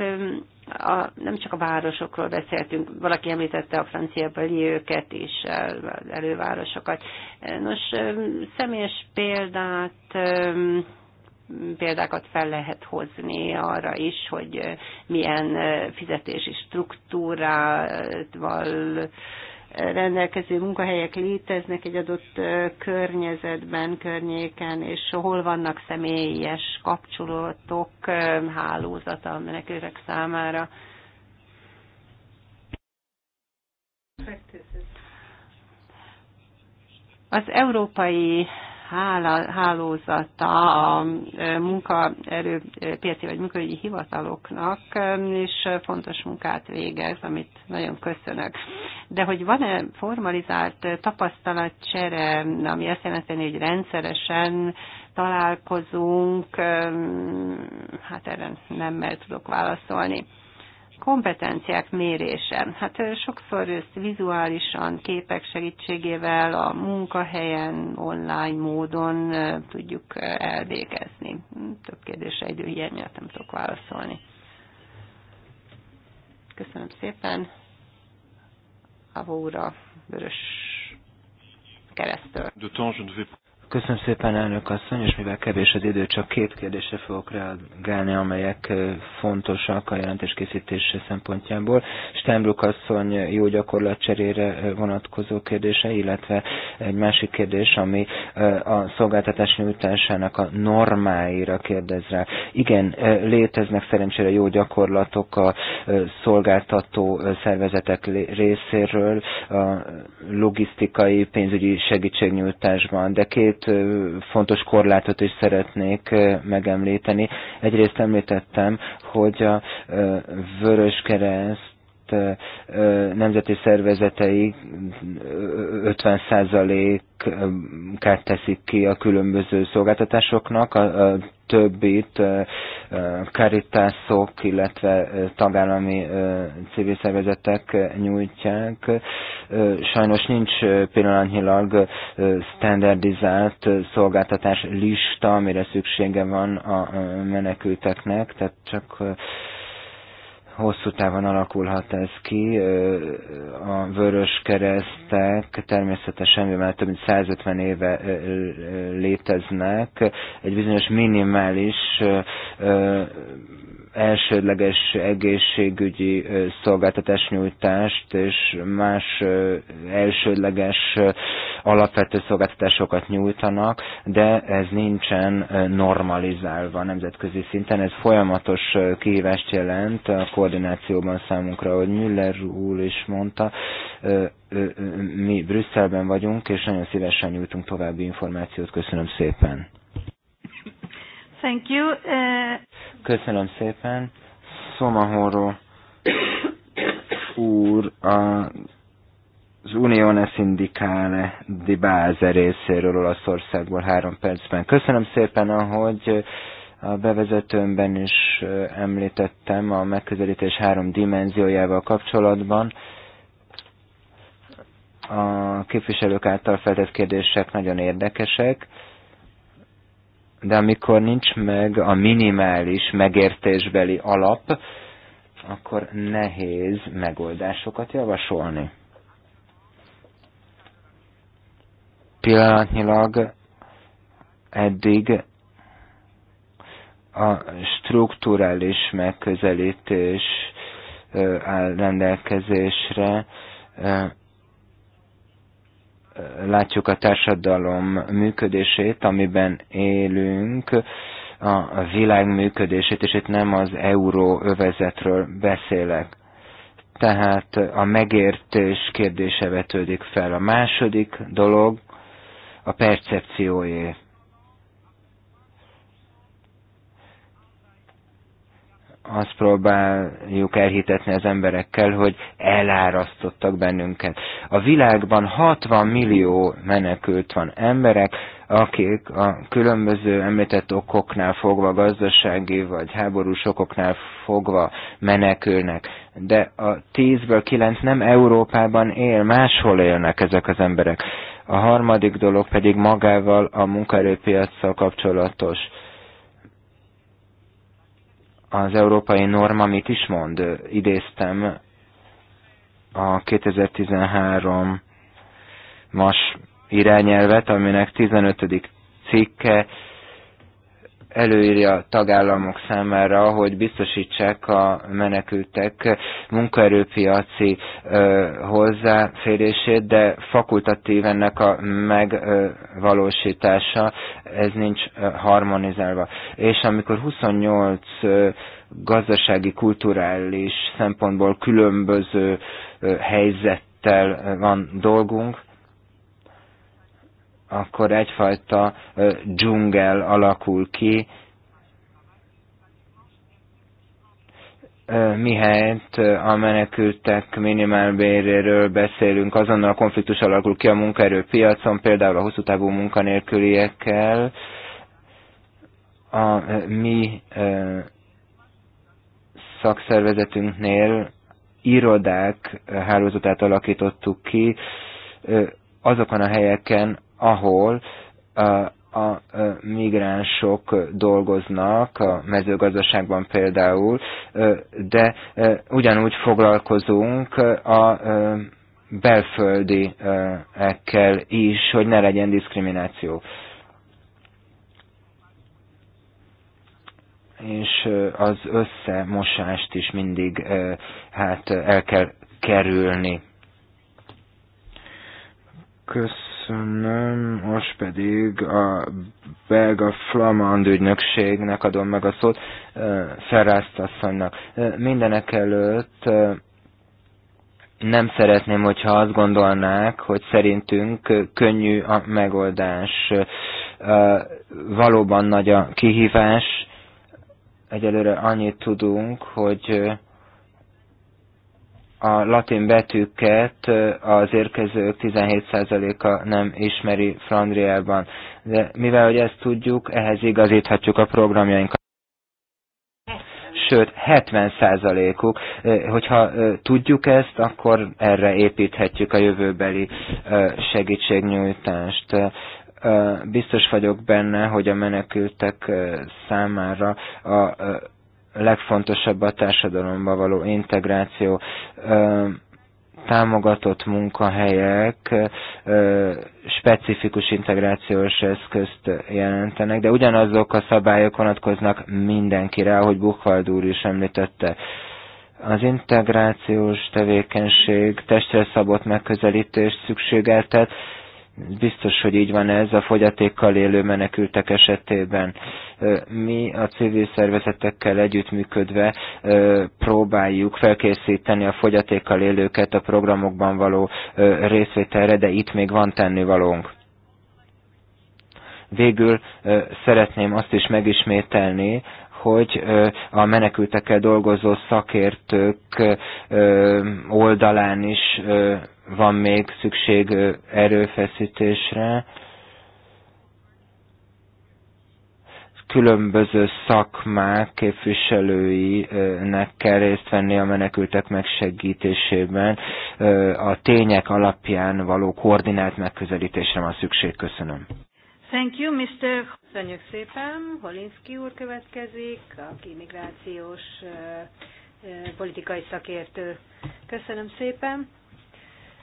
a, nem csak a városokról beszéltünk, valaki említette a francia őket is, elővárosokat. Nos, személyes példát példákat fel lehet hozni arra is, hogy milyen fizetési struktúrával rendelkező munkahelyek léteznek egy adott környezetben, környéken, és hol vannak személyes kapcsolatok, hálózata a menekülők számára. Az európai hála, hálózata a munkaerő, piaci vagy munkaügyi hivataloknak is fontos munkát végez, amit nagyon köszönök. De hogy van-e formalizált tapasztalatcsere, ami azt jelenti, hogy rendszeresen találkozunk, hát erre nem tudok válaszolni kompetenciák mérése. Hát sokszor ezt vizuálisan, képek segítségével, a munkahelyen, online módon tudjuk elvégezni. Több kérdésre időhiány miatt nem tudok válaszolni. Köszönöm szépen. Avóra, vörös keresztől. Köszönöm szépen, elnök asszony, és mivel kevés az idő, csak két kérdésre fogok reagálni, amelyek fontosak a jelentés készítés szempontjából. Stenbruck asszony jó gyakorlat cserére vonatkozó kérdése, illetve egy másik kérdés, ami a szolgáltatás nyújtásának a normáira kérdez rá. Igen, léteznek szerencsére jó gyakorlatok a szolgáltató szervezetek részéről a logisztikai pénzügyi segítségnyújtásban, de két két fontos korlátot is szeretnék megemlíteni. Egyrészt említettem, hogy a Vöröskereszt nemzeti szervezetei 50%-át teszik ki a különböző szolgáltatásoknak, a többit karitászok, illetve tagállami civil szervezetek nyújtják. Sajnos nincs pillanatnyilag standardizált szolgáltatás lista, amire szüksége van a menekülteknek, tehát csak hosszú távon alakulhat ez ki. A vörös keresztek természetesen, már több mint 150 éve léteznek, egy bizonyos minimális elsődleges egészségügyi nyújtást és más elsődleges alapvető szolgáltatásokat nyújtanak, de ez nincsen normalizálva nemzetközi szinten. Ez folyamatos kihívást jelent a koordinációban számunkra, ahogy Müller úr is mondta, mi Brüsszelben vagyunk, és nagyon szívesen nyújtunk további információt. Köszönöm szépen! Thank you. Uh, Köszönöm szépen. Szomahoro úr a az Unione Sindicale di Base részéről Olaszországból három percben. Köszönöm szépen, ahogy a bevezetőmben is említettem a megközelítés három dimenziójával kapcsolatban. A képviselők által feltett kérdések nagyon érdekesek de amikor nincs meg a minimális megértésbeli alap, akkor nehéz megoldásokat javasolni. Pillanatnyilag eddig a strukturális megközelítés áll rendelkezésre, látjuk a társadalom működését, amiben élünk, a világ működését, és itt nem az euróövezetről beszélek. Tehát a megértés kérdése vetődik fel. A második dolog a percepcióért. azt próbáljuk elhitetni az emberekkel, hogy elárasztottak bennünket. A világban 60 millió menekült van emberek, akik a különböző említett okoknál fogva, gazdasági vagy háborús okoknál fogva menekülnek. De a 10-ből 9 nem Európában él, máshol élnek ezek az emberek. A harmadik dolog pedig magával a munkaerőpiacsal kapcsolatos az európai norma mit is mond? Idéztem a 2013 mas irányelvet, aminek 15. cikke előírja a tagállamok számára, hogy biztosítsák a menekültek munkaerőpiaci hozzáférését, de fakultatív ennek a megvalósítása, ez nincs harmonizálva. És amikor 28 gazdasági, kulturális szempontból különböző helyzettel van dolgunk, akkor egyfajta dzsungel alakul ki, mihelyt a menekültek minimálbéréről beszélünk, azonnal a konfliktus alakul ki a munkaerőpiacon, például a hosszú távú munkanélküliekkel, a mi szakszervezetünknél irodák hálózatát alakítottuk ki azokon a helyeken, ahol a migránsok dolgoznak, a mezőgazdaságban például, de ugyanúgy foglalkozunk a belföldiekkel is, hogy ne legyen diszkrimináció. És az összemosást is mindig hát el kell kerülni. Köszönöm Köszönöm, most pedig a belga flamand ügynökségnek adom meg a szót, Ferrászt asszonynak. Mindenek előtt nem szeretném, hogyha azt gondolnák, hogy szerintünk könnyű a megoldás. Valóban nagy a kihívás. Egyelőre annyit tudunk, hogy a latin betűket az érkezők 17%-a nem ismeri Flandriában. De mivel, hogy ezt tudjuk, ehhez igazíthatjuk a programjainkat. Sőt, 70%-uk. Hogyha tudjuk ezt, akkor erre építhetjük a jövőbeli segítségnyújtást biztos vagyok benne, hogy a menekültek számára a legfontosabb a társadalomba való integráció, támogatott munkahelyek specifikus integrációs eszközt jelentenek, de ugyanazok a szabályok vonatkoznak mindenkire, ahogy Buchwald úr is említette. Az integrációs tevékenység testre szabott megközelítést szükségeltet, Biztos, hogy így van ez a fogyatékkal élő menekültek esetében. Mi a civil szervezetekkel együttműködve próbáljuk felkészíteni a fogyatékkal élőket a programokban való részvételre, de itt még van tennivalónk. Végül szeretném azt is megismételni, hogy a menekültekkel dolgozó szakértők oldalán is van még szükség erőfeszítésre. Különböző szakmák képviselőinek kell részt venni a menekültek megsegítésében. A tények alapján való koordinált megközelítésre van szükség. Köszönöm. Thank you, Mr. Köszönjük szépen. Holinszki úr következik, aki migrációs politikai szakértő. Köszönöm szépen.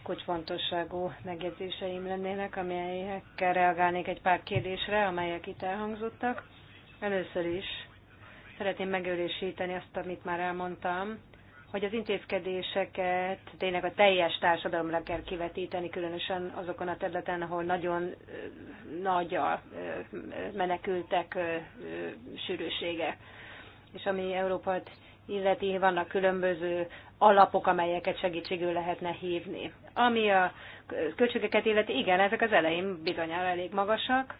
Kulcsfontosságú megjegyzéseim lennének, amelyekkel reagálnék egy pár kérdésre, amelyek itt elhangzottak. Először is szeretném megőrésíteni azt, amit már elmondtam, hogy az intézkedéseket tényleg a teljes társadalomra kell kivetíteni, különösen azokon a területen, ahol nagyon nagy a menekültek sűrűsége. És ami Európát illeti, vannak különböző alapok, amelyeket segítségül lehetne hívni. Ami a költségeket illeti, igen, ezek az elején bizonyára elég magasak,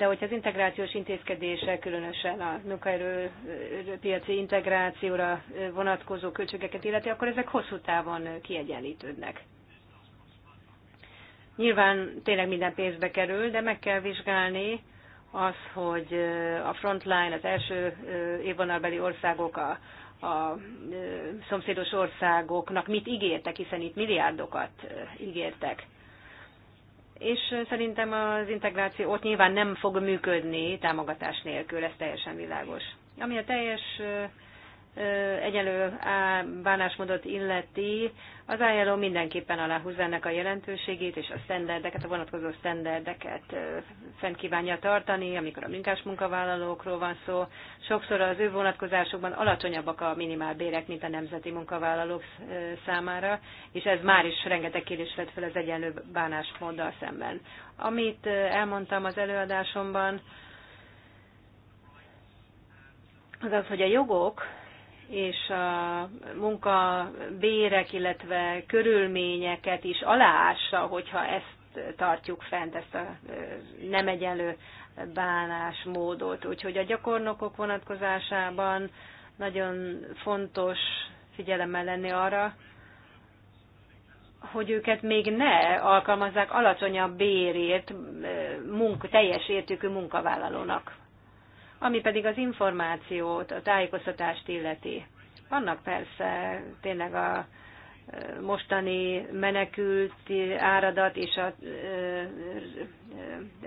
de hogyha az integrációs intézkedések, különösen a munkaerőpiaci integrációra vonatkozó költségeket illeti, akkor ezek hosszú távon kiegyenlítődnek. Nyilván tényleg minden pénzbe kerül, de meg kell vizsgálni az, hogy a frontline, az első évvonalbeli országok, a, a szomszédos országoknak mit ígértek, hiszen itt milliárdokat ígértek és szerintem az integráció ott nyilván nem fog működni támogatás nélkül, ez teljesen világos. Ami a teljes egyenlő bánásmódot illeti, az ILO mindenképpen aláhúzza ennek a jelentőségét, és a standardeket, a vonatkozó standardeket fent kívánja tartani, amikor a munkás munkavállalókról van szó. Sokszor az ő vonatkozásokban alacsonyabbak a minimálbérek, mint a nemzeti munkavállalók számára, és ez már is rengeteg kérdés vett fel az egyenlő bánásmóddal szemben. Amit elmondtam az előadásomban, az az, hogy a jogok és a munka bérek, illetve körülményeket is aláássa, hogyha ezt tartjuk fent, ezt a nem egyenlő bánásmódot. Úgyhogy a gyakornokok vonatkozásában nagyon fontos figyelemmel lenni arra, hogy őket még ne alkalmazzák alacsonyabb bérért munk, teljes értékű munkavállalónak ami pedig az információt, a tájékoztatást illeti. Vannak persze tényleg a mostani menekült áradat és a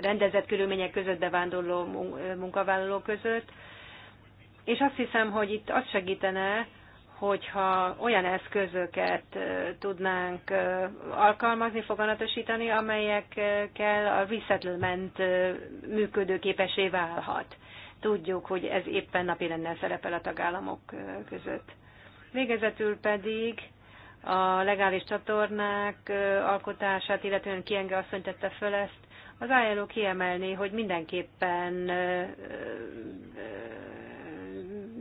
rendezett körülmények között bevándorló munkavállalók között. És azt hiszem, hogy itt az segítene, hogyha olyan eszközöket tudnánk alkalmazni, foganatosítani, amelyekkel a resettlement működőképesé válhat. Tudjuk, hogy ez éppen napirenden szerepel a tagállamok között. Végezetül pedig a legális csatornák alkotását, illetően Kienge asszony tette föl ezt, az ILO kiemelni, hogy mindenképpen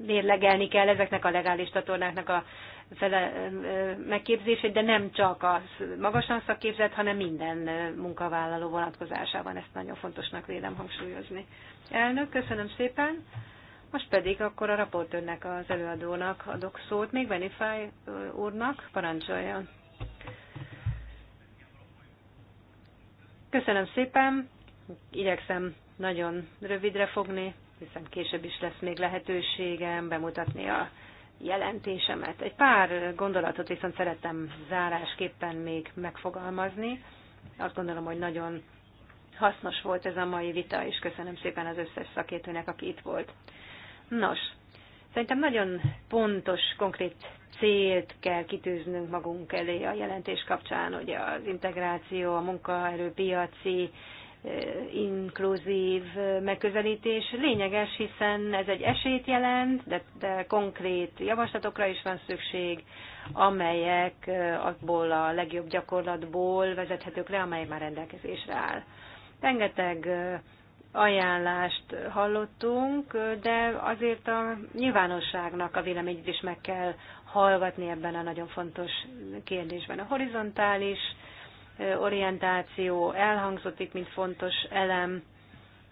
mérlegelni kell ezeknek a legális csatornáknak a fele, megképzését, de nem csak a magasan szakképzett, hanem minden munkavállaló vonatkozásában ezt nagyon fontosnak vélem hangsúlyozni. Elnök, köszönöm szépen. Most pedig akkor a raportőrnek, az előadónak adok szót, még Benifáj úrnak, parancsoljon. Köszönöm szépen, igyekszem nagyon rövidre fogni, hiszen később is lesz még lehetőségem bemutatni a jelentésemet. Egy pár gondolatot viszont szerettem zárásképpen még megfogalmazni. Azt gondolom, hogy nagyon hasznos volt ez a mai vita, és köszönöm szépen az összes szakértőnek, aki itt volt. Nos, szerintem nagyon pontos, konkrét célt kell kitűznünk magunk elé a jelentés kapcsán, hogy az integráció, a munkaerőpiaci inkluzív megközelítés lényeges, hiszen ez egy esélyt jelent, de, de konkrét javaslatokra is van szükség, amelyek abból a legjobb gyakorlatból vezethetők le, amely már rendelkezésre áll. Rengeteg ajánlást hallottunk, de azért a nyilvánosságnak a véleményét is meg kell hallgatni ebben a nagyon fontos kérdésben. A horizontális orientáció elhangzott itt, mint fontos elem,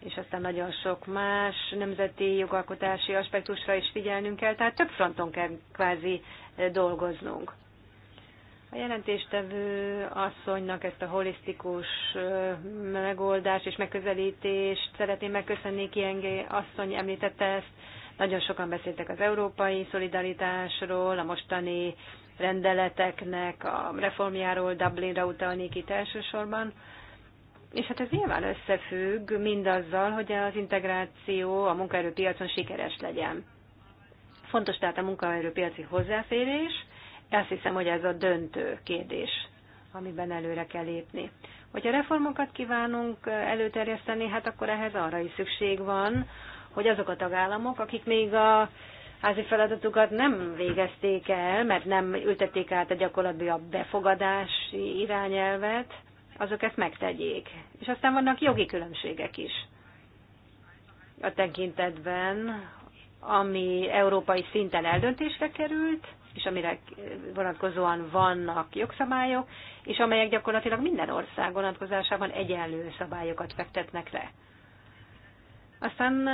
és aztán nagyon sok más nemzeti jogalkotási aspektusra is figyelnünk kell, tehát több fronton kell kvázi dolgoznunk. A jelentéstevő asszonynak ezt a holisztikus megoldást és megközelítést szeretném megköszönni, Kiengé asszony említette ezt. Nagyon sokan beszéltek az európai szolidaritásról, a mostani rendeleteknek a reformjáról Dublinra utalnék itt elsősorban. És hát ez nyilván összefügg mindazzal, hogy az integráció a munkaerőpiacon sikeres legyen. Fontos tehát a munkaerőpiaci hozzáférés, azt hiszem, hogy ez a döntő kérdés, amiben előre kell lépni. Hogyha reformokat kívánunk előterjeszteni, hát akkor ehhez arra is szükség van, hogy azok a tagállamok, akik még a házi feladatukat nem végezték el, mert nem ültették át a gyakorlatban a befogadási irányelvet, azok ezt megtegyék. És aztán vannak jogi különbségek is a tekintetben, ami európai szinten eldöntésre került, és amire vonatkozóan vannak jogszabályok, és amelyek gyakorlatilag minden ország vonatkozásában egyenlő szabályokat fektetnek le. Aztán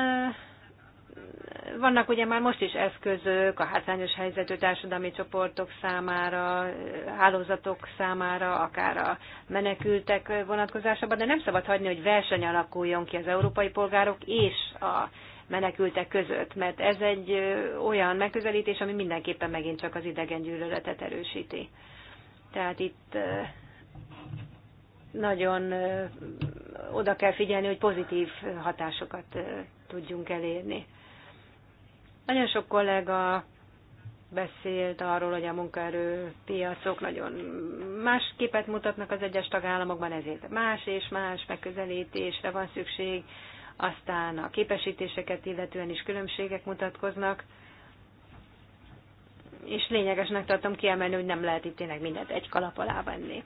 vannak ugye már most is eszközök a hátrányos helyzetű társadalmi csoportok számára, hálózatok számára, akár a menekültek vonatkozásában, de nem szabad hagyni, hogy verseny alakuljon ki az európai polgárok és a menekültek között, mert ez egy olyan megközelítés, ami mindenképpen megint csak az idegen gyűlöletet erősíti. Tehát itt nagyon oda kell figyelni, hogy pozitív hatásokat tudjunk elérni. Nagyon sok kollega beszélt arról, hogy a munkaerőpiacok nagyon más képet mutatnak az egyes tagállamokban, ezért más és más megközelítésre van szükség, aztán a képesítéseket illetően is különbségek mutatkoznak, és lényegesnek tartom kiemelni, hogy nem lehet itt tényleg mindent egy kalap alá venni.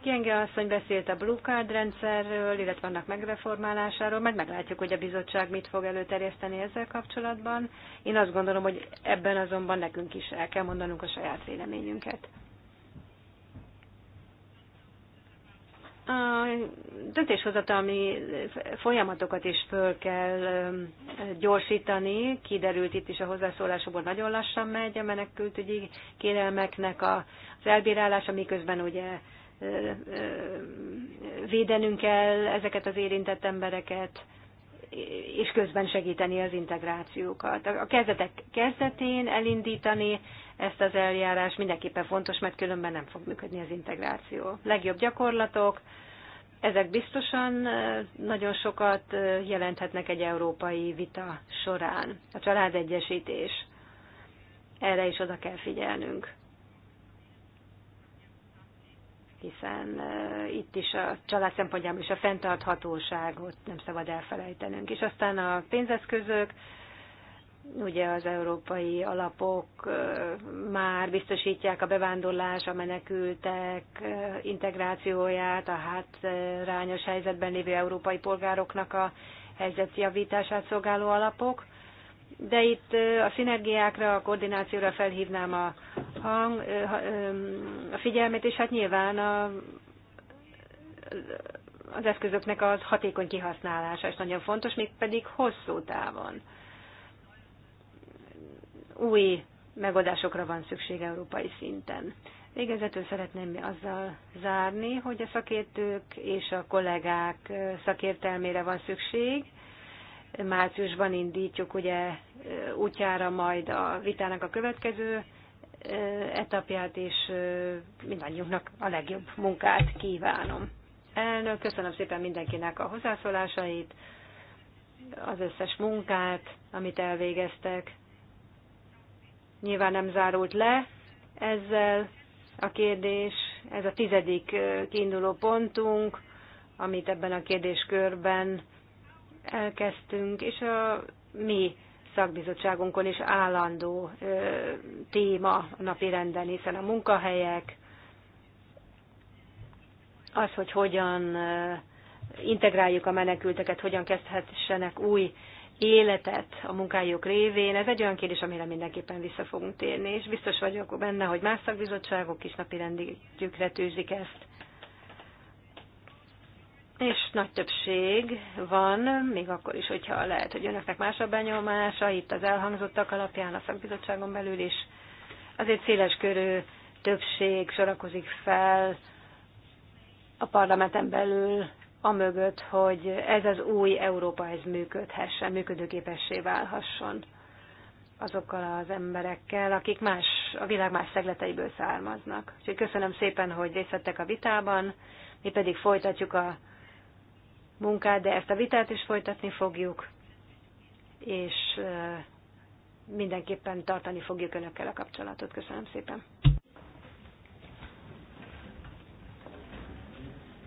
Kienge asszony beszélt a Blue Card rendszerről, illetve annak megreformálásáról, majd meglátjuk, hogy a bizottság mit fog előterjeszteni ezzel kapcsolatban. Én azt gondolom, hogy ebben azonban nekünk is el kell mondanunk a saját véleményünket. A döntéshozatalmi folyamatokat is föl kell gyorsítani. Kiderült itt is a hozzászólásokból nagyon lassan megy a menekültügyi kérelmeknek az elbírálása, miközben ugye védenünk kell ezeket az érintett embereket, és közben segíteni az integrációkat. A kezdetek kezdetén elindítani ezt az eljárás mindenképpen fontos, mert különben nem fog működni az integráció. Legjobb gyakorlatok, ezek biztosan nagyon sokat jelenthetnek egy európai vita során. A családegyesítés. Erre is oda kell figyelnünk hiszen itt is a család szempontjából is a fenntarthatóságot nem szabad elfelejtenünk. És aztán a pénzeszközök, ugye az európai alapok már biztosítják a bevándorlás, a menekültek integrációját, a hát rányos helyzetben lévő európai polgároknak a helyzetjavítását szolgáló alapok. De itt a szinergiákra, a koordinációra felhívnám a, hang, a figyelmet, és hát nyilván a, az eszközöknek az hatékony kihasználása is nagyon fontos, pedig hosszú távon. Új megoldásokra van szükség európai szinten. Végezetül szeretném azzal zárni, hogy a szakértők és a kollégák szakértelmére van szükség, Márciusban indítjuk ugye útjára majd a vitának a következő etapját, és mindannyiunknak a legjobb munkát kívánom. Elnök, köszönöm szépen mindenkinek a hozzászólásait, az összes munkát, amit elvégeztek. Nyilván nem zárult le ezzel a kérdés, ez a tizedik kiinduló pontunk, amit ebben a kérdéskörben elkezdtünk, és a mi szakbizottságunkon is állandó ö, téma a napi renden, hiszen a munkahelyek, az, hogy hogyan integráljuk a menekülteket, hogyan kezdhessenek új életet a munkájuk révén, ez egy olyan kérdés, amire mindenképpen vissza fogunk térni, és biztos vagyok benne, hogy más szakbizottságok is napi rendjükre tűzik ezt és nagy többség van, még akkor is, hogyha lehet, hogy önöknek más a benyomása, itt az elhangzottak alapján a szakbizottságon belül is, azért széles körű többség sorakozik fel a parlamenten belül, amögött, hogy ez az új Európa ez működhessen, működőképessé válhasson azokkal az emberekkel, akik más, a világ más szegleteiből származnak. Úgyhogy köszönöm szépen, hogy részt vettek a vitában, mi pedig folytatjuk a munkát, de ezt a vitát is folytatni fogjuk, és mindenképpen tartani fogjuk önökkel a kapcsolatot. Köszönöm szépen.